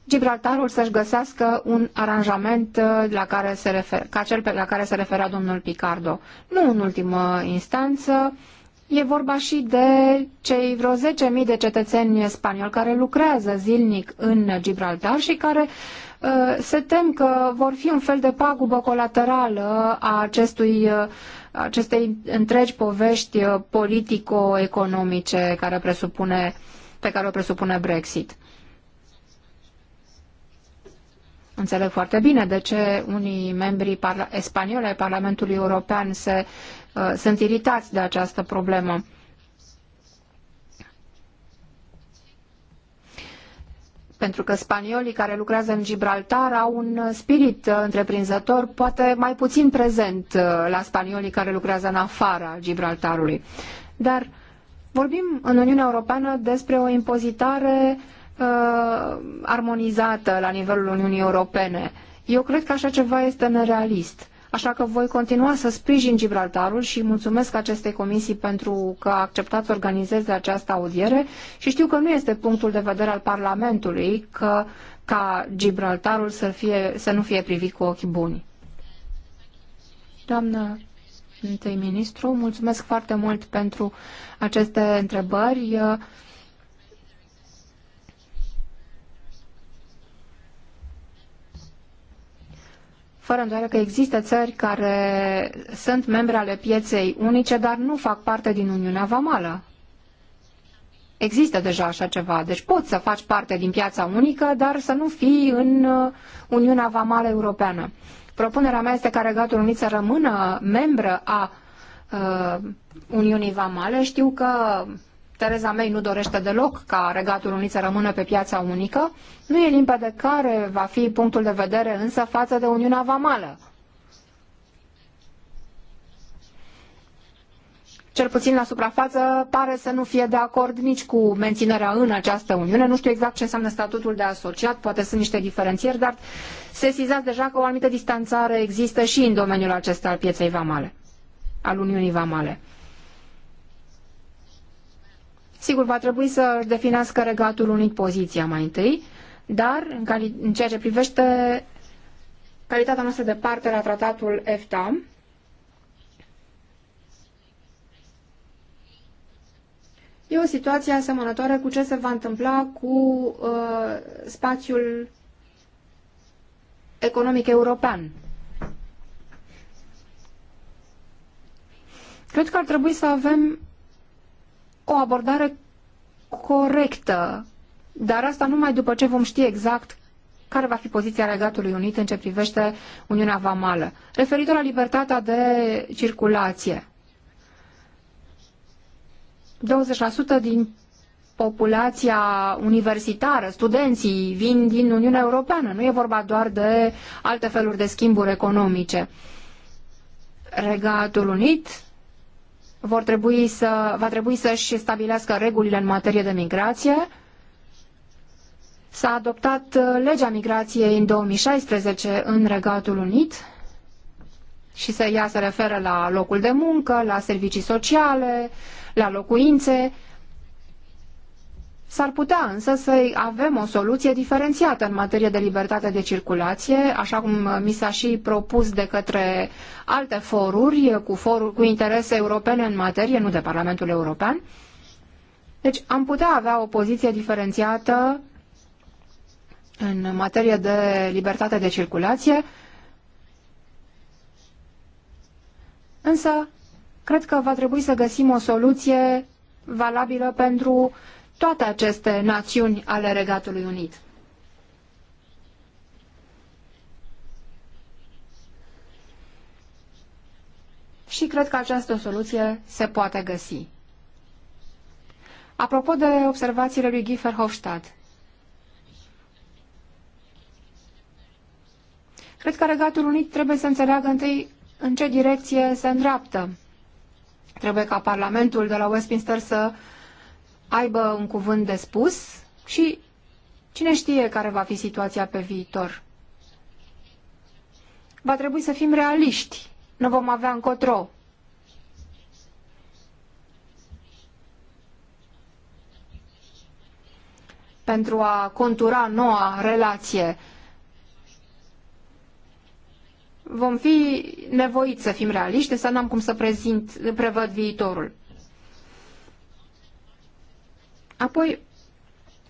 Gibraltarul să-și găsească un aranjament uh, la care se refer, ca cel pe la care se referea domnul Picardo. Nu în ultimă instanță, E vorba și de cei vreo 10.000 de cetățeni spanioli care lucrează zilnic în Gibraltar și care uh, se tem că vor fi un fel de pagubă colaterală a acestui, uh, acestei întregi povești uh, politico-economice care presupune, pe care o presupune Brexit. Înțeleg foarte bine de ce unii membri spanioli ai Parlamentului European se uh, Uh, sunt iritați de această problemă. Pentru că spaniolii care lucrează în Gibraltar au un spirit uh, întreprinzător poate mai puțin prezent uh, la spaniolii care lucrează în afara Gibraltarului. Dar vorbim în Uniunea Europeană despre o impozitare uh, armonizată la nivelul Uniunii Europene. Eu cred că așa ceva este nerealist așa că voi continua să sprijin Gibraltarul și mulțumesc acestei comisii pentru că a acceptat să organizeze această audiere și știu că nu este punctul de vedere al Parlamentului că ca Gibraltarul să, fie, să nu fie privit cu ochi buni. Doamnă întâi ministru, mulțumesc foarte mult pentru aceste întrebări. fără îndoială că există țări care sunt membre ale pieței unice, dar nu fac parte din Uniunea Vamală. Există deja așa ceva, deci poți să faci parte din piața unică, dar să nu fii în uh, Uniunea Vamală Europeană. Propunerea mea este ca Regatul Unit să rămână membră a uh, Uniunii Vamale. Știu că Tereza May nu dorește deloc ca Regatul Unit să rămână pe piața unică, nu e limpede care va fi punctul de vedere însă față de Uniunea Vamală. Cel puțin la suprafață pare să nu fie de acord nici cu menținerea în această Uniune. Nu știu exact ce înseamnă statutul de asociat, poate sunt niște diferențieri, dar se deja că o anumită distanțare există și în domeniul acesta al pieței vamale, al Uniunii Vamale. Sigur, va trebui să își definească regatul unic poziția mai întâi, dar în, în ceea ce privește calitatea noastră de parte la tratatul EFTA, E o situație asemănătoare cu ce se va întâmpla cu uh, spațiul economic european. Cred că ar trebui să avem o abordare corectă, dar asta numai după ce vom ști exact care va fi poziția Regatului Unit în ce privește Uniunea Vamală. Referitor la libertatea de circulație, 20% din populația universitară, studenții vin din Uniunea Europeană. Nu e vorba doar de alte feluri de schimburi economice. Regatul Unit vor trebui să, va trebui să-și stabilească regulile în materie de migrație. S-a adoptat uh, legea migrației în 2016 în Regatul Unit și să ea se referă la locul de muncă, la servicii sociale, la locuințe S-ar putea însă să avem o soluție diferențiată în materie de libertate de circulație, așa cum mi s-a și propus de către alte foruri cu, foruri, cu interese europene în materie, nu de Parlamentul European. Deci am putea avea o poziție diferențiată în materie de libertate de circulație, însă cred că va trebui să găsim o soluție valabilă pentru toate aceste națiuni ale Regatului Unit. Și cred că această soluție se poate găsi. Apropo de observațiile lui Guy Hofstadt, cred că Regatul Unit trebuie să înțeleagă întâi în ce direcție se îndreaptă. Trebuie ca Parlamentul de la Westminster să uh, aibă un cuvânt de spus și cine știe care va fi situația pe viitor. Va trebui să fim realiști. Nu vom avea încotro. Pentru a contura noua relație, vom fi nevoiți să fim realiști, să n-am cum să prezint, prevăd viitorul. Apoi,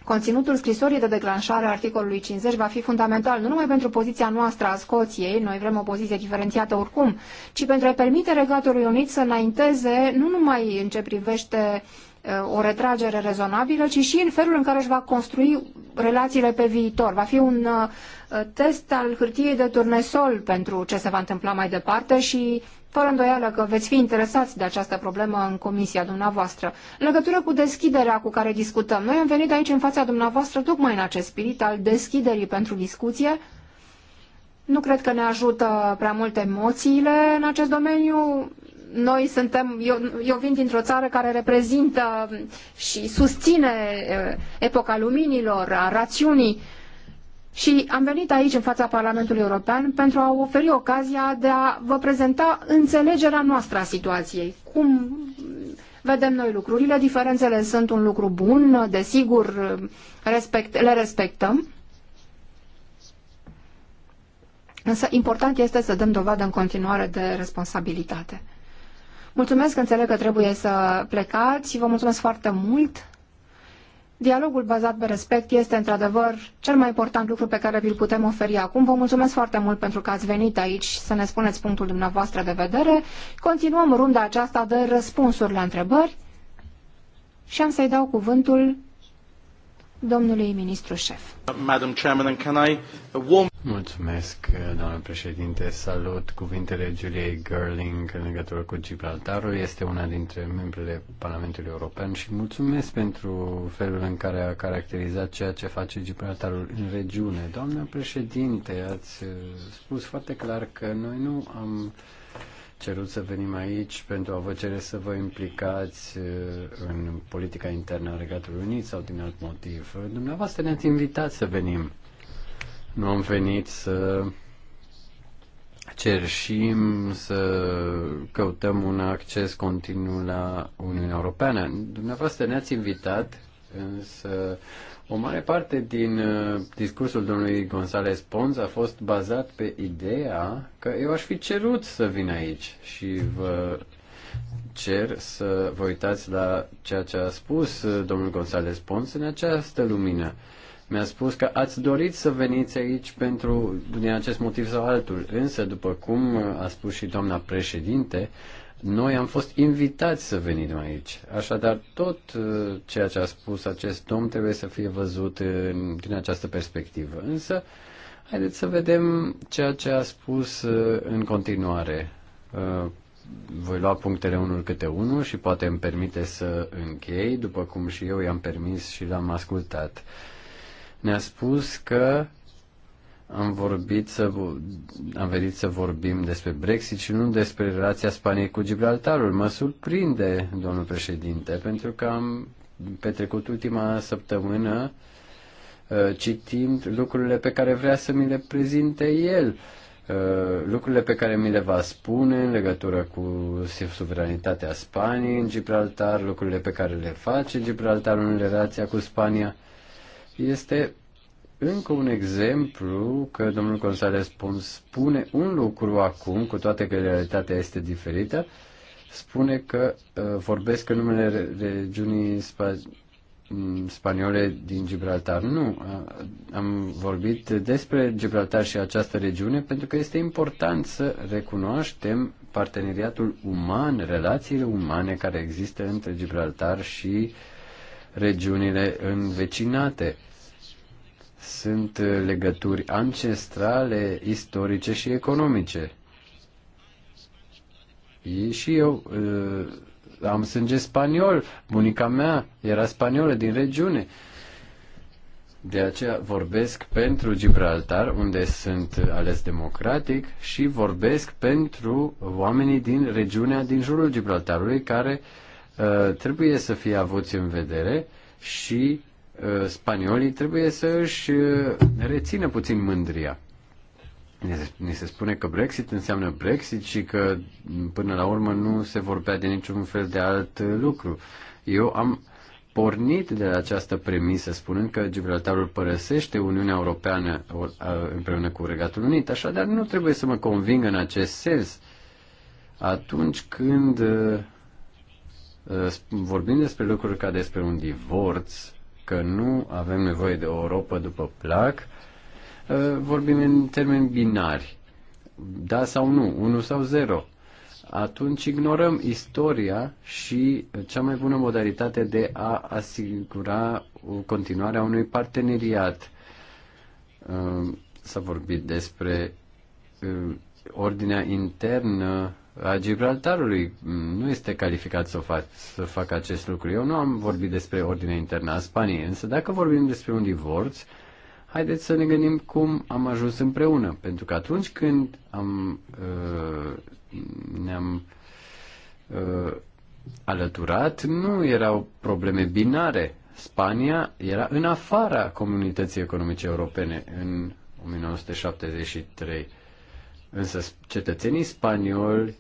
Conținutul scrisorii de declanșare a articolului 50 va fi fundamental nu numai pentru poziția noastră a Scoției, noi vrem o poziție diferențiată oricum, ci pentru a permite Regatului Unit să înainteze nu numai în ce privește uh, o retragere rezonabilă, ci și în felul în care își va construi relațiile pe viitor. Va fi un uh, test al hârtiei de turnesol pentru ce se va întâmpla mai departe și fără îndoială că veți fi interesați de această problemă în comisia dumneavoastră. În legătură cu deschiderea cu care discutăm, noi am venit aici în fața dumneavoastră tocmai în acest spirit al deschiderii pentru discuție. Nu cred că ne ajută prea mult emoțiile în acest domeniu. Noi suntem, eu, eu vin dintr-o țară care reprezintă și susține eh, epoca luminilor, a rațiunii, și am venit aici în fața Parlamentului European pentru a oferi ocazia de a vă prezenta înțelegerea noastră a situației. Cum vedem noi lucrurile, diferențele sunt un lucru bun, desigur respect, le respectăm. Însă important este să dăm dovadă în continuare de responsabilitate. Mulțumesc, înțeleg că trebuie să plecați și vă mulțumesc foarte mult. Dialogul bazat pe respect este într-adevăr cel mai important lucru pe care vi-l putem oferi acum. Vă mulțumesc foarte mult pentru că ați venit aici să ne spuneți punctul dumneavoastră de vedere. Continuăm runda aceasta de răspunsuri la întrebări și am să-i dau cuvântul domnului ministru șef. Mulțumesc, doamnă președinte. Salut cuvintele Juliei Gerling în legătură cu Gibraltarul. Este una dintre membrele Parlamentului European și mulțumesc pentru felul în care a caracterizat ceea ce face Gibraltarul în regiune. Doamnă președinte, ați uh, spus foarte clar că noi nu am uh, cerut să venim aici pentru a vă cere să vă implicați uh, în politica internă a Regatului Unit sau din alt motiv. Dumneavoastră ne-ați invitat să venim. Nu am venit să cerșim să căutăm un acces continuu la Uniunea Europeană. Dumneavoastră ne-ați invitat, însă o mare parte din uh, discursul domnului González Pons a fost bazat pe ideea că eu aș fi cerut să vin aici și vă cer să vă uitați la ceea ce a spus uh, domnul González Pons în această lumină. Mi-a spus că ați dorit să veniți aici pentru, din acest motiv sau altul, însă, după cum a spus și doamna președinte, noi am fost invitați să venim aici. Așadar, tot uh, ceea ce a spus acest domn trebuie să fie văzut uh, în, din această perspectivă. Însă, haideți să vedem ceea ce a spus uh, în continuare. Voi lua punctele unul câte unul și poate îmi permite să închei, după cum și eu i-am permis și l-am ascultat. Ne-a spus că am vorbit să, am venit să vorbim despre Brexit și nu despre relația Spaniei cu Gibraltarul. Mă surprinde, domnul președinte, pentru că am petrecut ultima săptămână uh, citind lucrurile pe care vrea să mi le prezinte el, uh, lucrurile pe care mi le va spune în legătură cu suveranitatea Spaniei în Gibraltar, lucrurile pe care le face Gibraltarul în relația cu Spania. Este încă un exemplu că domnul González Pons spune un lucru acum, cu toate că realitatea este diferită, spune că uh, vorbesc în numele regiunii spa- mm, spaniole din Gibraltar. Nu, uh, am vorbit despre Gibraltar și această regiune pentru că este important să recunoaștem parteneriatul uman, relațiile umane care există între Gibraltar și regiunile învecinate sunt uh, legături ancestrale, istorice și economice. Și eu uh, am sânge spaniol, bunica mea era spaniolă din regiune. De aceea vorbesc pentru Gibraltar, unde sunt ales democratic, și vorbesc pentru oamenii din regiunea din jurul Gibraltarului, care uh, trebuie să fie avuți în vedere și spaniolii trebuie să își uh, rețină puțin mândria. Ni se spune că Brexit înseamnă Brexit și că până la urmă nu se vorbea de niciun fel de alt lucru. Eu am pornit de la această premisă spunând că Gibraltarul părăsește Uniunea Europeană împreună cu Regatul Unit, așadar nu trebuie să mă convingă în acest sens. Atunci când uh, uh, vorbim despre lucruri ca despre un divorț, că nu avem nevoie de o Europa după plac, uh, vorbim în termeni binari. Da sau nu, 1 sau 0. Atunci ignorăm istoria și cea mai bună modalitate de a asigura continuarea unui parteneriat. Uh, s-a vorbit despre uh, ordinea internă a Gibraltarului. Nu este calificat să, fac, să facă acest lucru. Eu nu am vorbit despre ordinea internă a Spaniei, însă dacă vorbim despre un divorț, haideți să ne gândim cum am ajuns împreună. Pentru că atunci când am, uh, ne-am uh, alăturat, nu erau probleme binare. Spania era în afara comunității economice europene în 1973. Însă cetățenii spanioli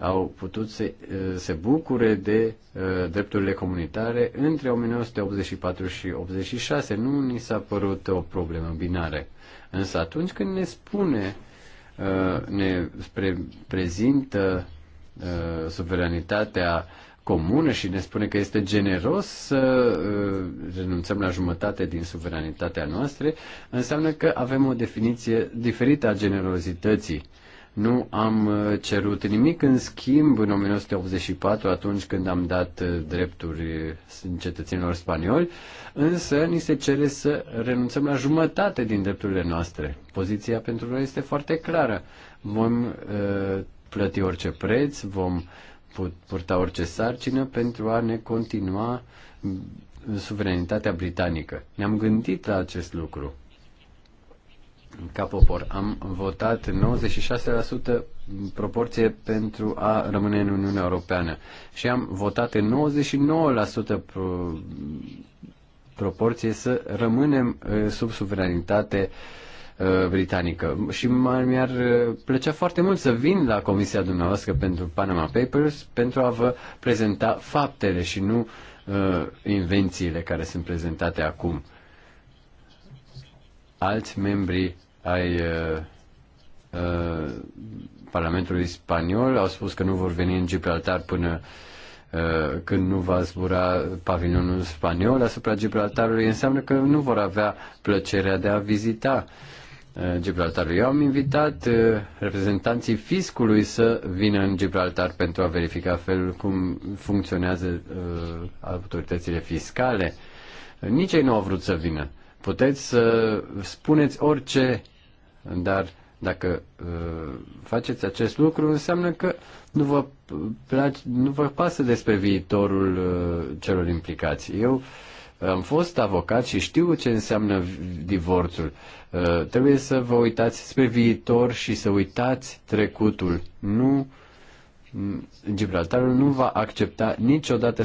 au putut să uh, se bucure de uh, drepturile comunitare între 1984 și 86. Nu ni s-a părut o problemă binară. Însă atunci când ne spune, uh, ne pre- prezintă suveranitatea comună și ne spune că este generos să renunțăm la jumătate din suveranitatea noastră, înseamnă că avem o definiție diferită a generozității nu am uh, cerut nimic în schimb în 1984, atunci când am dat uh, drepturi uh, cetățenilor spanioli, însă ni se cere să renunțăm la jumătate din drepturile noastre. Poziția pentru noi este foarte clară. Vom uh, plăti orice preț, vom purta orice sarcină pentru a ne continua mm, suveranitatea britanică. Ne-am gândit la acest lucru ca popor. Am votat 96% proporție pentru a rămâne în Uniunea Europeană și am votat 99% pro, proporție să rămânem uh, sub suveranitate uh, britanică. Și mi-ar uh, plăcea foarte mult să vin la comisia dumneavoastră pentru Panama Papers pentru a vă prezenta faptele și nu uh, invențiile care sunt prezentate acum alți membri ai uh, uh, Parlamentului Spaniol au spus că nu vor veni în Gibraltar până uh, când nu va zbura pavilionul spaniol asupra Gibraltarului, înseamnă că nu vor avea plăcerea de a vizita uh, Gibraltarul. Eu am invitat uh, reprezentanții fiscului să vină în Gibraltar pentru a verifica felul cum funcționează uh, autoritățile fiscale. Nici ei nu au vrut să vină. Uh, Puteți să spuneți orice, dar dacă uh, faceți acest lucru, înseamnă că nu vă, place, nu vă pasă despre viitorul uh, celor implicați. Eu am fost avocat și știu ce înseamnă divorțul. Uh, trebuie să vă uitați spre viitor și să uitați trecutul. Nu uh, Gibraltarul nu va accepta niciodată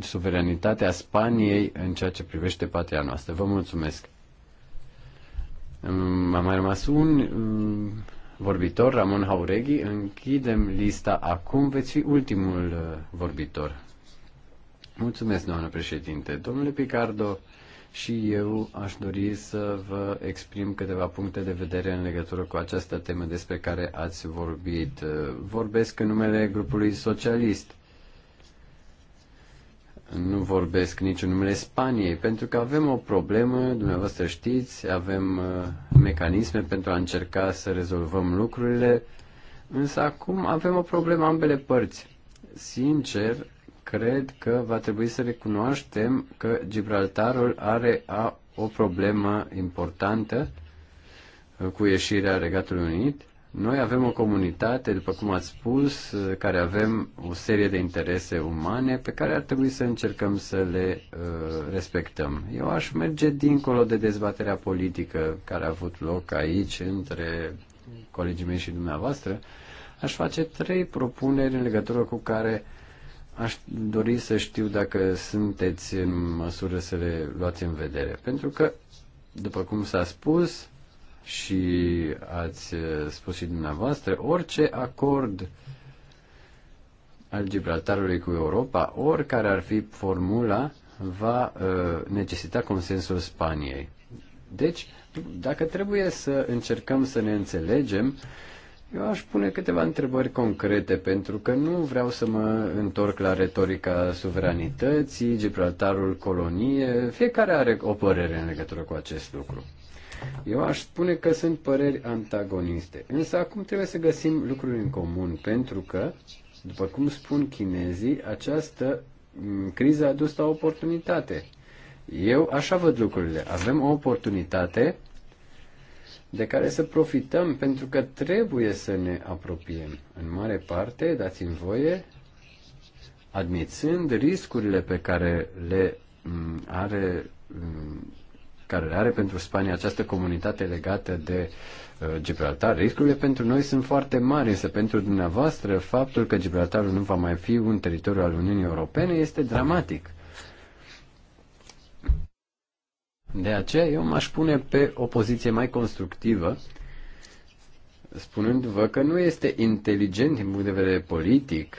suveranitatea Spaniei în ceea ce privește patria noastră. Vă mulțumesc. M-a mai rămas un mm, vorbitor, Ramon Haureghi. Închidem lista acum. Veți fi ultimul uh, vorbitor. Mulțumesc, doamnă președinte. Domnule Picardo, și eu aș dori să vă exprim câteva puncte de vedere în legătură cu această temă despre care ați vorbit. Vorbesc în numele grupului socialist. Nu vorbesc nici în numele Spaniei, pentru că avem o problemă, dumneavoastră știți, avem uh, mecanisme pentru a încerca să rezolvăm lucrurile, însă acum avem o problemă ambele părți. Sincer, cred că va trebui să recunoaștem că Gibraltarul are a, o problemă importantă uh, cu ieșirea Regatului Unit. Noi avem o comunitate, după cum ați spus, uh, care avem o serie de interese umane pe care ar trebui să încercăm să le uh, respectăm. Eu aș merge dincolo de dezbaterea politică care a avut loc aici între colegii mei și dumneavoastră. Aș face trei propuneri în legătură cu care uh, Aș dori să știu dacă sunteți în măsură să le luați în vedere, pentru că, după cum s-a spus și ați spus și dumneavoastră, orice acord al Gibraltarului cu Europa, oricare ar fi formula, va uh, necesita consensul Spaniei. Deci, dacă trebuie să încercăm să ne înțelegem, uh, eu aș pune câteva întrebări concrete, pentru că nu vreau să mă întorc la retorica suveranității, Gibraltarul colonie, fiecare are o părere în legătură cu acest lucru. Eu aș spune că sunt păreri antagoniste, însă acum trebuie să găsim lucruri în comun, pentru că, după cum spun chinezii, această criză a dus la oportunitate. Eu așa văd lucrurile. Avem o oportunitate de care să profităm pentru că trebuie să ne apropiem. În mare parte, dați-mi voie, admițând riscurile pe care le mm, are mm, care le are pentru Spania această comunitate legată de uh, Gibraltar. Riscurile pentru noi sunt foarte mari, însă pentru dumneavoastră faptul că Gibraltarul nu va mai fi un teritoriu al Uniunii Europene este dramatic. De aceea eu m-aș pune pe o poziție mai constructivă, spunându-vă că nu este inteligent din punct de vedere politic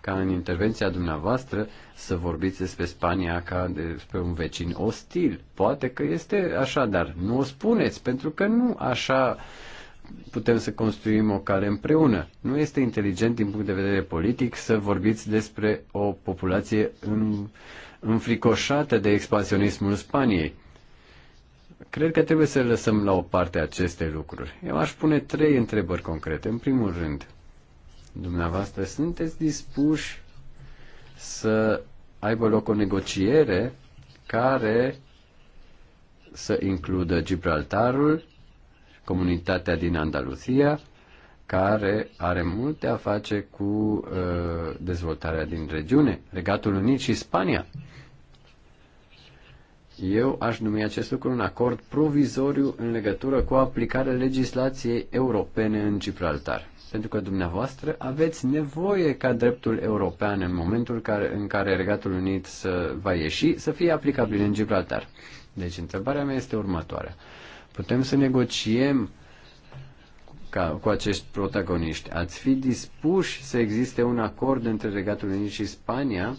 ca în intervenția dumneavoastră să vorbiți despre Spania ca despre un vecin ostil. Poate că este așa, dar nu o spuneți, pentru că nu așa uh, putem să construim o cale împreună. Nu este inteligent din punct de vedere politic să vorbiți despre o populație în, înfricoșată de expansionismul Spaniei. Cred că trebuie să lăsăm la o parte aceste lucruri. Eu aș pune trei întrebări concrete. În primul rând, dumneavoastră sunteți dispuși să aibă loc o negociere care să includă Gibraltarul comunitatea din Andalusia, care are multe a face cu uh, dezvoltarea din regiune, Regatul Unit și Spania. Eu aș numi acest lucru un acord provizoriu în legătură cu aplicarea legislației europene în Gibraltar. Pentru că dumneavoastră aveți nevoie ca dreptul european în momentul care, în care Regatul Unit să va ieși să fie aplicabil în Gibraltar. Deci întrebarea mea este următoarea. Uh, Putem să negociem ca, cu acești protagoniști. Ați fi dispuși să existe un acord între Regatul Unit și Spania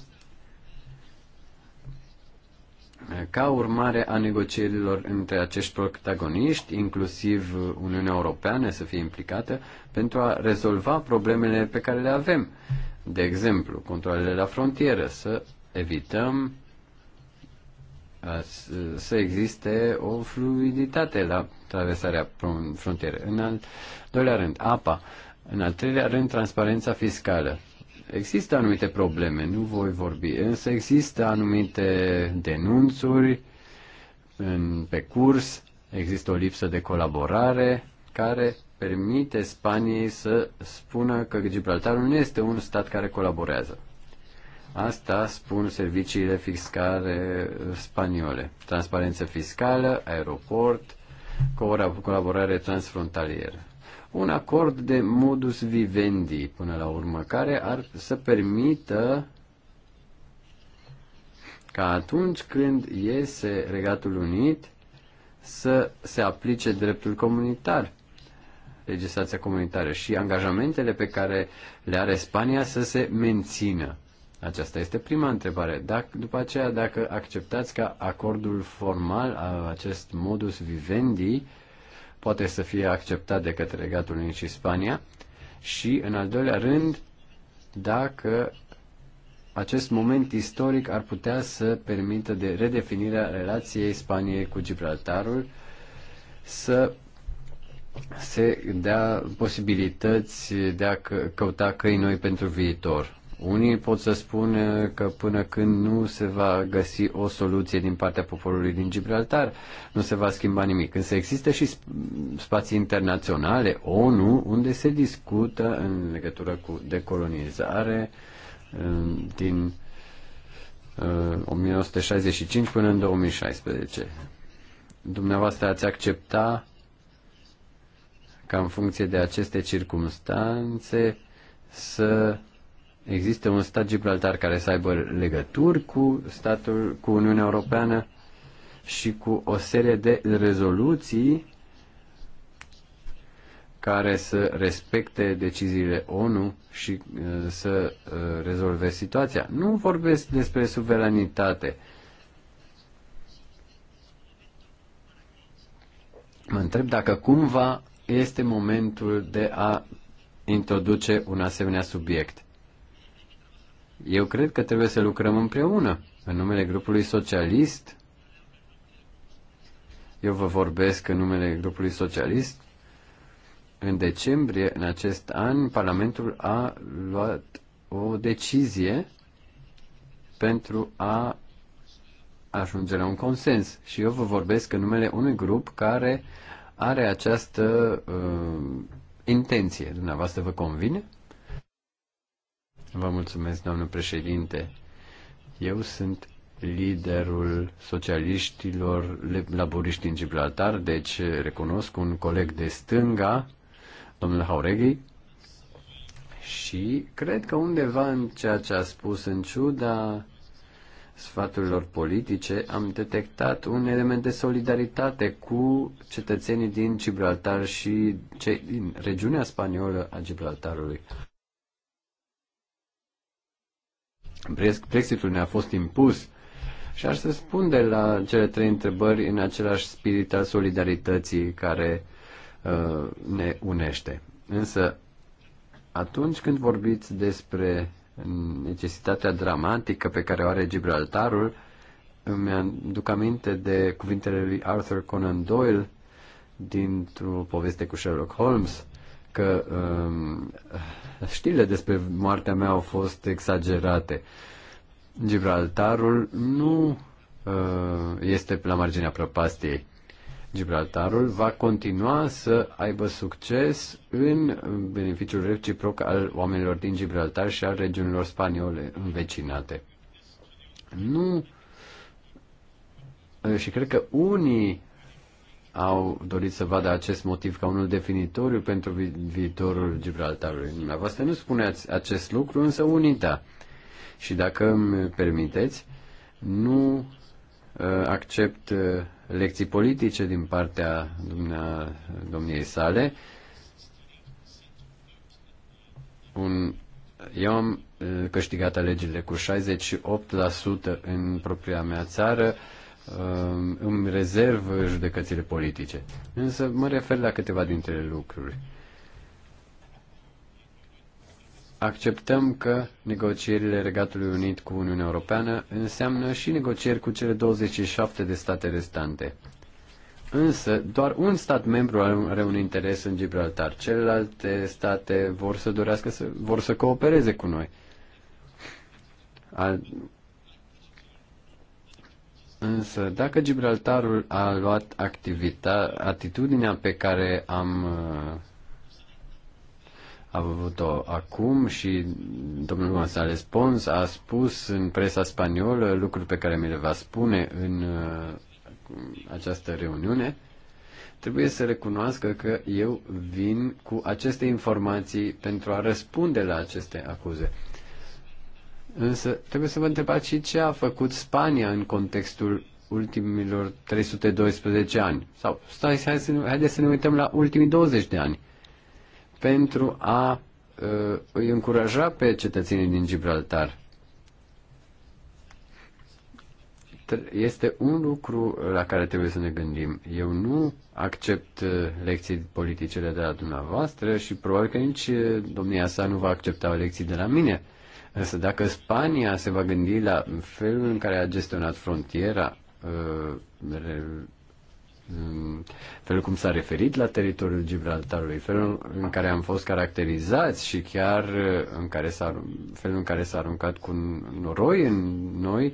ca urmare a negocierilor între acești protagoniști, inclusiv Uniunea Europeană să fie implicată, pentru a rezolva problemele pe care le avem. De exemplu, controlele la frontieră, să evităm să existe o fluiditate la traversarea frontierei. În al doilea rând, apa. În al treilea rând, transparența fiscală. Există anumite probleme, nu voi vorbi, însă există anumite denunțuri în, pe curs, există o lipsă de colaborare care permite Spaniei să spună că Gibraltarul nu este un stat care colaborează. Asta spun serviciile fiscale spaniole. Transparență fiscală, aeroport, colaborare transfrontalieră. Un acord de modus vivendi, până la urmă, care ar să permită ca atunci când iese Regatul Unit să se aplice dreptul comunitar, legislația comunitară și angajamentele pe care le are Spania să se mențină. Aceasta este prima întrebare. Dacă, după aceea, dacă acceptați ca acordul formal, acest modus vivendi, poate să fie acceptat de către Regatul Unit și Spania, și, în al doilea rând, dacă acest moment istoric ar putea să permită de redefinirea relației Spaniei cu Gibraltarul, să se dea posibilități de a căuta căi noi pentru viitor. Unii pot să spună că până când nu se va găsi o soluție din partea poporului din Gibraltar, nu se va schimba nimic. Însă există și spații internaționale, ONU, unde se discută în legătură cu decolonizare din 1965 uh, până în 2016. Dumneavoastră ați accepta ca în funcție de aceste circunstanțe să existe un stat Gibraltar care să aibă legături cu statul, cu Uniunea Europeană și cu o serie de rezoluții care să respecte deciziile ONU și uh, să uh, rezolve situația. Nu vorbesc despre suveranitate. Mă întreb dacă cumva este momentul de a introduce un asemenea subiect. Eu cred că trebuie să lucrăm împreună. În numele grupului socialist, eu vă vorbesc în numele grupului socialist, în decembrie, în acest an, Parlamentul a luat o decizie pentru a ajunge la un consens. Și eu vă vorbesc în numele unui grup care are această uh, intenție. Dumneavoastră vă convine? Vă mulțumesc, doamnă președinte. Eu sunt liderul socialiștilor laburiști din Gibraltar, deci recunosc un coleg de stânga, domnul Haureghi, și cred că undeva în ceea ce a spus, în ciuda sfaturilor politice, am detectat un element de solidaritate cu cetățenii din Gibraltar și cei din regiunea spaniolă a Gibraltarului. Brexitul ne-a fost impus și aș răspunde la cele trei întrebări în același spirit al solidarității care uh, ne unește. Însă, atunci când vorbiți despre necesitatea dramatică pe care o are Gibraltarul, îmi aduc aminte de cuvintele lui Arthur Conan Doyle dintr-o poveste cu Sherlock Holmes, că um, știrile despre moartea mea au fost exagerate. Gibraltarul nu uh, este la marginea prăpastiei. Gibraltarul va continua să aibă succes în beneficiul reciproc al oamenilor din Gibraltar și al regiunilor spaniole învecinate. Nu. Și cred că unii au dorit să vadă acest motiv ca unul definitoriu pentru vi- viitorul Gibraltarului. Dumneavoastră nu spuneați acest lucru, însă unii da. Și dacă îmi permiteți, nu uh, accept uh, lecții politice din partea dumnea, domniei sale. Un, eu am uh, câștigat alegerile cu 68% în propria mea țară. Uh, Um, îmi rezerv judecățile politice. Însă mă refer la câteva dintre lucruri. Acceptăm că negocierile Regatului Unit cu Uniunea Europeană înseamnă și negocieri cu cele 27 de state restante. Însă, doar un stat membru are un interes în Gibraltar. Celelalte state vor să dorească să, vor să coopereze cu noi. Al, Însă, dacă Gibraltarul a luat activita- atitudinea pe care am uh, a avut-o acum și domnul González Pons a spus în presa spaniolă lucruri pe care mi le va spune în uh, această reuniune, trebuie să recunoască că eu vin cu aceste informații pentru a răspunde la aceste acuze. Însă trebuie să vă întrebați și ce a făcut Spania în contextul ultimilor 312 ani. Sau stai, hai să, haideți să ne uităm la ultimii 20 de ani. Pentru a uh, îi încuraja pe cetățenii din Gibraltar. Este un lucru la care trebuie să ne gândim. Eu nu accept uh, lecții politicele de la dumneavoastră și probabil că nici uh, domnia sa nu va accepta lecții de la mine. Uh, Însă dacă Spania se va gândi la felul în care a gestionat frontiera, uh, um, felul cum s-a referit la teritoriul Gibraltarului, felul în care am fost caracterizați și chiar uh, în care s-a, felul în care s-a aruncat cu noroi în noi,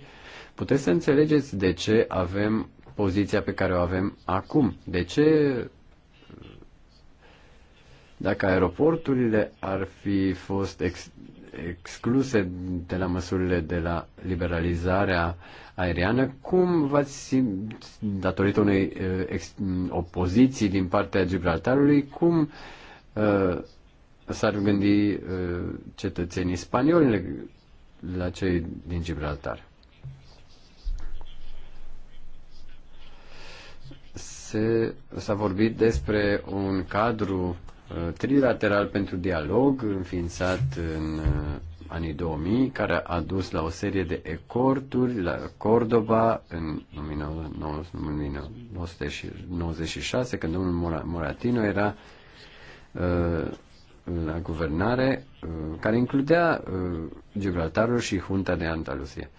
puteți să înțelegeți de ce avem poziția pe care o avem acum. De ce uh, dacă aeroporturile ar fi fost ex- excluse de la măsurile de la liberalizarea aeriană, cum v-ați, datorită unei uh, ex, opoziții din partea Gibraltarului, cum uh, s-ar gândi uh, cetățenii spanioli la cei din Gibraltar? Se, s-a vorbit despre un cadru Uh, trilateral pentru dialog înființat în uh, anii 2000, care a dus la o serie de ecorturi la Cordoba în 1996, când domnul Moratino era uh, la guvernare, care includea Gibraltarul și Junta de Andalusia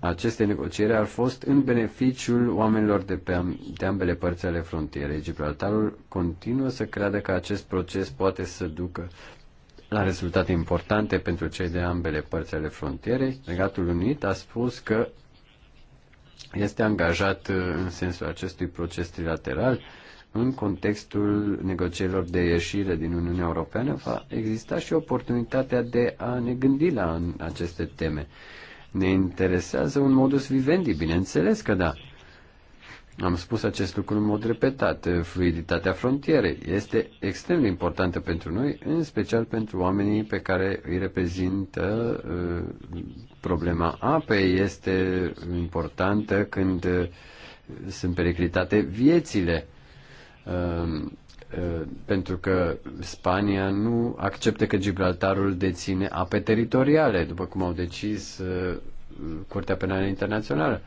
aceste negocieri ar fost în beneficiul oamenilor de, pe am, de ambele părți ale frontierei. Gibraltarul continuă să creadă că acest proces poate să ducă la rezultate importante pentru cei de ambele părți ale frontierei. Regatul Unit a spus că este angajat uh, în sensul acestui proces trilateral în contextul negocierilor de ieșire din Uniunea Europeană va exista și oportunitatea de a ne gândi la aceste teme. Ne interesează un modus vivendi, bineînțeles că da. Am spus acest lucru în mod repetat. Fluiditatea frontierei este extrem de importantă pentru noi, în special pentru oamenii pe care îi reprezintă uh, problema apei. Este importantă când uh, sunt periclitate viețile. Uh, Eh, pentru că Spania nu acceptă că Gibraltarul deține ape teritoriale, după cum au decis eh, Curtea Penală Internațională.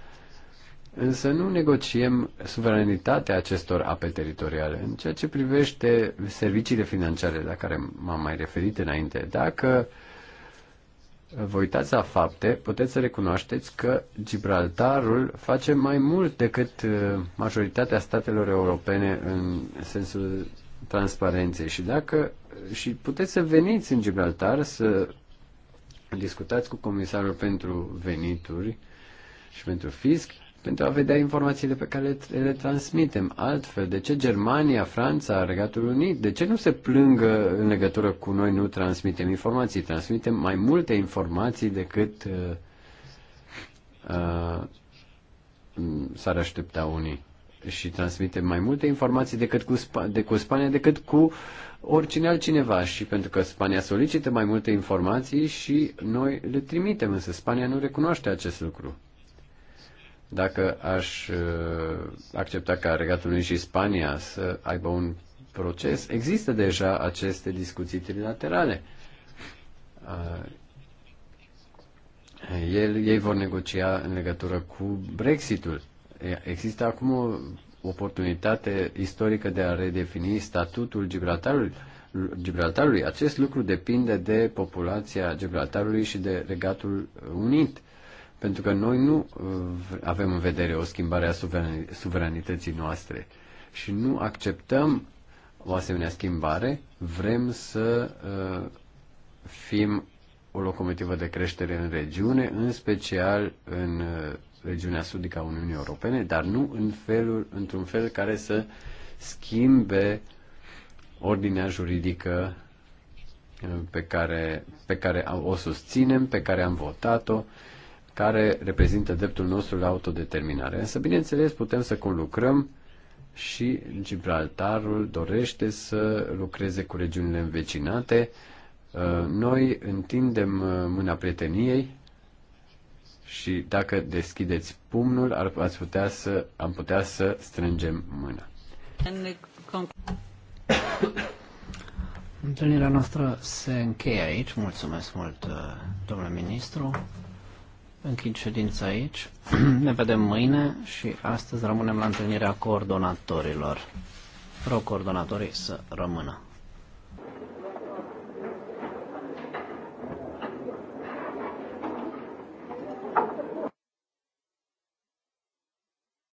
Însă nu negociem suveranitatea acestor ape teritoriale. În ceea ce privește serviciile financiare la care m-am mai referit înainte, dacă uh, vă uitați la fapte, puteți să recunoașteți că Gibraltarul face mai mult decât uh, majoritatea statelor europene în sensul transparenței și dacă și puteți să veniți în Gibraltar să discutați cu comisarul pentru venituri și pentru fisc pentru a vedea informațiile pe care le, le transmitem. Altfel, de ce Germania, Franța, Regatul Unit, de ce nu se plângă în legătură cu noi, nu transmitem informații? Transmitem mai multe informații decât uh, uh, s-ar aștepta unii și transmitem mai multe informații decât cu, Sp- de, cu Spania, decât cu oricine altcineva și pentru că Spania solicită mai multe informații și noi le trimitem, însă Spania nu recunoaște acest lucru. Dacă aș uh, accepta ca Regatul Unit și Spania să aibă un proces, există deja aceste discuții trilaterale. Uh, el, ei vor negocia în legătură cu Brexitul. Există acum o oportunitate istorică de a redefini statutul Gibraltarului. Gibraltarului. Acest lucru depinde de populația Gibraltarului și de Regatul Unit. Pentru că noi nu uh, avem în vedere o schimbare a suveranității noastre și nu acceptăm o asemenea schimbare, vrem să uh, fim o locomotivă de creștere în regiune, în special în uh, regiunea sudică a Uniunii Europene, dar nu în felul, într-un fel care să schimbe ordinea juridică pe care, pe care o susținem, pe care am votat-o care reprezintă dreptul nostru la autodeterminare. Însă, bineînțeles, putem să conlucrăm și Gibraltarul dorește să lucreze cu regiunile învecinate. Uh, noi întindem uh, mâna prieteniei și dacă deschideți pumnul, ar, ați putea să, am putea să strângem mâna. Întâlnirea noastră se încheie aici. Mulțumesc mult, uh, domnule ministru. Închid ședința aici. Ne vedem mâine și astăzi rămânem la întâlnirea coordonatorilor. Rog coordonatorii să rămână.